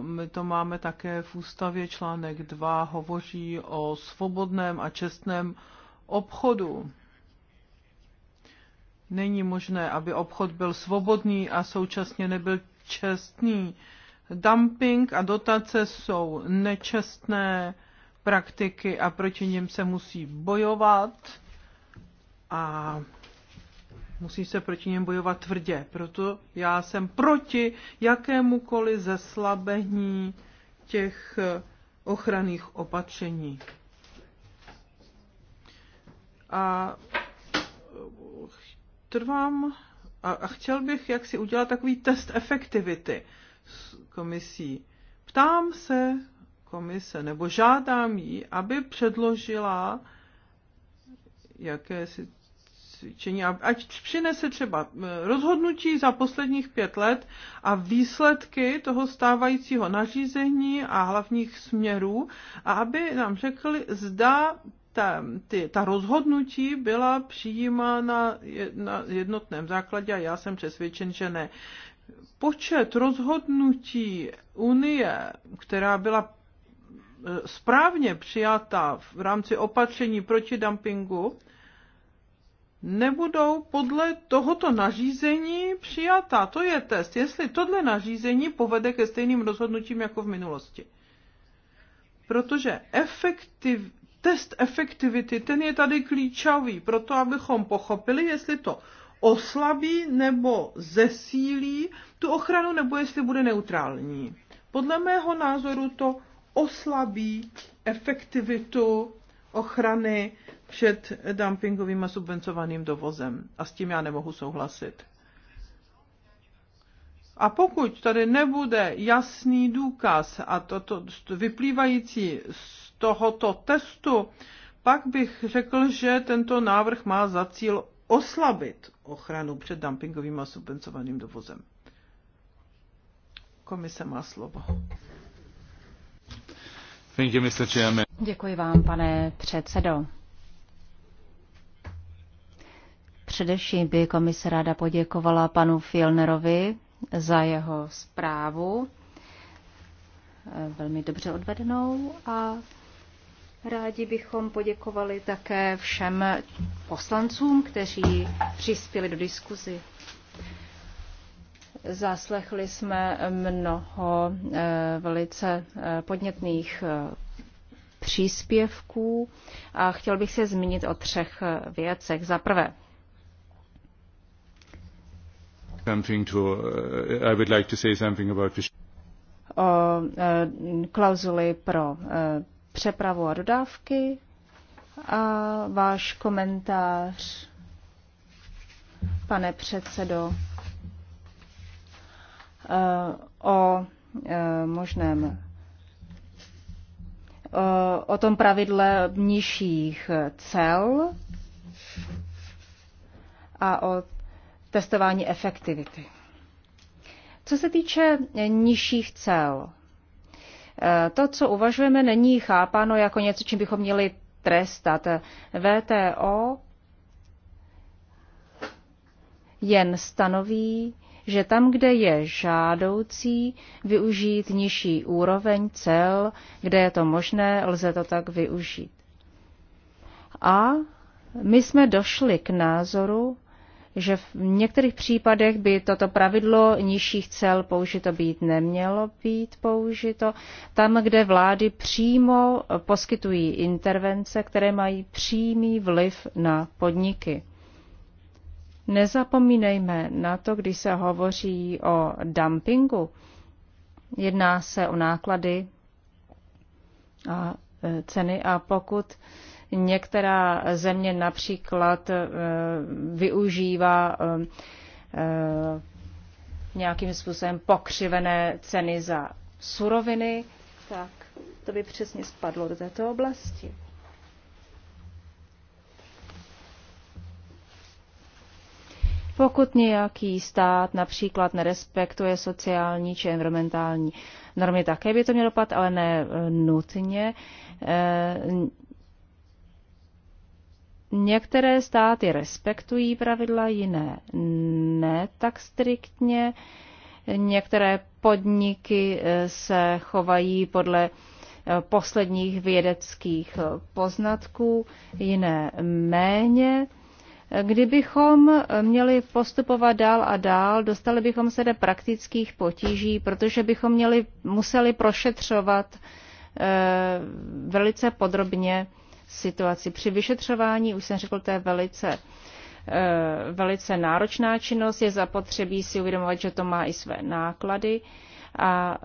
my to máme také v ústavě článek 2 hovoří o svobodném a čestném obchodu. Není možné, aby obchod byl svobodný a současně nebyl čestný. Dumping a dotace jsou nečestné praktiky a proti něm se musí bojovat a musí se proti něm bojovat tvrdě. Proto já jsem proti jakémukoli zeslabení těch eh, ochranných opatření. A eh, trvám a, a chtěl bych jak si udělat takový test efektivity s komisí. Ptám se komise, nebo žádám ji, aby předložila jakési cvičení, ať přinese třeba eh, rozhodnutí za posledních pět let a výsledky toho stávajícího nařízení a hlavních směrů, a aby nám řekli, zda ta, ty, ta rozhodnutí byla přijímána na jednotném základě a já jsem přesvědčen, že ne. Počet rozhodnutí Unie, která byla eh, správně přijata v rámci opatření proti dumpingu, nebudou podle tohoto nařízení přijatá. To je test, jestli tohle nařízení povede ke stejným rozhodnutím jako v minulosti. Protože efektiv, test efektivity, ten je tady klíčový, proto abychom pochopili, jestli to oslabí nebo zesílí tu ochranu, nebo jestli bude neutrální. Podle mého názoru to oslabí efektivitu ochrany před dumpingovým a subvencovaným dovozem. A s tím já nemohu souhlasit. A pokud tady nebude jasný důkaz a toto vyplývající z tohoto testu, pak bych řekl, že tento návrh má za cíl oslabit ochranu před dumpingovým a subvencovaným dovozem. Komise má slovo. Děkuji vám, pane předsedo. Především by komise ráda poděkovala panu Filnerovi za jeho zprávu, eh, velmi dobře odvedenou a rádi bychom poděkovali také všem poslancům, kteří přispěli do diskuzi. Zaslechli jsme mnoho eh, velice eh, podnětných eh, příspěvků a chtěl bych se zmínit o třech věcech. Za prvé, o klauzuli pro přepravu a dodávky a váš komentář, pane předsedo, Eh, o eh, možném eh, o tom pravidle nižších cel a o testování efektivity. Co se týče nižších cel, to, co uvažujeme, není chápáno jako něco, čím bychom měli trestat. VTO jen stanoví že tam, kde je žádoucí využít nižší úroveň cel, kde je to možné, lze to tak využít. A my jsme došli k názoru, že v některých případech by toto pravidlo nižších cel použito být nemělo být použito. Tam, kde vlády přímo poskytují intervence, které mají přímý vliv na podniky. Nezapomínejme na to, když se hovoří o dumpingu. Jedná se o náklady a e, ceny a pokud některá země například e, využívá e, nějakým způsobem pokřivené ceny za suroviny, tak to by přesně spadlo do této oblasti. Pokud nějaký stát například nerespektuje sociální či environmentální normy, také by to mělo dopad, ale ne eh, nutně. Eh, některé státy respektují pravidla, jiné ne tak striktně. Některé podniky eh, se chovají podle posledních vědeckých poznatků, jiné méně. Kdybychom měli postupovat dál a dál, dostali bychom se do praktických potíží, protože bychom měli, museli prošetřovat eh, velice podrobně situaci. Při vyšetřování, už jsem řekl, to je velice, eh, velice náročná činnost, je zapotřebí si uvědomovat, že to má i své náklady a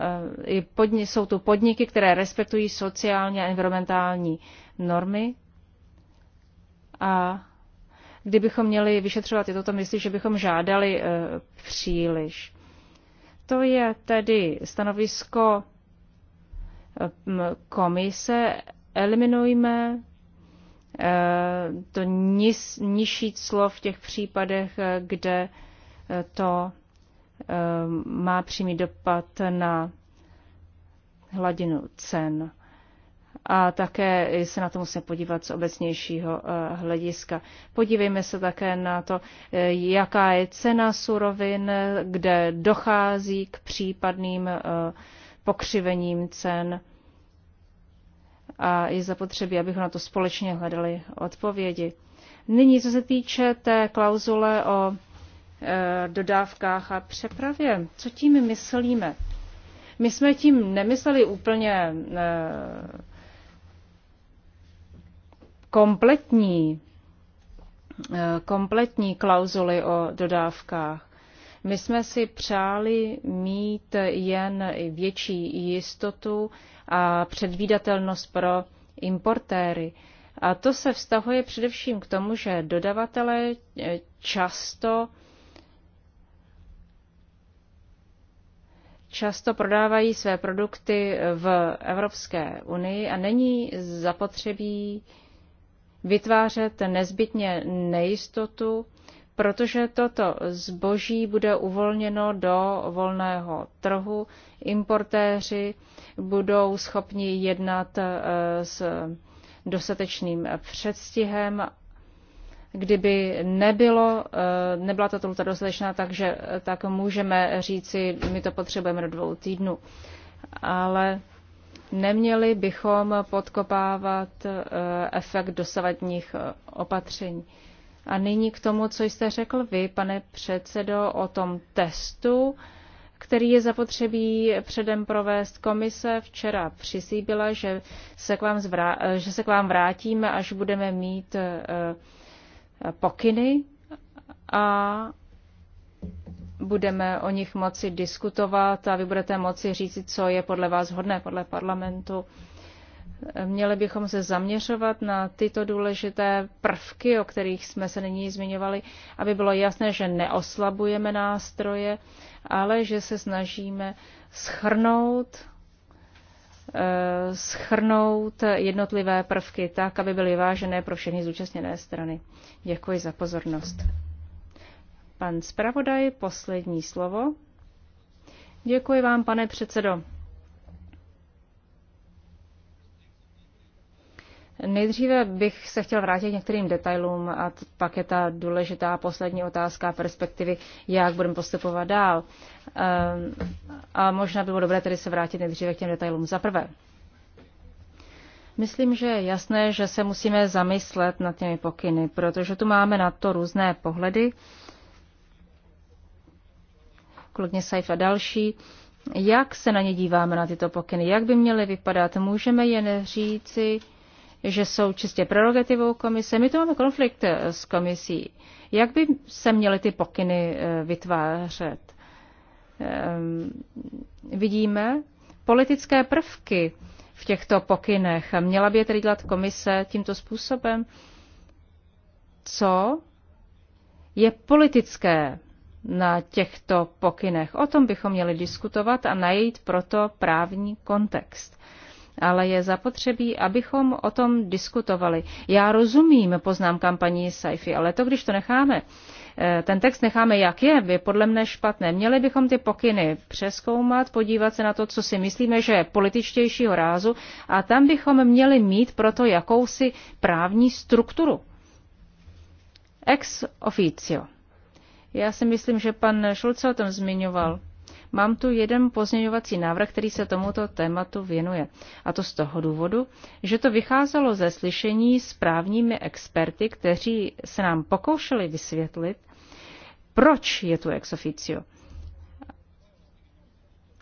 eh, podni, jsou tu podniky, které respektují sociální a environmentální normy a kdybychom měli vyšetřovat, je to tam, že bychom žádali eh, příliš. To je tedy stanovisko eh, komise. Eliminujme eh, to niž, nižší clo v těch případech, kde to má přímý dopad na hladinu cen a také se na to musíme podívat z obecnějšího eh, hlediska. Podívejme se také na to, eh, jaká je cena surovin, kde dochází k případným eh, pokřivením cen a je zapotřebí, abychom na to společně hledali odpovědi. Nyní, co se týče té klauzule o dodávkách a přepravě, co tím myslíme? My jsme tím nemysleli úplně kompletní, eh, kompletní klauzuly o dodávkách. My jsme si přáli mít jen větší jistotu a předvídatelnost pro importéry. A to se vztahuje především k tomu, že dodavatelé eh, často často prodávají své produkty v Evropské unii a není zapotřebí vytvářet nezbytně nejistotu, protože toto zboží bude uvolněno do volného trhu. Importéři budou schopni jednat eh, s dostatečným předstihem. Kdyby nebylo, eh, nebyla tato lhuta dostatečná, takže eh, tak můžeme říci, my to potřebujeme do dvou týdnů. Ale Neměli bychom podkopávat eh, efekt dosavadních eh, opatření. A nyní k tomu, co jste řekl vy, pane předsedo, o tom testu, který je zapotřebí předem provést. Komise včera přisíbila, že se k vám, zvrá- eh, že se k vám vrátíme, až budeme mít pokyny a budeme o nich moci diskutovat a vy budete moci říct, co je podle vás hodné, podle parlamentu. Měli bychom se zaměřovat na tyto důležité prvky, o kterých jsme se nyní zmiňovali, aby bylo jasné, že neoslabujeme nástroje, ale že se snažíme schrnout eh, schrnout jednotlivé prvky tak, aby byly vážené pro všechny zúčastněné strany. Děkuji za pozornost. Pan zpravodaj, poslední slovo. Děkuji vám, pane předsedo. Nejdříve bych se chtěl vrátit k některým detailům a pak je ta důležitá poslední otázka perspektivy, jak budeme postupovat dál. Ehm, a možná by bylo dobré tedy se vrátit nejdříve k těm detailům. Za prvé, myslím, že je jasné, že se musíme zamyslet nad těmi pokyny, protože tu máme na to různé pohledy kolegyně Saif a další. Jak se na ně díváme, na tyto pokyny? Jak by měly vypadat? Můžeme jen říci, že jsou čistě prerogativou komise. My tu máme konflikt eh, s komisí. Jak by se měly ty pokyny eh, vytvářet? Ehm, vidíme politické prvky v těchto pokynech. Měla by je tedy dělat komise tímto způsobem? Co je politické na těchto pokynech. O tom bychom měli diskutovat a najít proto právní kontext. Ale je zapotřebí, abychom o tom diskutovali. Já rozumím poznámkám paní Saifi, ale to, když to necháme, eh, ten text necháme jak je, je podle mne špatné. Měli bychom ty pokyny přeskoumat, podívat se na to, co si myslíme, že je političtějšího rázu a tam bychom měli mít proto jakousi právní strukturu. Ex officio. Já si myslím, že pan Šulc o tom zmiňoval. Mám tu jeden pozměňovací návrh, který se tomuto tématu věnuje. A to z toho důvodu, že to vycházelo ze slyšení s právními experty, kteří se nám pokoušeli vysvětlit, proč je tu ex officio.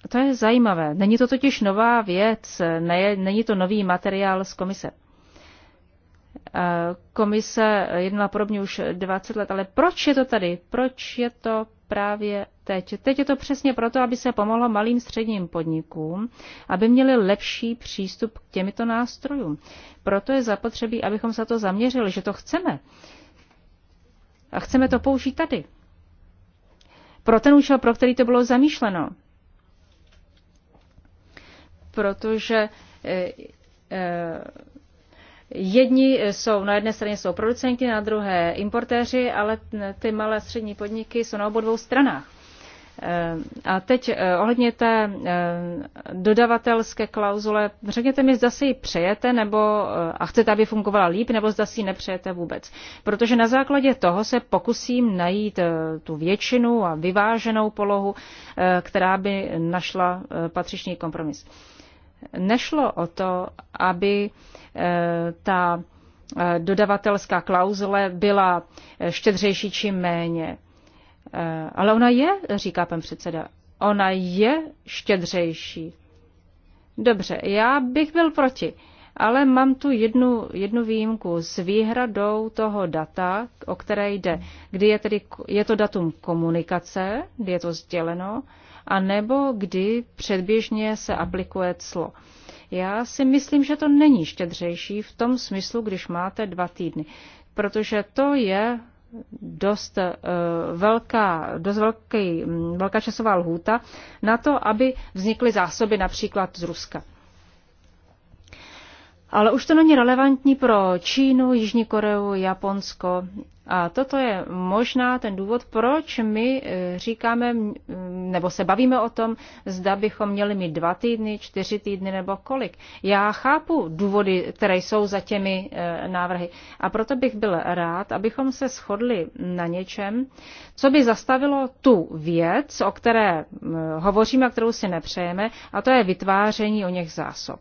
To je zajímavé. Není to totiž nová věc, ne, není to nový materiál z komise. Eh, komise jednala podobně už 20 let, ale proč je to tady? Proč je to právě teď? Teď je to přesně proto, aby se pomohlo malým středním podnikům, aby měli lepší přístup k těmito nástrojům. Proto je zapotřebí, abychom se to zaměřili, že to chceme. A chceme to použít tady. Pro ten účel, pro který to bylo zamýšleno. Protože e, e, Jedni jsou na jedné straně jsou producenti, na druhé importéři, ale ty malé střední podniky jsou na obou dvou stranách. Eh, a teď eh, ohledně té eh, dodavatelské klauzule, řekněte mi, zda si ji přejete nebo a chcete, aby fungovala líp, nebo zda si ji nepřejete vůbec. Protože na základě toho se pokusím najít tu většinu a vyváženou polohu, která by našla patřičný kompromis nešlo o to, aby eh, ta eh, dodavatelská klauzule byla eh, štědřejší či méně. Ale ona je, říká pan předseda, ona je štědřejší. Dobře, já bych byl proti, ale mám tu jednu, jednu výjimku s výhradou toho data, o které jde, kdy je, tedy, je to datum komunikace, kdy je to sděleno, a nebo kdy předběžně se aplikuje clo. Já si myslím, že to není štědřejší v tom smyslu, když máte dva týdny, protože to je dost, eh, velká, dost velký, mm, velká časová lhůta na to, aby vznikly zásoby například z Ruska. Ale už to není relevantní pro Čínu, Jižní Koreu, Japonsko. A toto je možná ten důvod, proč my eh, říkáme, nebo se bavíme o tom, zda bychom měli mít dva týdny, čtyři týdny nebo kolik. Já chápu důvody, které jsou za těmi eh, návrhy. A proto bych byl rád, abychom se shodli na něčem, co by zastavilo tu věc, o které hovoříme a kterou si nepřejeme, a to je vytváření o něch zásob.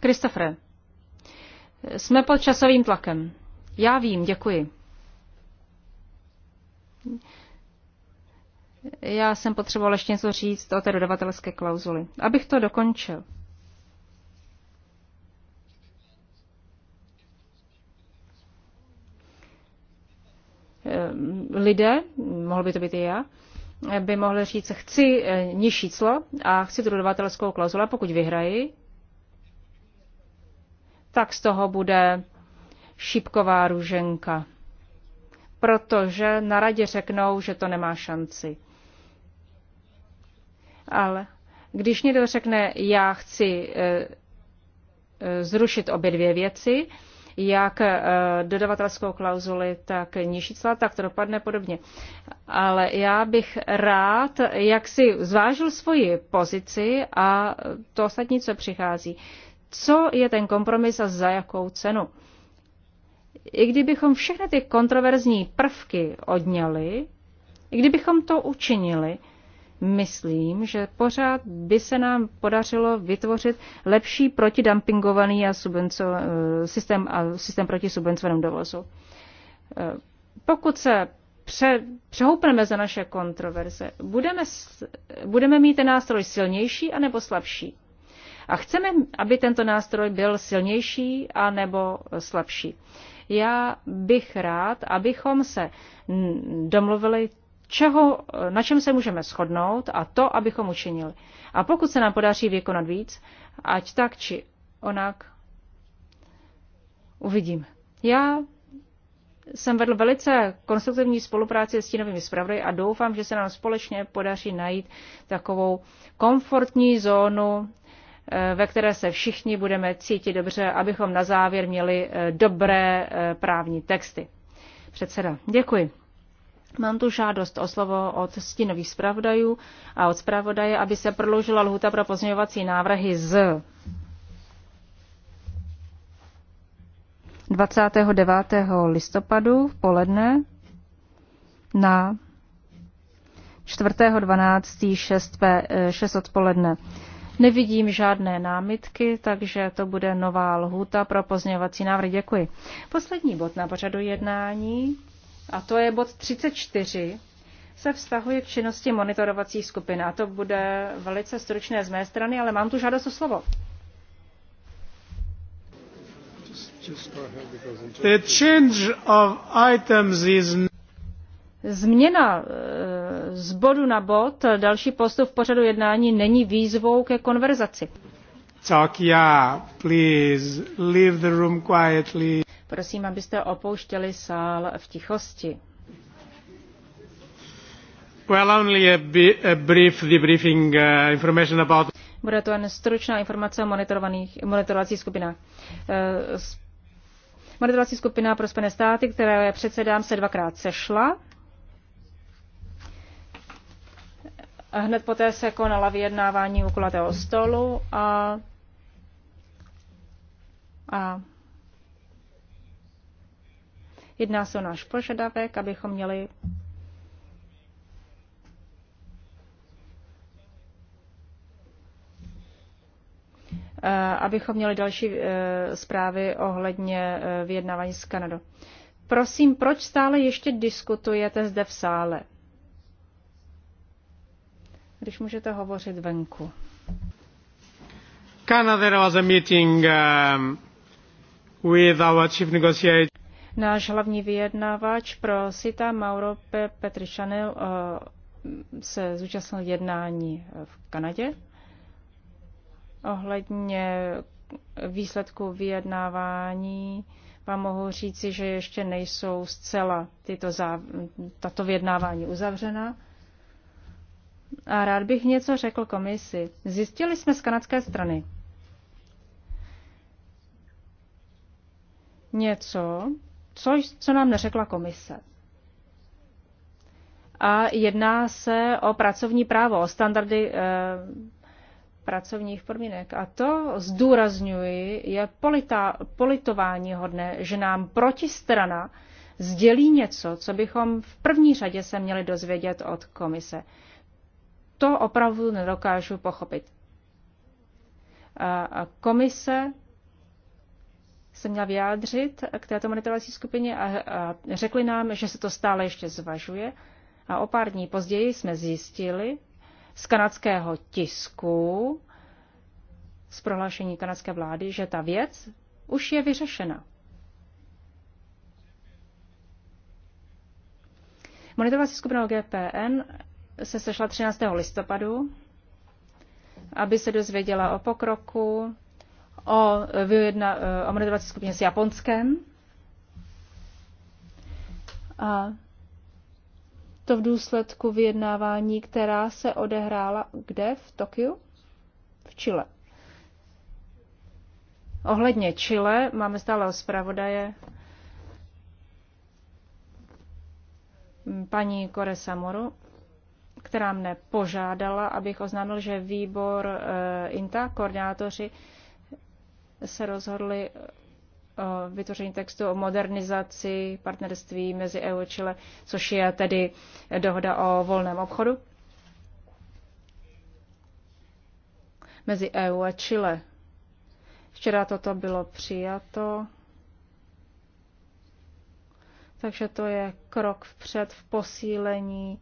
Kristofre, jsme pod časovým tlakem. Já vím, děkuji. Já jsem potřeboval ještě něco říct o té dodavatelské klauzuli. Abych to dokončil. Ehm, lidé, mohl by to být i já, by mohli říct, chci eh, nižší clo a chci tu dodavatelskou klauzuli, pokud vyhraji, tak z toho bude šipková růženka. Protože na radě řeknou, že to nemá šanci. Ale když někdo řekne, já chci e, e, zrušit obě dvě věci, jak e, dodavatelskou klauzuli, tak nižší cla, tak to dopadne podobně. Ale já bych rád, jak si zvážil svoji pozici a to ostatní, co přichází co je ten kompromis a za jakou cenu. I kdybychom všechny ty kontroverzní prvky odněli, i kdybychom to učinili, myslím, že pořád by se nám podařilo vytvořit lepší protidumpingovaný a subvenco, eh, systém, a systém proti subvencovanému dovozu. Eh, pokud se pře, přehoupneme za naše kontroverze, budeme, budeme mít ten nástroj silnější anebo slabší? A chceme, aby tento nástroj byl silnější a nebo slabší. Já bych rád, abychom se domluvili, čeho, na čem se můžeme shodnout a to, abychom učinili. A pokud se nám podaří vykonat víc, ať tak či onak, uvidím. Já jsem vedl velice konstruktivní spolupráci s tínovými zpravodaji a doufám, že se nám společně podaří najít takovou komfortní zónu Eh, ve které se všichni budeme cítit dobře, abychom na závěr měli eh, dobré eh, právní texty. Předseda, děkuji. Mám tu žádost o slovo od stínových zpravodajů a od zpravodaje, aby se prodloužila lhuta pro pozměňovací návrhy z 29. listopadu v poledne na 4.12.6 6, 6 odpoledne. Nevidím žádné námitky, takže to bude nová lhůta pro pozměňovací návrh. Děkuji. Poslední bod na pořadu jednání, a to je bod 34, se vztahuje k činnosti monitorovací skupiny. A to bude velice stručné z mé strany, ale mám tu žádost o slovo. The change of items is Změna eh, z bodu na bod, další postup v pořadu jednání není výzvou ke konverzaci. Zakia, please, leave the room quietly. Prosím, abyste opouštěli sál v tichosti. Well, only a, a brief debriefing uh, information about... Bude to jen stručná informace o monitorovaných, monitorovací skupinách. Uh, monitorovací skupina pro Spojené státy, které předsedám, se dvakrát sešla Hned poté se konala vyjednávání u kulatého stolu a, a jedná se o náš požadavek, abychom měli eh, abychom měli další eh, zprávy ohledně eh, vyjednávání s Kanadou. Prosím, proč stále ještě diskutujete zde v sále? když můžete hovořit venku. Canada was a meeting um, with our chief negotiator. Náš hlavní vyjednávač pro SITA Mauro Petr Chanel uh, se zúčastnil jednání v Kanadě ohledně výsledku vyjednávání vám mohu říci, že ještě nejsou zcela tyto záv- tato vyjednávání uzavřena a rád bych něco řekl komisi. Zjistili jsme z kanadské strany něco, co, co nám neřekla komise. A jedná se o pracovní právo, o standardy eh, pracovních podmínek. A to, zdůrazňuji, je polita, politování hodné, že nám protistrana sdělí něco, co bychom v první řadě se měli dozvědět od komise. Eh, to opravdu nedokážu pochopit. A komise se měla vyjádřit k této monitorovací skupině a, a řekli nám, že se to stále ještě zvažuje. A o pár dní později jsme zjistili z kanadského tisku, z prohlášení kanadské vlády, že ta věc už je vyřešena. Monitorovací skupina GPN se sešla 13. listopadu, aby se dozvěděla o pokroku, o, vyjedna, eh, o monitorovací skupině s Japonskem. A to v důsledku vyjednávání, která se odehrála kde? V Tokiu? V Chile. Ohledně Chile máme stále zpravodaje mm, paní Kore Samoru která mne požádala, abych oznámil, že výbor eh, INTA, koordinátoři, se rozhodli eh, o vytvoření textu o modernizaci partnerství mezi EU a Chile, což je tedy dohoda o volném obchodu mezi EU a Chile. Včera toto bylo přijato. Takže to je krok vpřed v posílení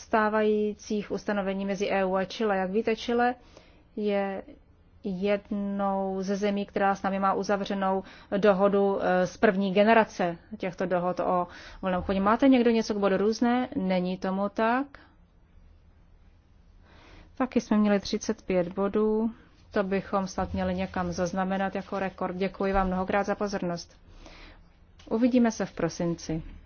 stávajících ustanovení mezi EU a Chile. Jak víte, Chile je jednou ze zemí, která s námi má uzavřenou dohodu e, z první generace těchto dohod o volném chodě. Máte někdo něco k bodu různé? Není tomu tak. Taky jsme měli 35 bodů. To bychom snad měli někam zaznamenat jako rekord. Děkuji vám mnohokrát za pozornost. Uvidíme se v prosinci.